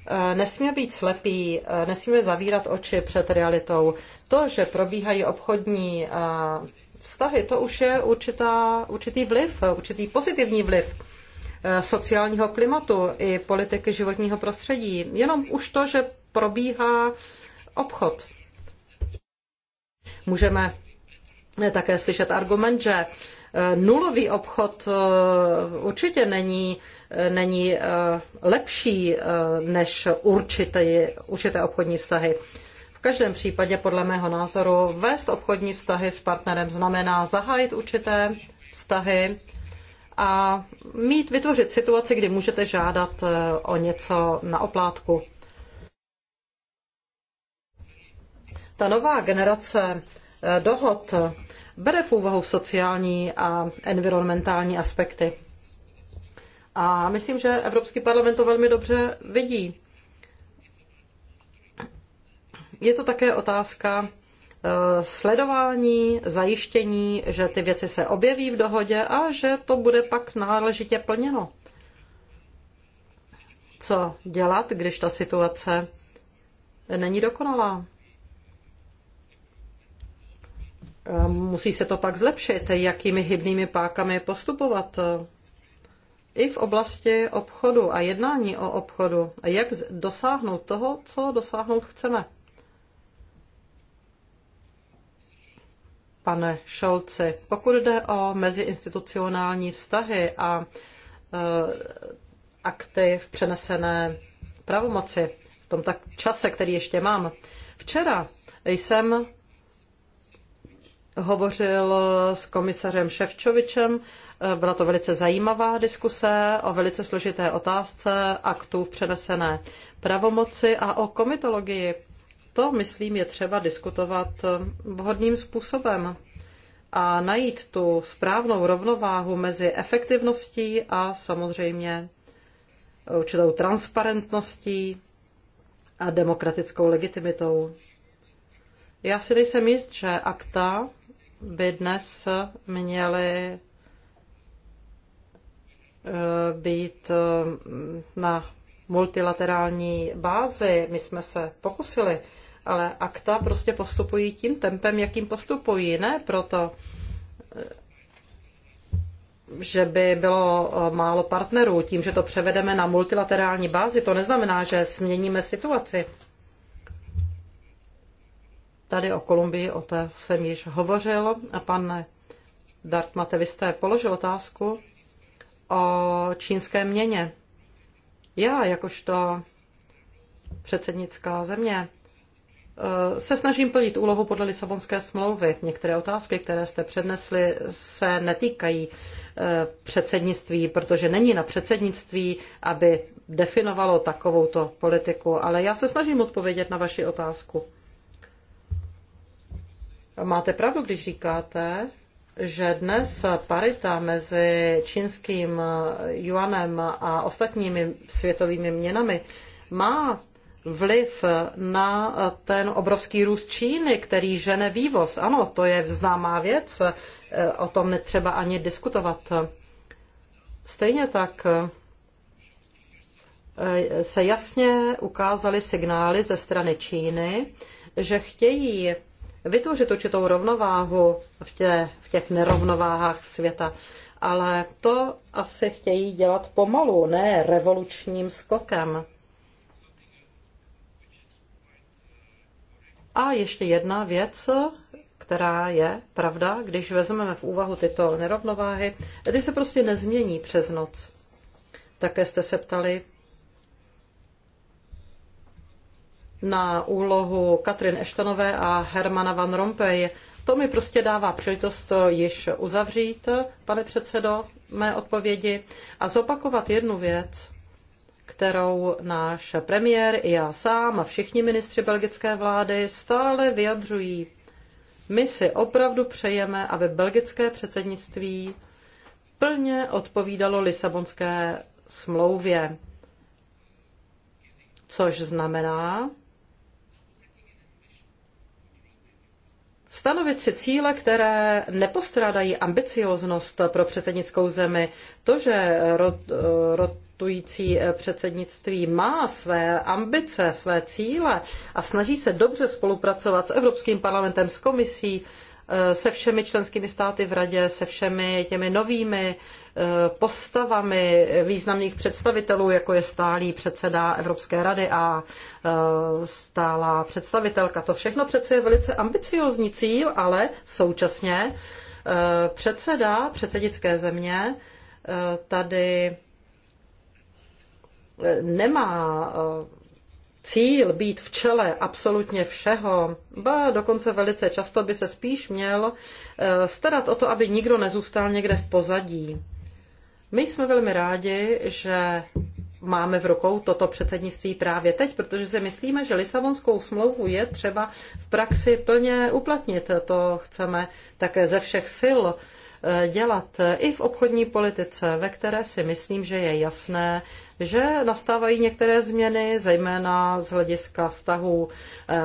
[SPEAKER 1] eh, nesmíme být slepí, eh, nesmíme zavírat oči před realitou. To, že probíhají obchodní eh, vztahy, to už je určitá, určitý vliv, určitý pozitivní vliv sociálního klimatu i politiky životního prostředí. Jenom už to, že probíhá obchod. Můžeme také slyšet argument, že eh, nulový obchod eh, určitě není, eh, není lepší než určité, určité obchodní vztahy. V každém případě, podle mého názoru, vést obchodní vztahy s partnerem znamená zahájit určité vztahy a mít, vytvořit situaci, kdy můžete žádat o něco na oplátku. Ta nová generace Eh, dohod bere v úvahu sociální a environmentální aspekty. A myslím, že Evropský parlament to velmi dobře vidí. Je to také otázka eh, sledování, zajištění, že ty věci se objeví v dohodě a že to bude pak náležitě plněno. Co dělat, když ta situace není dokonalá? Ehm, musí se to pak zlepšit, jakými hybnými pákami postupovat eh, i v oblasti obchodu a jednání o obchodu, a jak dosáhnout toho, co dosáhnout chceme. Pane Šolci, pokud jde o meziinstitucionální vztahy a e, akty v přenesené pravomoci, v tom tak čase, který ještě mám, včera jsem hovořil s komisařem Ševčovičem. Byla to velice zajímavá diskuse o velice složité otázce aktů v přenesené pravomoci a o komitologii. To, myslím, je třeba diskutovat vhodným způsobem a najít tu správnou rovnováhu mezi efektivností a samozřejmě určitou transparentností a demokratickou legitimitou. Já si nejsem jist, že akta by dnes měly eh, být eh, na multilaterální bázi. My jsme se pokusili, ale akta prostě postupují tím tempem, jakým postupují. Ne proto, eh, že by bylo málo partnerů. Tím, že to převedeme na multilaterální bázi, to neznamená, že změníme situaci. Tady o Kolumbii, o té jsem již hovořil. A pan Dartmate, vy jste položil otázku o čínské měně. Já, jakožto předsednická země, eh, se snažím plnit úlohu podle Lisabonské smlouvy. Některé otázky, které jste přednesli, se netýkají eh, předsednictví, protože není na předsednictví, aby definovalo takovouto politiku, ale já se snažím odpovědět na vaši otázku. Máte pravdu, když říkáte, že dnes parita mezi čínským juanem a ostatními světovými měnami má vliv na ten obrovský růst Číny, který žene vývoz. Ano, to je známá věc, o tom netřeba ani diskutovat. Stejně tak eh, se jasně ukázaly signály ze strany Číny, že chtějí vytvořit určitou rovnováhu v, tě, v těch nerovnováhách světa. Ale to asi chtějí dělat pomalu, ne revolučním skokem. A ještě jedna věc, která je pravda, když vezmeme v úvahu tyto nerovnováhy, ty se prostě nezmění přes noc. Také jste se ptali, na úlohu Katrin Eštonové a Hermana Van Rompuy. To mi prostě dává příležitost již uzavřít, pane předsedo, mé odpovědi a zopakovat jednu věc, kterou náš premiér i já sám a všichni ministři belgické vlády stále vyjadřují. My si opravdu přejeme, aby belgické předsednictví plně odpovídalo Lisabonské smlouvě, což znamená, Stanovit si cíle, které nepostrádají ambicioznost pro předsednickou zemi, to, že rotující předsednictví má své ambice, své cíle a snaží se dobře spolupracovat s Evropským parlamentem, s komisí, Eh, se všemi členskými státy v radě, se všemi těmi novými eh, postavami významných představitelů, jako je stálý předseda Evropské rady a eh, stálá představitelka. To všechno přece je velice ambiciozní cíl, ale současně předseda předsednické země tady nemá cíl být v čele absolutně všeho, ba dokonce velice často by se spíš měl eh, starat o to, aby nikdo nezůstal někde v pozadí. My jsme velmi rádi, že máme v rukou toto předsednictví právě teď, protože si myslíme, že Lisabonskou smlouvu je třeba v praxi plně uplatnit. To chceme také ze všech sil eh, dělat i v obchodní politice, ve které si myslím, že je jasné, že nastávají některé změny, zejména z hlediska vztahu eh,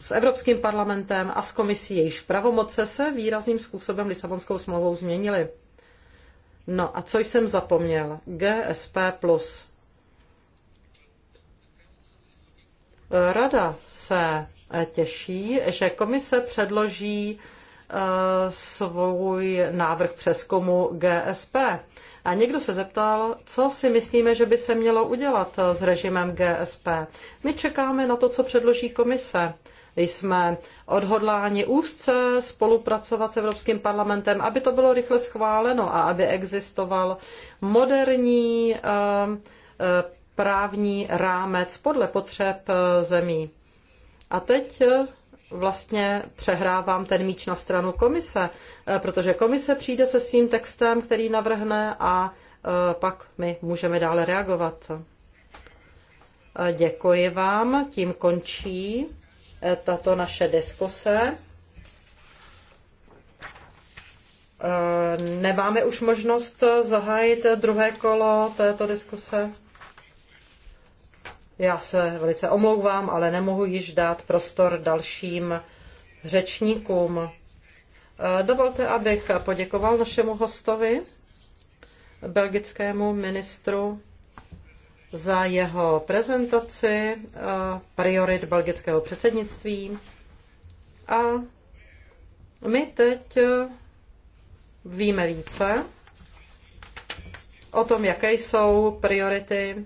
[SPEAKER 1] s Evropským parlamentem a s komisí, jejíž pravomoce se výrazným způsobem Lisabonskou smlouvou změnily. No a co jsem zapomněl? GSP+. Rada se eh, těší, že komise předloží eh, svůj návrh přeskumu GSP. A někdo se zeptal, co si myslíme, že by se mělo udělat eh, s režimem GSP. My čekáme na to, co předloží komise. Jsme odhodláni úzce spolupracovat s Evropským parlamentem, aby to bylo rychle schváleno a aby existoval moderní eh, eh, právní rámec podle potřeb zemí. A teď vlastně přehrávám ten míč na stranu komise, eh, protože komise přijde se svým textem, který navrhne a eh, pak my můžeme dále reagovat. Eh, děkuji vám, tím končí tato naše diskuse. Nemáme už možnost zahájit druhé kolo této diskuse. Já se velice omlouvám, ale nemohu již dát prostor dalším řečníkům. Eh, dovolte, abych poděkoval našemu hostovi, belgickému ministru, za jeho prezentaci eh, priorit belgického předsednictví. A my teď eh, víme více o tom, jaké jsou priority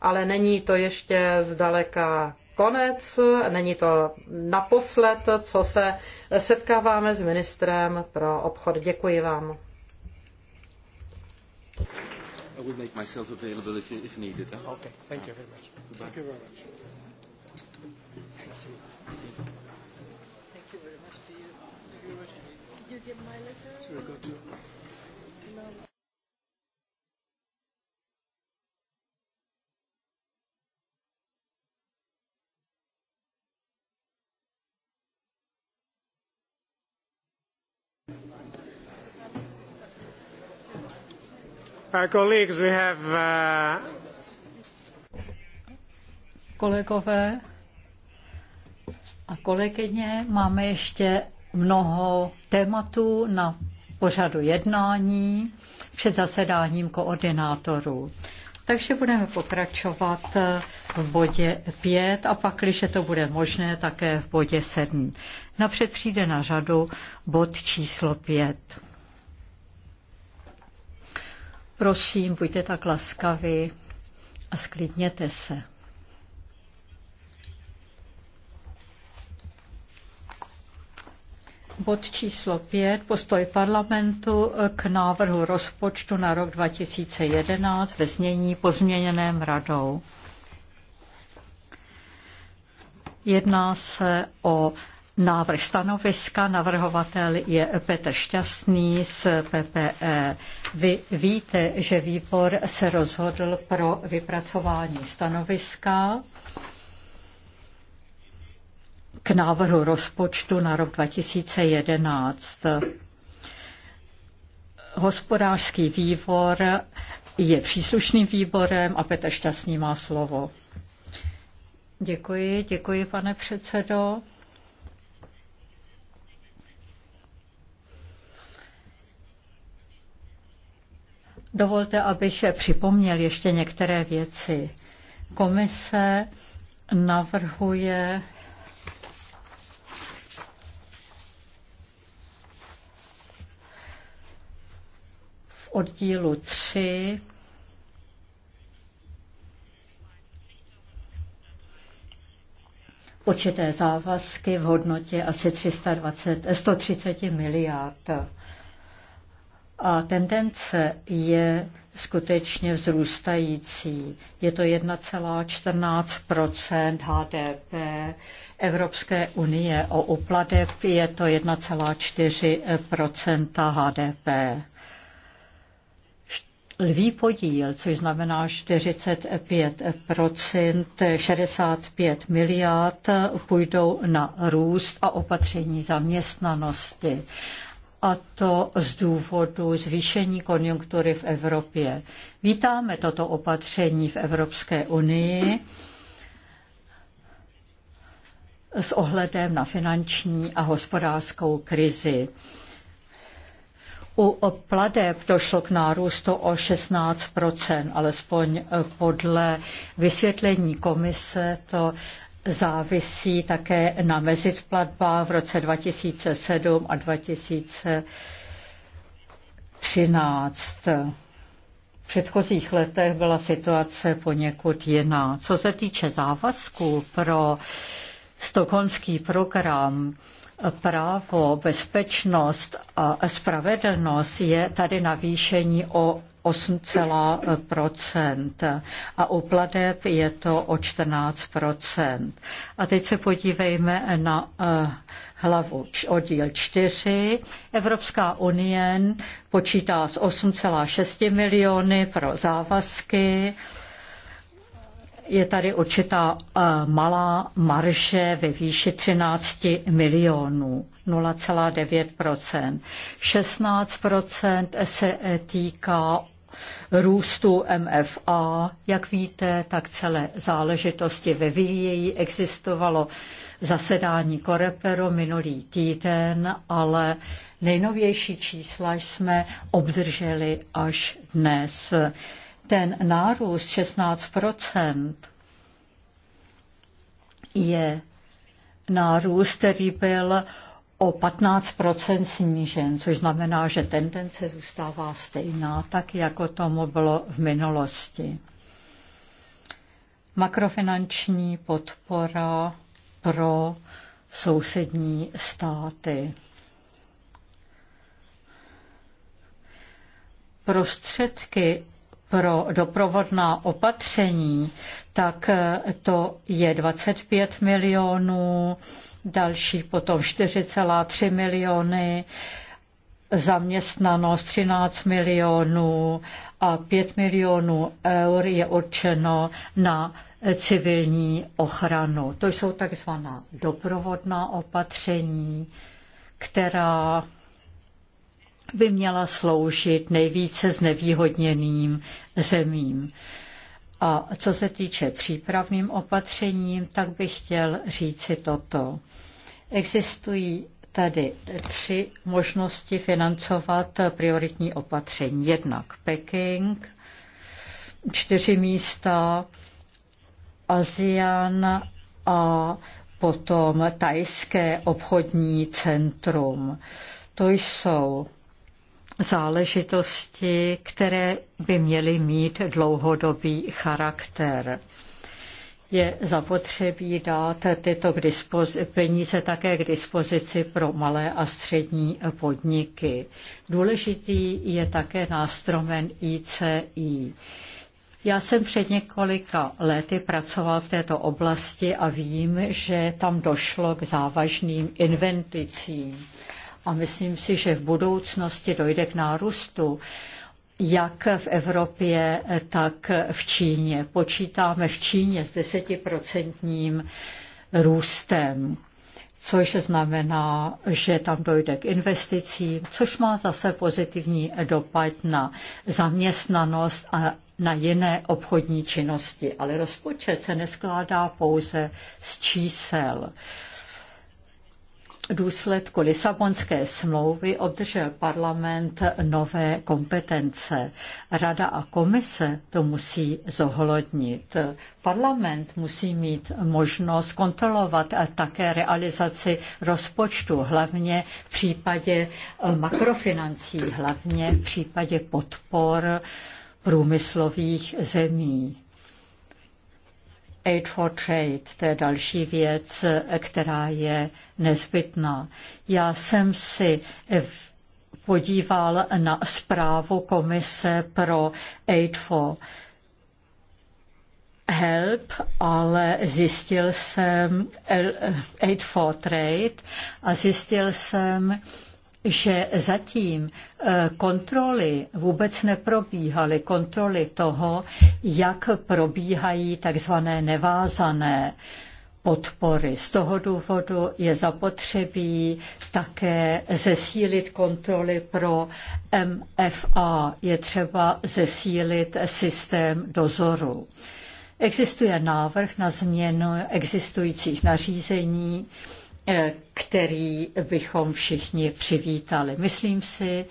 [SPEAKER 1] ale není to ještě zdaleka konec, není to naposled, co se setkáváme s ministrem pro obchod. Děkuji vám.
[SPEAKER 2] thank you give my letter? go to Uh, uh, Kolegové a kolegyně, máme ještě mnoho tématů na pořadu jednání před zasedáním koordinátorů. Takže budeme pokračovat v bodě 5 a pak, když to bude možné, také v bodě 7. Napřed přijde na řadu bod číslo 5. Prosím, buďte tak laskavi a sklidněte se. bod číslo 5, postoj parlamentu k návrhu rozpočtu na rok 2011 ve znění pozměněném radou. Jedná se o návrh stanoviska. Navrhovatel je Petr Šťastný z PPE. Vy víte, že výbor se rozhodl pro vypracování stanoviska k návrhu rozpočtu na rok 2011. Hospodářský výbor je příslušným výborem a Petr Šťastný má slovo. Děkuji, děkuji, pane předsedo. Dovolte, abych připomněl ještě některé věci. Komise navrhuje oddílu 3 určité závazky v hodnotě asi 320, 130 miliard. A tendence je skutečně vzrůstající. Je to 1,14 HDP Evropské unie. O uplatech je to 1,4 HDP lví podíl, což znamená 45 65 miliard půjdou na růst a opatření zaměstnanosti. A to z důvodu zvýšení konjunktury v Evropě. Vítáme toto opatření v Evropské unii s ohledem na finanční a hospodářskou krizi. U pladeb došlo k nárůstu o 16 alespoň eh, podle vysvětlení komise to závisí také na mezitplatbách v roce 2007 a 2013. V předchozích letech byla situace poněkud jiná. Co se týče závazků pro Stokonský program, právo, bezpečnost a spravedlnost je tady navýšení o 8,% a u pladeb je to o 14%. A teď se podívejme na eh, hlavu oddíl 4. Evropská unie počítá s 8,6 miliony pro závazky, je tady určitá eh, malá marže ve výši 13 milionů, 0,9%. 16% se eh, týká růstu MFA. Jak víte, tak celé záležitosti ve výjejí existovalo zasedání Korepero minulý týden, ale nejnovější čísla jsme obdrželi až dnes ten nárůst 16 je nárůst, který byl o 15 snížen, což znamená, že tendence zůstává stejná, tak jako tomu bylo v minulosti. Makrofinanční podpora pro sousední státy. Prostředky pro doprovodná opatření, tak to je 25 milionů, další potom 4,3 miliony, zaměstnanost 13 milionů a 5 milionů eur je určeno na civilní ochranu. To jsou takzvaná doprovodná opatření, která by měla sloužit nejvíce znevýhodněným zemím. A co se týče přípravným opatřením, tak bych chtěl říci toto. Existují tady tři možnosti financovat prioritní opatření. Jednak Peking, čtyři místa, ASEAN a potom Tajské obchodní centrum. To jsou záležitosti, které by měly mít dlouhodobý charakter je zapotřebí dát tyto k dispozici peníze také k dispozici pro malé a střední podniky. Důležitý je také nástromen ICI. Já jsem před několika lety pracoval v této oblasti a vím, že tam došlo k závažným inventicím a myslím si, že v budoucnosti dojde k nárůstu jak v Evropě, tak v Číně. Počítáme v Číně s desetiprocentním růstem, což znamená, že tam dojde k investicím, což má zase pozitivní dopad na zaměstnanost a na jiné obchodní činnosti. Ale rozpočet se neskládá pouze z čísel důsledku Lisabonské smlouvy obdržel parlament nové kompetence. Rada a komise to musí zohlednit. Parlament musí mít možnost kontrolovat také realizaci rozpočtu, hlavně v případě eh, makrofinancí, hlavně v případě podpor průmyslových zemí. Aid for Trade, to je další věc, která je nezbytná. Já jsem si podíval na zprávu komise pro Aid for help, ale zjistil jsem Aid for Trade a zjistil jsem, že zatím eh, kontroly vůbec neprobíhaly, kontroly toho, jak probíhají takzvané nevázané podpory. Z toho důvodu je zapotřebí také zesílit kontroly pro MFA. Je třeba zesílit systém dozoru. Existuje návrh na změnu existujících nařízení, Eh, který bychom všichni přivítali. Myslím si,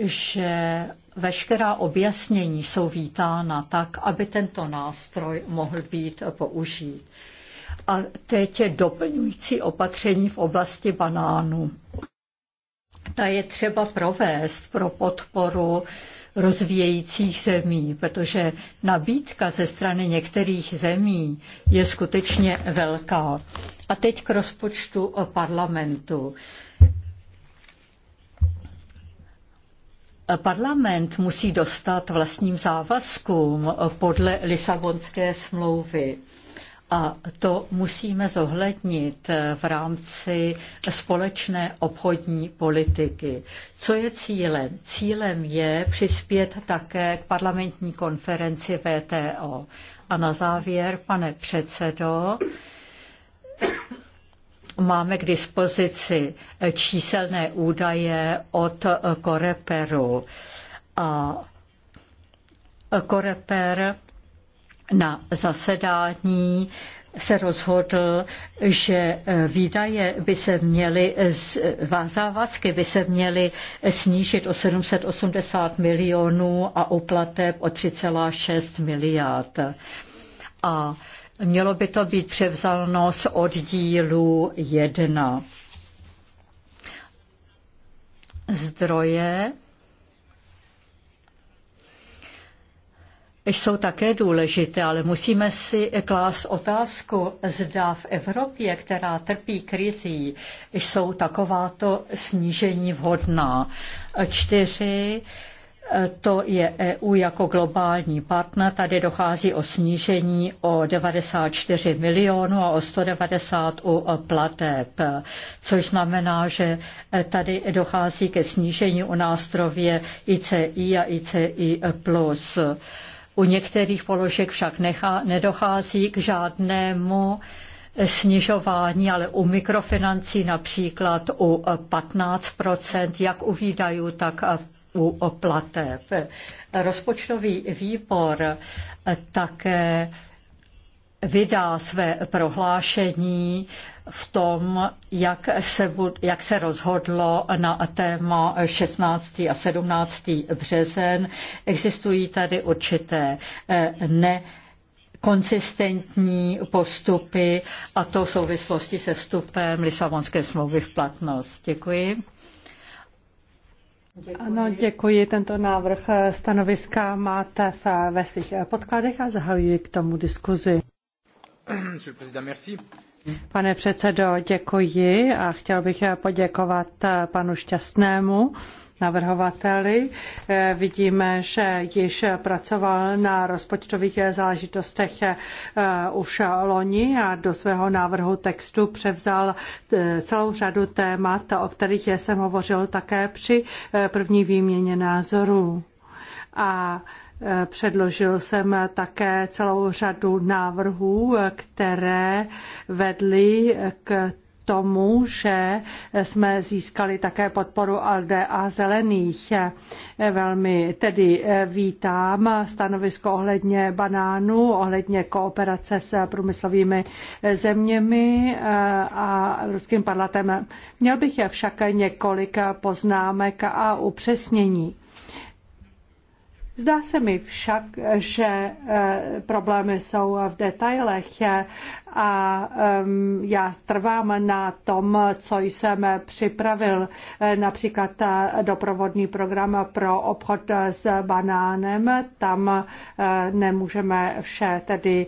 [SPEAKER 2] že veškerá objasnění jsou vítána tak, aby tento nástroj mohl být použít. A teď je doplňující opatření v oblasti banánů. Ta je třeba provést pro podporu rozvíjejících zemí, protože nabídka ze strany některých zemí je skutečně velká. A teď k rozpočtu parlamentu. Parlament musí dostat vlastním závazkům podle Lisabonské smlouvy. A to musíme zohlednit v rámci společné obchodní politiky. Co je cílem? Cílem je přispět také k parlamentní konferenci VTO. A na závěr, pane předsedo, máme k dispozici číselné údaje od Koreperu. A Koreper na zasedání se rozhodl, že výdaje by se měly, závazky by se měly snížit o 780 milionů a u plateb o 3,6 miliard. A mělo by to být převzalno z oddílu 1. Zdroje jsou také důležité, ale musíme si klást otázku, zda v Evropě, která trpí krizí, jsou takováto snížení vhodná. Čtyři to je EU jako globální partner. Tady dochází o snížení o 94 milionů a o 190 u plateb, což znamená, že tady dochází ke snížení u nástrojě ICI a ICI+. U některých položek však nechá, nedochází k žádnému snižování, ale u mikrofinancí například u 15 jak u výdajů, tak u plateb. Rozpočtový výbor také vydá své prohlášení v tom, jak se, bud, jak se rozhodlo na téma 16. a 17. březen. Existují tady určité eh, ne konsistentní postupy a to v souvislosti se vstupem Lisabonské smlouvy v platnost. Děkuji.
[SPEAKER 3] Děkuji. Ano, děkuji. Tento návrh eh, stanoviska máte eh, ve svých podkladech a zahajuji k tomu diskuzi.
[SPEAKER 1] Monsieur le Président, merci.
[SPEAKER 3] Pane předsedo, děkuji a chtěl bych poděkovat panu Šťastnému navrhovateli. Vidíme, že již pracoval na rozpočtových záležitostech eh, už loni a do svého návrhu textu převzal eh, celou řadu témat, o kterých jsem hovořil také při eh, první výměně názorů. A Předložil jsem také celou řadu návrhů, které vedly k tomu, že jsme získali také podporu ALDE a zelených. Velmi tedy vítám stanovisko ohledně banánů, ohledně kooperace s průmyslovými zeměmi a Evropským parlamentem. Měl bych však několik poznámek a upřesnění. Zdá se mi však, že eh, problémy jsou v detailech a ehm, já trvám na tom, co jsem připravil, eh, například eh, doprovodný program pro obchod s banánem. Tam nemůžeme vše tedy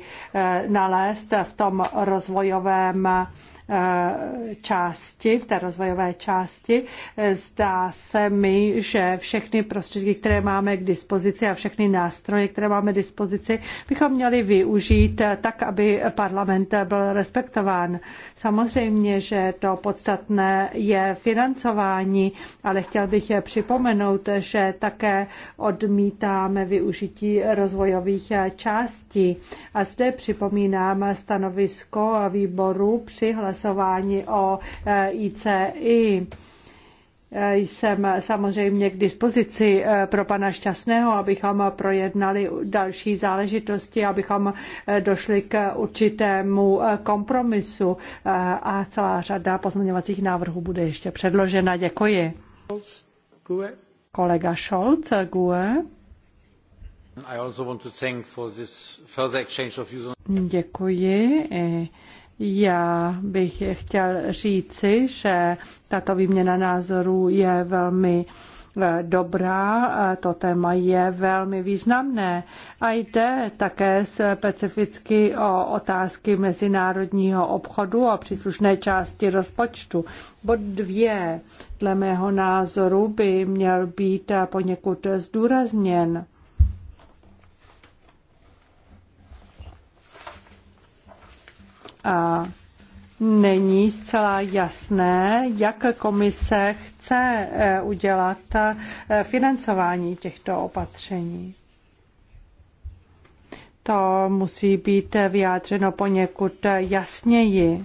[SPEAKER 3] nalézt v tom rozvojovém Eh, části, v té rozvojové části. Zdá se mi, že všechny prostředky, které máme k dispozici a všechny nástroje, které máme k dispozici, bychom měli využít tak, aby parlament byl respektován. Samozřejmě, že to podstatné je financování, ale chtěl bych je připomenout, že také odmítáme využití rozvojových částí. A zde připomínám stanovisko výboru při hlasování o ICI. Eh, jsem samozřejmě k dispozici eh, pro pana Šťastného, abychom projednali další záležitosti, abychom eh, došli k určitému eh, kompromisu a celá řada pozměňovacích návrhů bude ještě předložena. Děkuji. Kolega Scholz, GUE. Děkuji já bych chtěl říci, že tato výměna názorů je velmi eh, dobrá, eh, to téma je velmi významné a jde také specificky o otázky mezinárodního obchodu a příslušné části rozpočtu. Bod dvě, dle mého názoru, by měl být poněkud zdůrazněn. není zcela jasné, jak komise chce eh, udělat eh, financování těchto opatření. To musí být eh, vyjádřeno poněkud jasněji.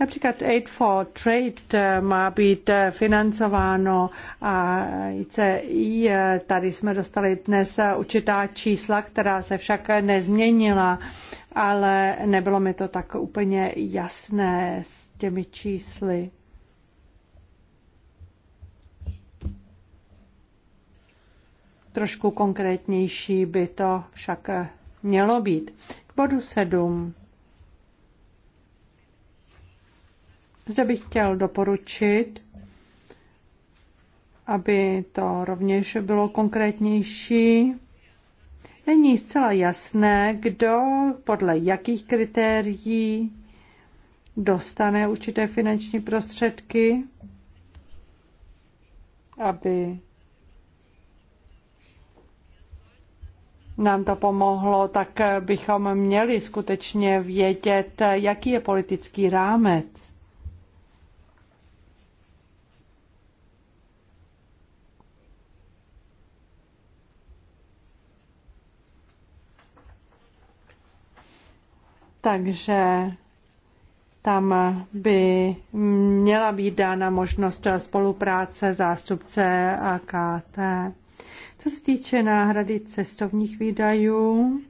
[SPEAKER 3] Například Aid for Trade eh, má být eh, financováno a ICI, eh, tady jsme dostali dnes určitá čísla, která se však nezměnila, ale nebylo mi to tak úplně jasné s těmi čísly. Trošku konkrétnější by to však mělo být. K bodu 7. Zde bych chtěl doporučit, aby to rovněž bylo konkrétnější. Není zcela jasné, kdo podle jakých kritérií dostane určité finanční prostředky, aby nám to pomohlo, tak bychom měli skutečně vědět, jaký je politický rámec. takže tam by měla být dána možnost spolupráce zástupce AKT. Co se týče náhrady cestovních výdajů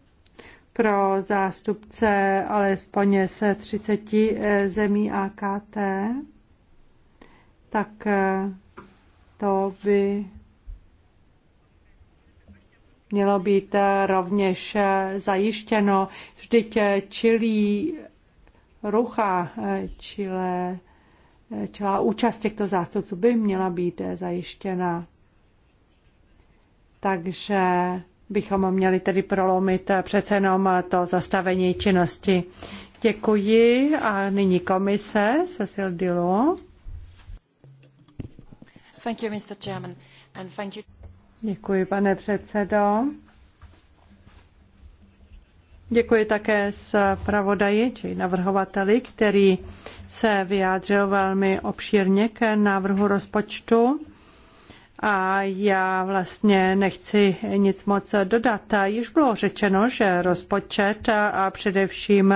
[SPEAKER 3] pro zástupce alespoň se 30 eh, zemí AKT, tak eh, to by mělo být eh, rovněž eh, zajištěno. Vždyť eh, čilí rucha, čile, čilá účast těchto zástupců by měla být zajištěna. Takže bychom měli tedy prolomit přece jenom to zastavení činnosti. Děkuji a nyní komise Cecil Dillon. Thank you, Mr. Chairman, and thank you. Děkuji, pane předsedo. Děkuji také zpravodaji či navrhovateli, který se vyjádřil velmi obšírně k návrhu rozpočtu. A já vlastně nechci nic moc dodat. Již bylo řečeno, že rozpočet a především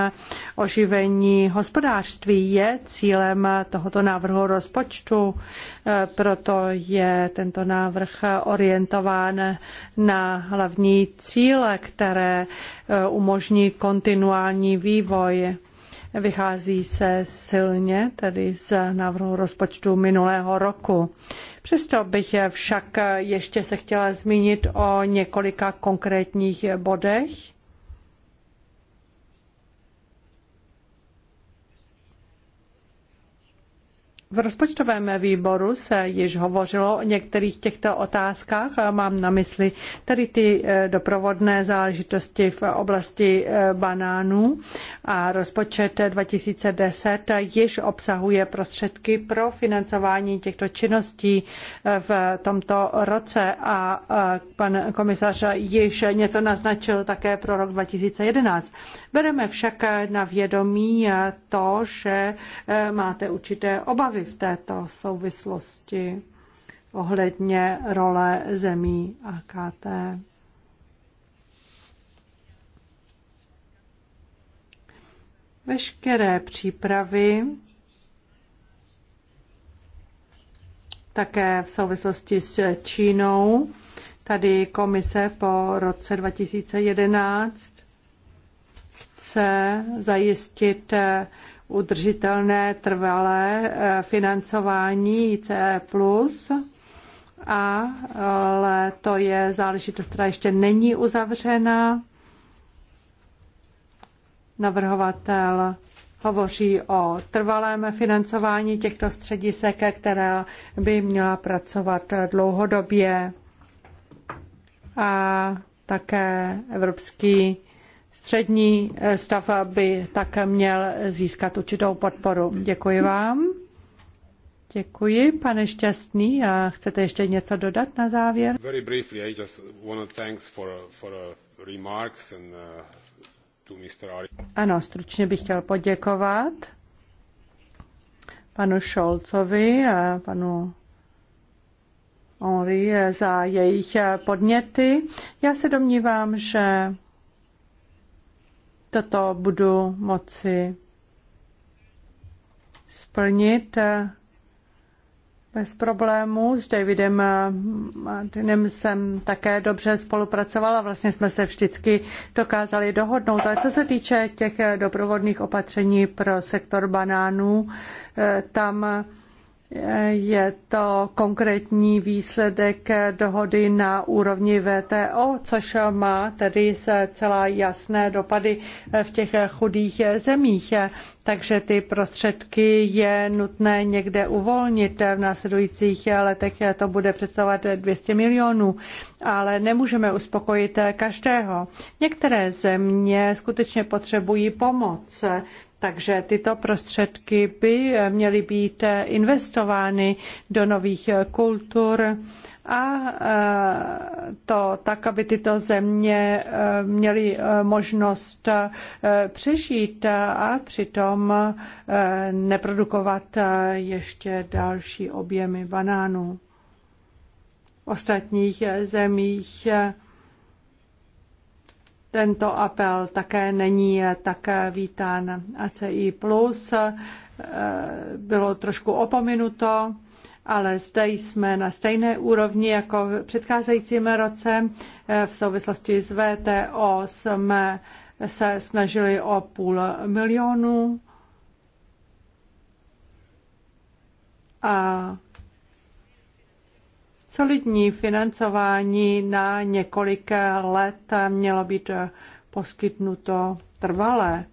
[SPEAKER 3] oživení hospodářství je cílem tohoto návrhu rozpočtu, e, proto je tento návrh orientován na hlavní cíle, které e, umožní kontinuální vývoj. Vychází se silně tedy z návrhu rozpočtu minulého roku. Přesto bych však ještě se chtěla zmínit o několika konkrétních bodech V rozpočtovém výboru se již hovořilo o některých těchto otázkách. Mám na mysli tedy ty eh, doprovodné záležitosti v oblasti eh, banánů a rozpočet 2010 již obsahuje prostředky pro financování těchto činností eh, v tomto roce a pan komisař již něco naznačil také pro rok 2011. Bereme však na vědomí to, že máte určité obavy v této souvislosti ohledně role zemí AKT. Veškeré přípravy také v souvislosti s Čínou. Tady komise po roce 2011 chce zajistit udržitelné trvalé eh, financování ICE+, ale to je záležitost, která ještě není uzavřena. Navrhovatel hovoří o trvalém financování těchto středisek, která by měla pracovat dlouhodobě. A také Evropský střední eh, stav by tak měl získat určitou podporu. Děkuji vám. Děkuji, pane Šťastný. A chcete ještě něco dodat na závěr?
[SPEAKER 1] Very briefly, I just want to thanks for, for uh, remarks and uh, to Mr. Ari.
[SPEAKER 3] Ano, stručně bych chtěl poděkovat panu Šolcovi a panu Henri za jejich podněty. Já se domnívám, že toto budu moci splnit eh, bez problémů. S Davidem eh, Martinem jsem také dobře spolupracovala, vlastně jsme se vždycky dokázali dohodnout. Ale co se týče těch eh, doprovodných opatření pro sektor banánů, tam je to konkrétní výsledek dohody na úrovni VTO, což má tedy celá jasné dopady v těch chudých zemích. Takže ty prostředky je nutné někde uvolnit. V následujících letech to bude představovat 200 milionů, ale nemůžeme uspokojit každého. Některé země skutečně potřebují pomoc. Takže tyto prostředky by měly být investovány do nových kultur a eh, to tak, aby tyto země eh, měly eh, možnost přežít a přitom neprodukovat ještě další objemy banánů. V ostatních zemích tento apel také není tak vítán ACI+. Eh, bylo trošku opominuto, ale zde jsme na stejné úrovni jako v předcházejícím roce. Eh, v souvislosti s VTO jsme se snažili o půl milionu a Solidní financování na několik let mělo být poskytnuto trvalé.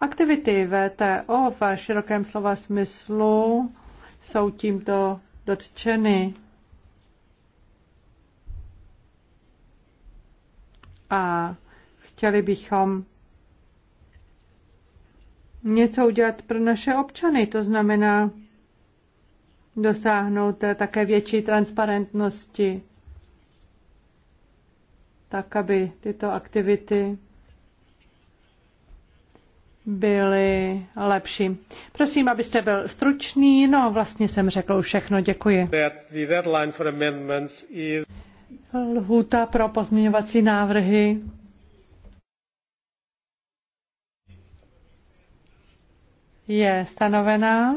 [SPEAKER 3] Aktivity VTO v širokém slova smyslu jsou tímto dotčeny. A chtěli bychom něco udělat pro naše občany, to znamená dosáhnout eh, také větší transparentnosti, tak aby tyto aktivity byly lepší. Prosím, abyste byl stručný. No, vlastně jsem řekl všechno. Děkuji. Lhůta pro pozměňovací návrhy je stanovená.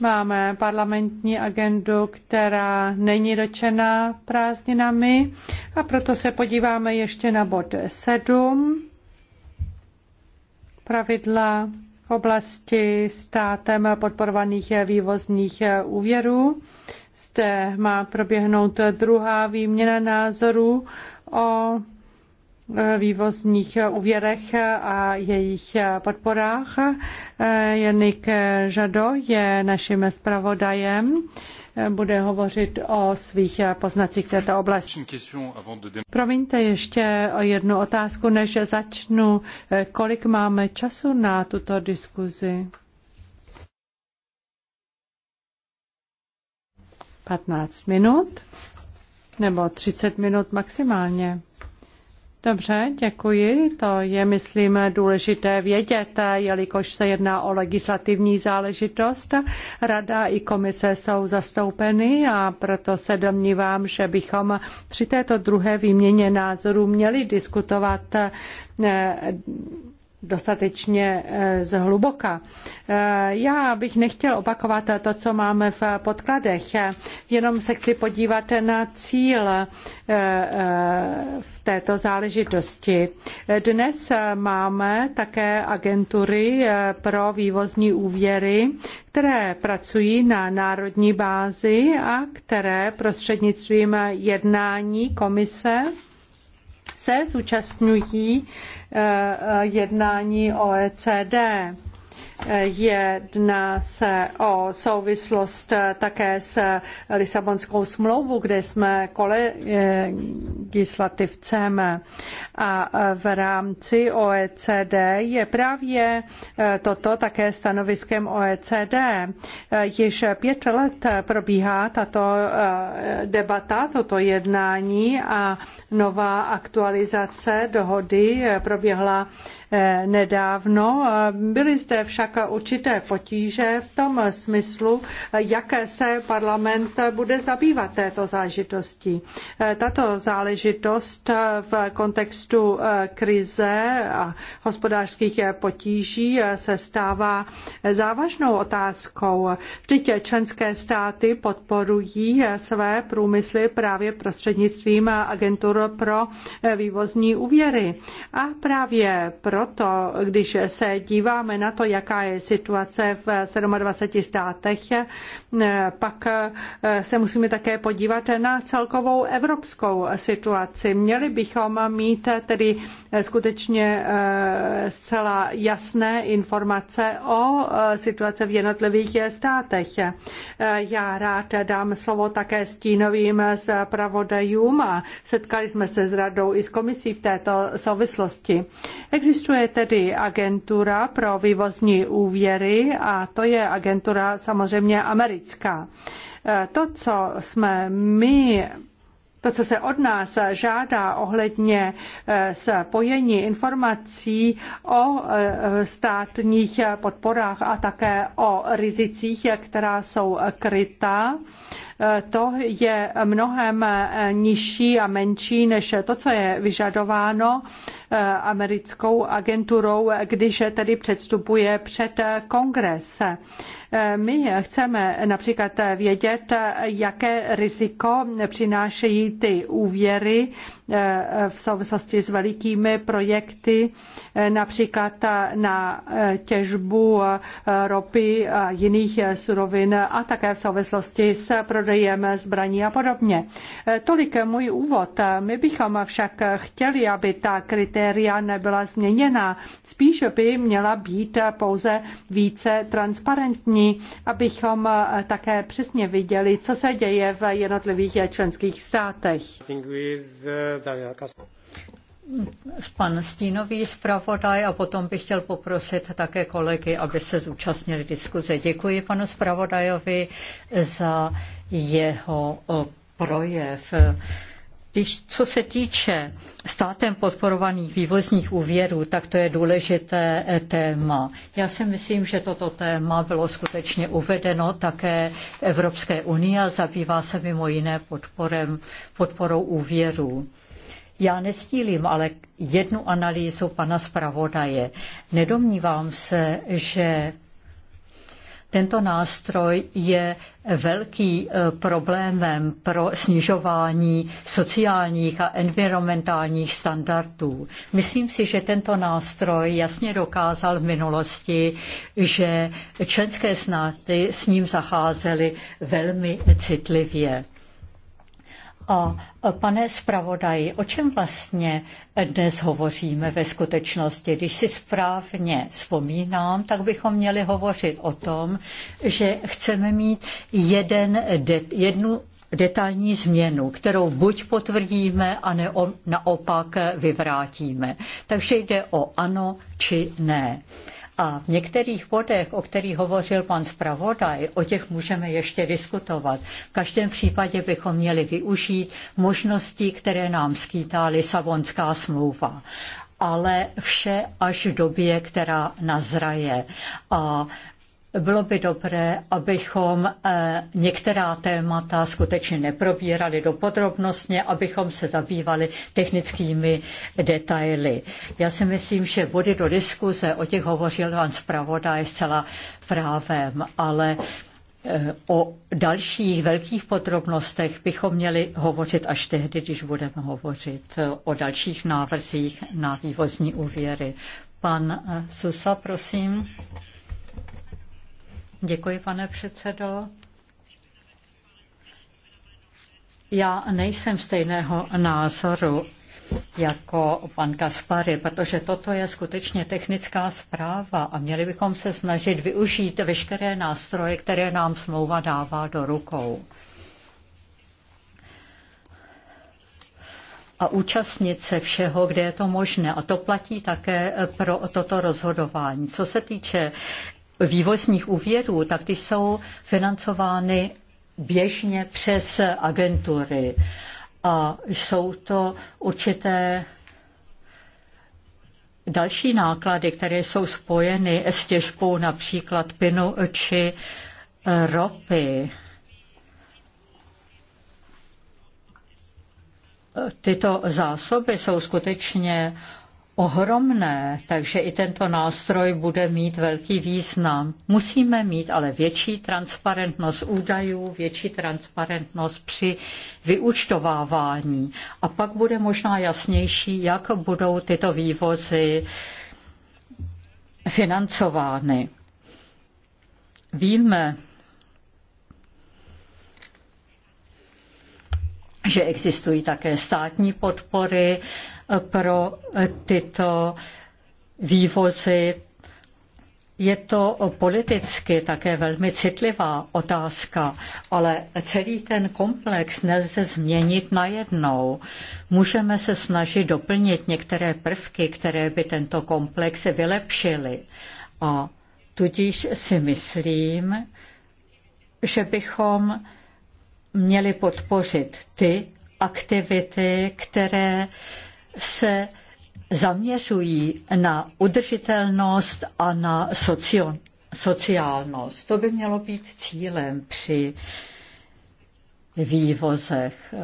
[SPEAKER 3] Máme parlamentní agendu, která není dočená prázdninami a proto se podíváme ještě na bod 7. Pravidla v oblasti státem podporovaných vývozních úvěrů. Zde má proběhnout druhá výměna názorů o vývozních úvěrech a jejich podporách. Janik Žado je naším zpravodajem bude hovořit o svých poznacích v této oblasti. Promiňte ještě o jednu otázku, než začnu. Kolik máme času na tuto diskuzi? 15 minut nebo 30 minut maximálně. Dobře, děkuji. To je, myslím, důležité vědět, jelikož se jedná o legislativní záležitost. Rada i komise jsou zastoupeny a proto se domnívám, že bychom při této druhé výměně názorů měli diskutovat eh, dostatečně eh, zhluboka. Eh, já bych nechtěl opakovat to, co máme v podkladech, jenom se chci podívat na cíl eh, v této záležitosti. Dnes máme také agentury pro vývozní úvěry, které pracují na národní bázi a které prostřednictvím jednání komise se zúčastňují eh, eh, jednání OECD. Jedná se o souvislost také s Lisabonskou smlouvu, kde jsme kolegislativcem a v rámci OECD je právě eh, toto také stanoviskem OECD. Již pět let probíhá tato eh, debata, toto jednání a nová aktualizace dohody eh, proběhla nedávno. Byly zde však však určité potíže v tom smyslu, jaké se parlament bude zabývat této záležitostí. Tato záležitost v kontextu krize a hospodářských potíží se stává závažnou otázkou. Vždyť členské státy podporují své průmysly právě prostřednictvím agentur pro vývozní úvěry. A právě proto, když se díváme na to, jaká je situace v 27 státech, eh, pak eh, se musíme také podívat na celkovou evropskou situaci. Měli bychom mít tedy eh, skutečně zcela jasné informace o situaci v jednotlivých státech. Já rád dám slovo také stínovým zpravodajům a setkali jsme se s radou i s komisí v této souvislosti. Existuje tedy agentura pro vývozní úvěry a to je agentura samozřejmě americká. E, to, co jsme my to, co se od nás žádá ohledně e, spojení informací o e, státních podporách a také o rizicích, která jsou kryta, to je mnohem eh, nižší a menší než to, co je vyžadováno eh, americkou agenturou, když tedy předstupuje před kongres. Eh, my chceme například vědět, jaké riziko přinášejí ty úvěry v souvislosti s velikými projekty, například na těžbu ropy a jiných surovin a také v souvislosti s produkcí prodejem zbraní a podobně. Eh, tolik můj úvod. My bychom však chtěli, aby ta kritéria nebyla změněna. Spíše by měla být pouze více transparentní, abychom eh, také přesně viděli, co se děje v jednotlivých členských
[SPEAKER 2] státech. Pan Stínový zpravodaj a potom bych chtěl poprosit také kolegy, aby se zúčastnili diskuze. Děkuji panu zpravodajovi za jeho projev. Když, co se týče státem podporovaných vývozních úvěrů, tak to je důležité e, téma. Já si myslím, že toto téma bylo skutečně uvedeno také v Evropské unii a zabývá se mimo jiné podporem, podporou úvěrů. Já nestílím ale jednu analýzu pana zpravodaje. Nedomnívám se, že tento nástroj je velký eh, problémem pro snižování sociálních a environmentálních standardů. Myslím si, že tento nástroj jasně dokázal v minulosti, že členské státy s ním zacházely velmi citlivě. A pane zpravodaji, o čem vlastně dnes hovoříme ve skutečnosti? Když si správně vzpomínám, tak bychom měli hovořit o tom, že chceme mít jeden, jednu detailní změnu, kterou buď potvrdíme, a ne naopak vyvrátíme. Takže jde o ano či ne. A v některých bodech, o kterých hovořil pan zpravodaj, o těch můžeme ještě diskutovat. V každém případě bychom měli využít možnosti, které nám skýtá Lisabonská smlouva ale vše až v době, která nazraje. A bylo by dobré, abychom eh, některá témata skutečně neprobírali do podrobnostně, abychom se zabývali technickými detaily. Já si myslím, že body do diskuze, o těch hovořil pan zpravodaj zcela právem, ale eh, O dalších velkých podrobnostech bychom měli hovořit až tehdy, když budeme hovořit eh, o dalších návrzích na vývozní úvěry. Pan Susa, prosím. Děkuji, pane předsedo. Já nejsem stejného názoru jako pan Kaspary, protože toto je skutečně technická zpráva a měli bychom se snažit využít veškeré nástroje, které nám smlouva dává do rukou. a účastnit se všeho, kde je to možné. A to platí také pro toto rozhodování. Co se týče vývozních úvěrů, tak ty jsou financovány běžně přes agentury. A jsou to určité další náklady, které jsou spojeny s těžbou například plynu či eh, ropy. Eh, tyto zásoby jsou skutečně ohromné, takže i tento nástroj bude mít velký význam. Musíme mít ale větší transparentnost údajů, větší transparentnost při vyučtovávání. A pak bude možná jasnější, jak budou tyto vývozy financovány. Víme, že existují také státní podpory eh, pro eh, tyto vývozy. Je to politicky také velmi citlivá otázka, ale celý ten komplex nelze změnit najednou. Můžeme se snažit doplnit některé prvky, které by tento komplex vylepšily. A tudíž si myslím, že bychom měli podpořit ty aktivity, které se zaměřují na udržitelnost a na socio, sociálnost. To by mělo být cílem při vývozech.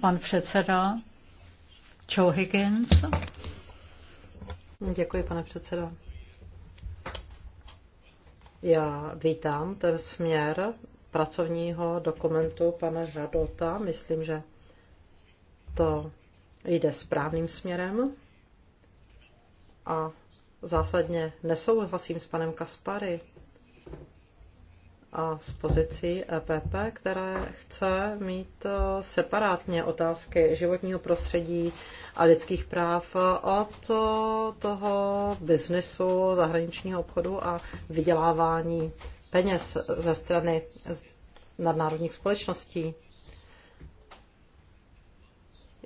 [SPEAKER 2] Pan předseda Joe Higgins.
[SPEAKER 1] Děkuji, pane předsedo. Já vítám ten směr, pracovního dokumentu pana Žadota. Myslím, že to jde správným směrem a zásadně nesouhlasím s panem Kaspary a s pozicí EPP, které chce mít eh, separátně otázky životního prostředí a lidských práv od eh, toho biznesu, zahraničního obchodu a vydělávání peněz ze strany nadnárodních společností.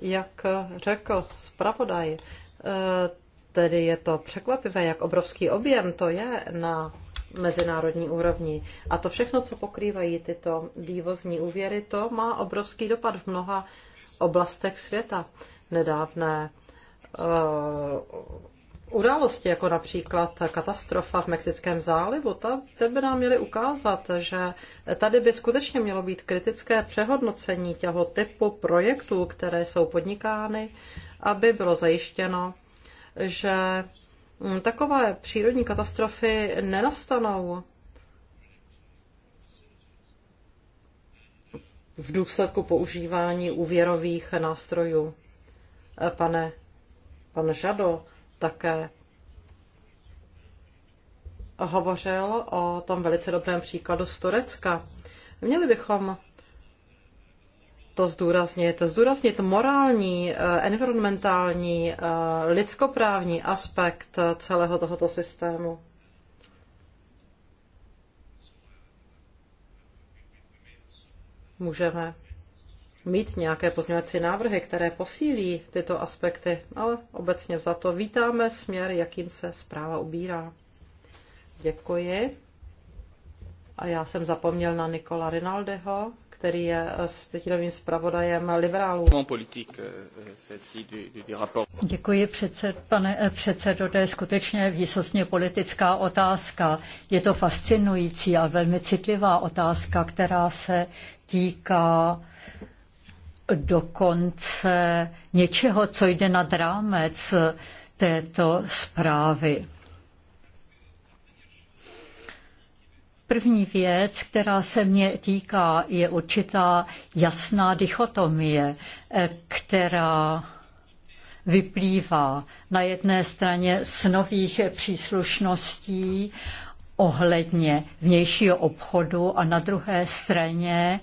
[SPEAKER 1] Jak řekl zpravodaj, eh, tedy je to překvapivé, jak obrovský objem to je na mezinárodní úrovni. A to všechno, co pokrývají tyto vývozní úvěry, to má obrovský dopad v mnoha oblastech světa. Nedávné eh, události, jako například katastrofa v Mexickém zálivu, ta, ten by nám měly ukázat, že tady by skutečně mělo být kritické přehodnocení těho typu projektů, které jsou podnikány, aby bylo zajištěno, že hm, takové přírodní katastrofy nenastanou v důsledku používání úvěrových nástrojů. Pane, pan Žado, také hovořil o tom velice dobrém příkladu z Turecka. Měli bychom to zdůraznit, zdůraznit morální, eh, environmentální, eh, lidskoprávní aspekt eh, celého tohoto systému. Můžeme mít nějaké pozměňovací návrhy, které posílí tyto aspekty, ale obecně vzato vítáme směr, jakým se zpráva ubírá. Děkuji. A já jsem zapomněl na Nikola Rinaldeho, který je stínovým zpravodajem liberálů.
[SPEAKER 2] Euh, euh, Děkuji, předsed, pane eh, předsedo, to je skutečně výsostně politická otázka. Je to fascinující a velmi citlivá otázka, která se týká dokonce něčeho, co jde nad rámec této zprávy. První věc, která se mě týká, je určitá jasná dichotomie, která vyplývá na jedné straně z nových příslušností ohledně vnějšího obchodu a na druhé straně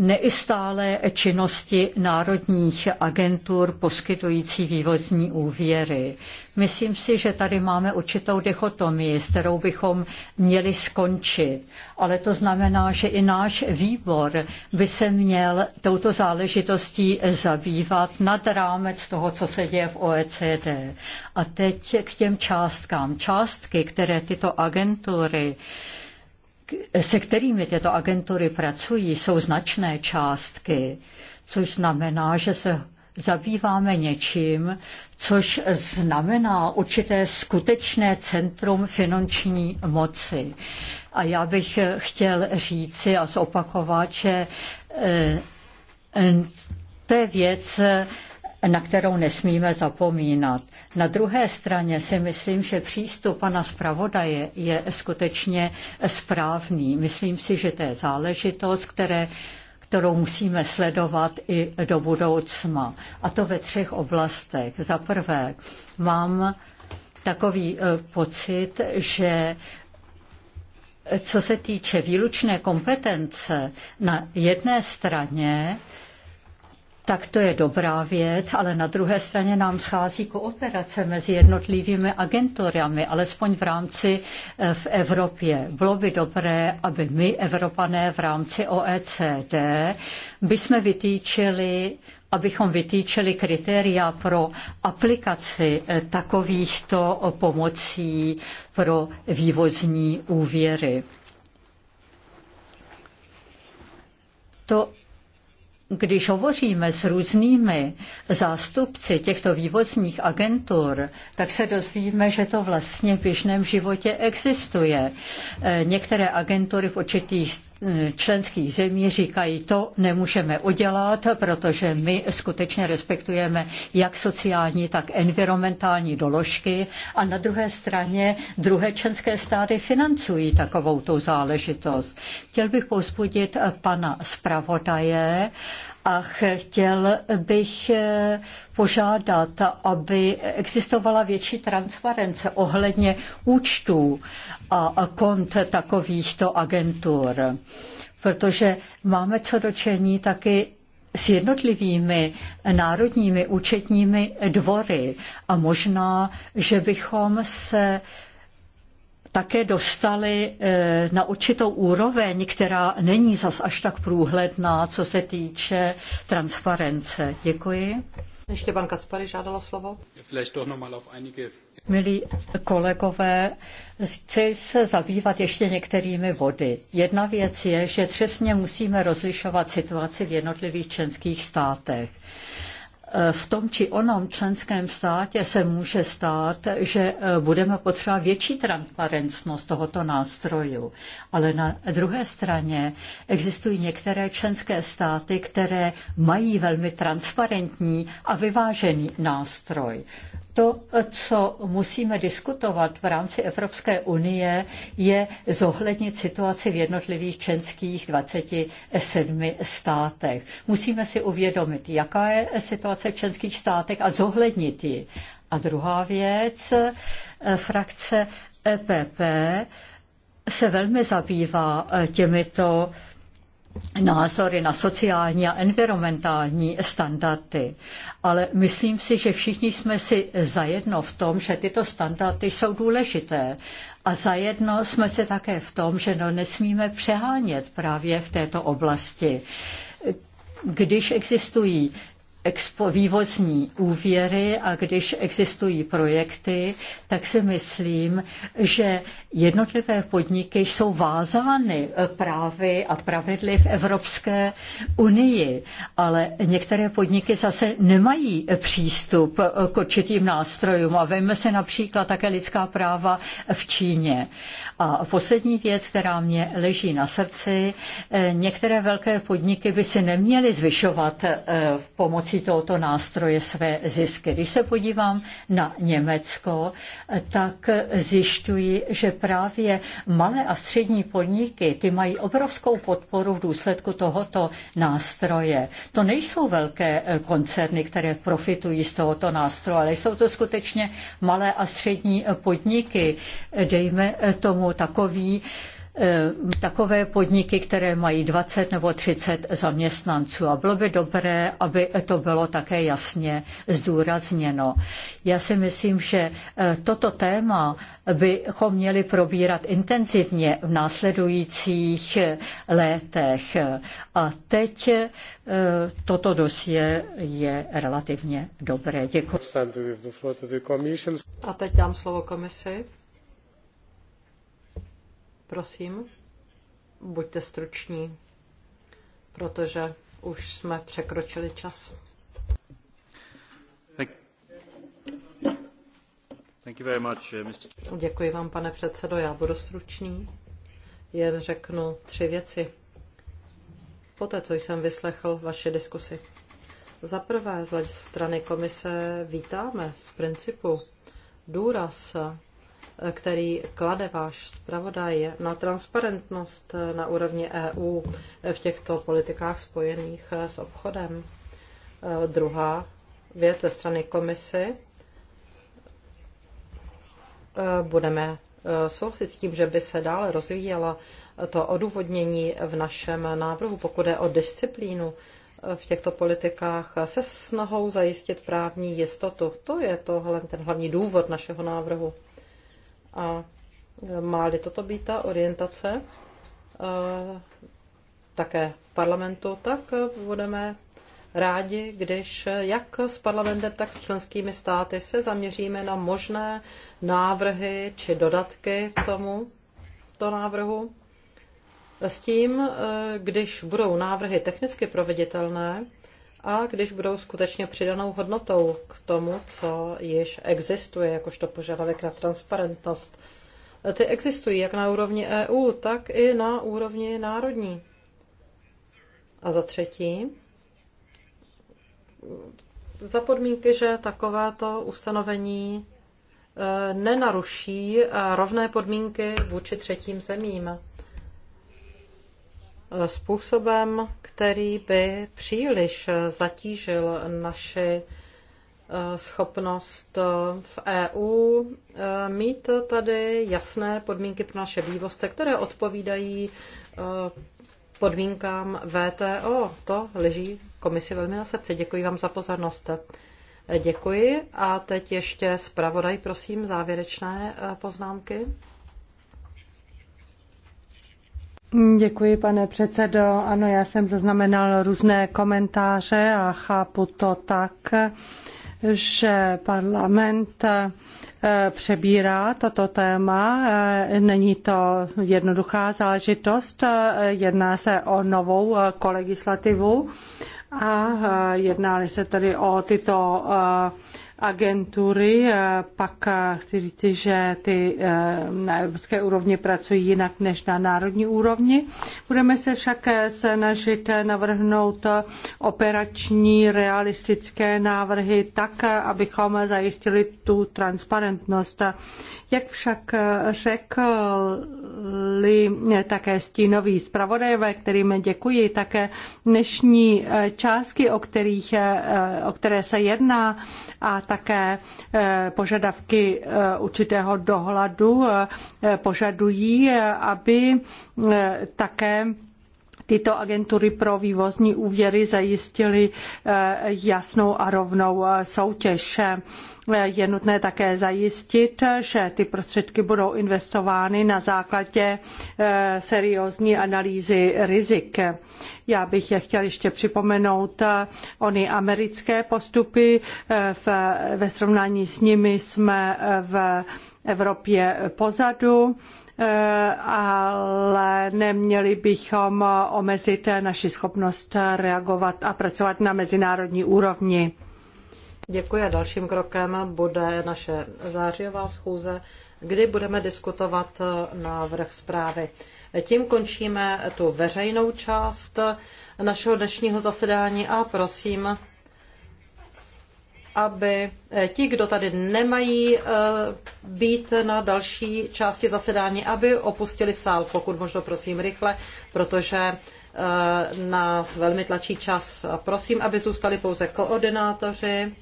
[SPEAKER 2] neistálé činnosti národních agentur poskytující vývozní úvěry. Myslím si, že tady máme určitou dichotomii, s kterou bychom měli skončit. Ale to znamená, že i náš výbor by se měl touto záležitostí zabývat nad rámec toho, co se děje v OECD. A teď k těm částkám. Částky, které tyto agentury se kterými tyto agentury pracují, jsou značné částky, což znamená, že se zabýváme něčím, což znamená určité skutečné centrum finanční moci. A já bych chtěl říci a zopakovat, že eh, to je věc, na kterou nesmíme zapomínat. Na druhé straně si myslím, že přístup pana zpravodaje je skutečně správný. Myslím si, že to je záležitost, které kterou musíme sledovat i do budoucna. A to ve třech oblastech. Za prvé, mám takový eh, pocit, že eh, co se týče výlučné kompetence, na jedné straně tak to je dobrá věc, ale na druhé straně nám schází kooperace mezi jednotlivými agentoriami, alespoň v rámci eh, v Evropě. Bylo by dobré, aby my, Evropané, v rámci OECD, by jsme vytýčili abychom vytýčili kritéria pro aplikaci eh, takovýchto pomocí pro vývozní úvěry. To když hovoříme s různými zástupci těchto vývozních agentur, tak se dozvíme, že to vlastně v běžném životě existuje. E, některé agentury v určitých členských zemí říkají, to nemůžeme udělat, protože my skutečně respektujeme jak sociální, tak environmentální doložky a na druhé straně druhé členské státy financují takovou tu záležitost. Chtěl bych pouzbudit pana zpravodaje, a chtěl bych eh, požádat, aby existovala větší transparence ohledně účtů a kont takovýchto agentur, protože máme co dočení taky s jednotlivými národními účetními dvory a možná, že bychom se také dostali e, na určitou úroveň, která není zas až tak průhledná, co se týče transparence. Děkuji. Ještě pan
[SPEAKER 1] Kaspary žádala slovo.
[SPEAKER 2] Milí kolegové, chci se zabývat ještě některými body. Jedna věc je, že přesně musíme rozlišovat situaci v jednotlivých členských státech v tom či onom členském státě se může stát, že budeme potřebovat větší transparentnost tohoto nástroju ale na druhé straně existují některé členské státy, které mají velmi transparentní a vyvážený nástroj. To, co musíme diskutovat v rámci Evropské unie, je zohlednit situaci v jednotlivých členských 27 státech. Musíme si uvědomit, jaká je situace v členských státech a zohlednit ji. A druhá věc, eh, frakce EPP se velmi zabývá eh, těmito názory na sociální a environmentální standardy. Ale myslím si, že všichni jsme si zajedno v tom, že tyto standardy jsou důležité. A zajedno jsme se také v tom, že no nesmíme přehánět právě v této oblasti. Když existují expo, vývozní úvěry a když existují projekty, tak si myslím, že jednotlivé podniky jsou vázány eh, právy a pravidly v Evropské unii, ale některé podniky zase nemají eh, přístup eh, k určitým nástrojům a vejme se například také lidská práva v Číně. A poslední věc, která mě leží na srdci, některé velké podniky by si neměly zvyšovat v pomoci pomocí tohoto nástroje své zisky. Když se podívám na Německo, tak zjišťuji, že právě malé a střední podniky, ty mají obrovskou podporu v důsledku tohoto nástroje. To nejsou velké eh, koncerny, které profitují z tohoto nástroje, ale jsou to skutečně malé a střední eh, podniky. Dejme eh, tomu takový, Eh, takové podniky, které mají 20 nebo 30 zaměstnanců. A bylo by dobré, aby to bylo také jasně zdůrazněno. Já si myslím, že eh, toto téma bychom měli probírat intenzivně v následujících eh, létech. A teď toto dosie je relativně dobré. Děkuji.
[SPEAKER 1] A teď dám slovo komisi. Prosím, buďte struční, protože už jsme překročili čas. Much, eh, Děkuji vám, pane předsedo. Já budu stručný. Jen řeknu tři věci. Poté, co jsem vyslechl vaše diskusy. Za prvé, z strany komise vítáme z principu důraz který klade váš zpravodaj na transparentnost na úrovni EU v těchto politikách spojených s obchodem. Eh, druhá věc ze strany komisy. Eh, budeme eh, souhlasit s tím, že by se dále rozvíjela to odůvodnění v našem návrhu, pokud je o disciplínu v těchto politikách se snahou zajistit právní jistotu. To je to ten hlavní důvod našeho návrhu. A e, má-li toto být ta orientace e, také v parlamentu, tak e, budeme rádi, když jak s parlamentem, tak s členskými státy se zaměříme na možné návrhy či dodatky k tomu to návrhu. S tím, když budou návrhy technicky proveditelné, a když budou skutečně přidanou hodnotou k tomu, co již existuje, jakožto požadavek na transparentnost. Ty existují jak na úrovni EU, tak i na úrovni národní. A za třetí, za podmínky, že takovéto ustanovení eh, nenaruší eh, rovné podmínky vůči třetím zemím způsobem, který by příliš zatížil naši eh, schopnost eh, v EU eh, mít tady jasné podmínky pro naše vývozce, které odpovídají podmínkám VTO. To leží komisi velmi na srdci. Děkuji vám za pozornost. Děkuji a teď ještě zpravodaj, prosím, závěrečné poznámky.
[SPEAKER 3] Děkuji, pane předsedo. Ano, já jsem zaznamenal různé komentáře a chápu to tak, že parlament eh, přebírá toto téma. Eh, není to jednoduchá záležitost, eh, jedná se o novou kolegislativu a jedná se tedy o tyto agentury, eh, pak eh, chci říct, že ty eh, na evropské úrovni pracují jinak než na národní úrovni. Budeme se však snažit navrhnout operační realistické návrhy tak, abychom zajistili tu transparentnost. Jak však řekli také stínoví zpravodajové, kterým děkuji, také dnešní částky, o, kterých, o které se jedná a také eh, požadavky eh, určitého dohladu eh, požadují, aby také tyto agentury pro vývozní úvěry zajistily jasnou a rovnou soutěž. Je nutné také zajistit, že ty prostředky budou investovány na základě eh, seriózní analýzy rizik. Já bych je chtěl ještě připomenout eh, ony americké postupy. Eh, v, ve srovnání s nimi jsme v Evropě pozadu ale neměli bychom omezit naši schopnost reagovat a pracovat na mezinárodní úrovni.
[SPEAKER 1] Děkuji a dalším krokem bude naše zářijová schůze, kdy budeme diskutovat eh, návrh zprávy. Tím končíme tu veřejnou část eh, našeho dnešního zasedání a prosím, aby eh, ti, kdo tady nemají být na další části zasedání, aby opustili sál, pokud možno prosím rychle, protože nás velmi tlačí čas. Prosím, aby zůstali pouze koordinátoři.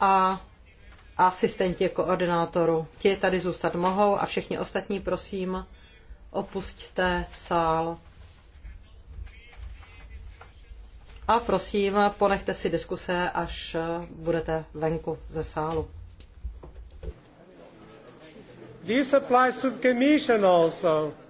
[SPEAKER 1] a asistenti koordinátoru. Ti tady zůstat mohou a všichni ostatní, prosím, opustte sál. A prosím, ponechte si diskuse, až budete venku ze sálu.
[SPEAKER 2] This applies to the commission also.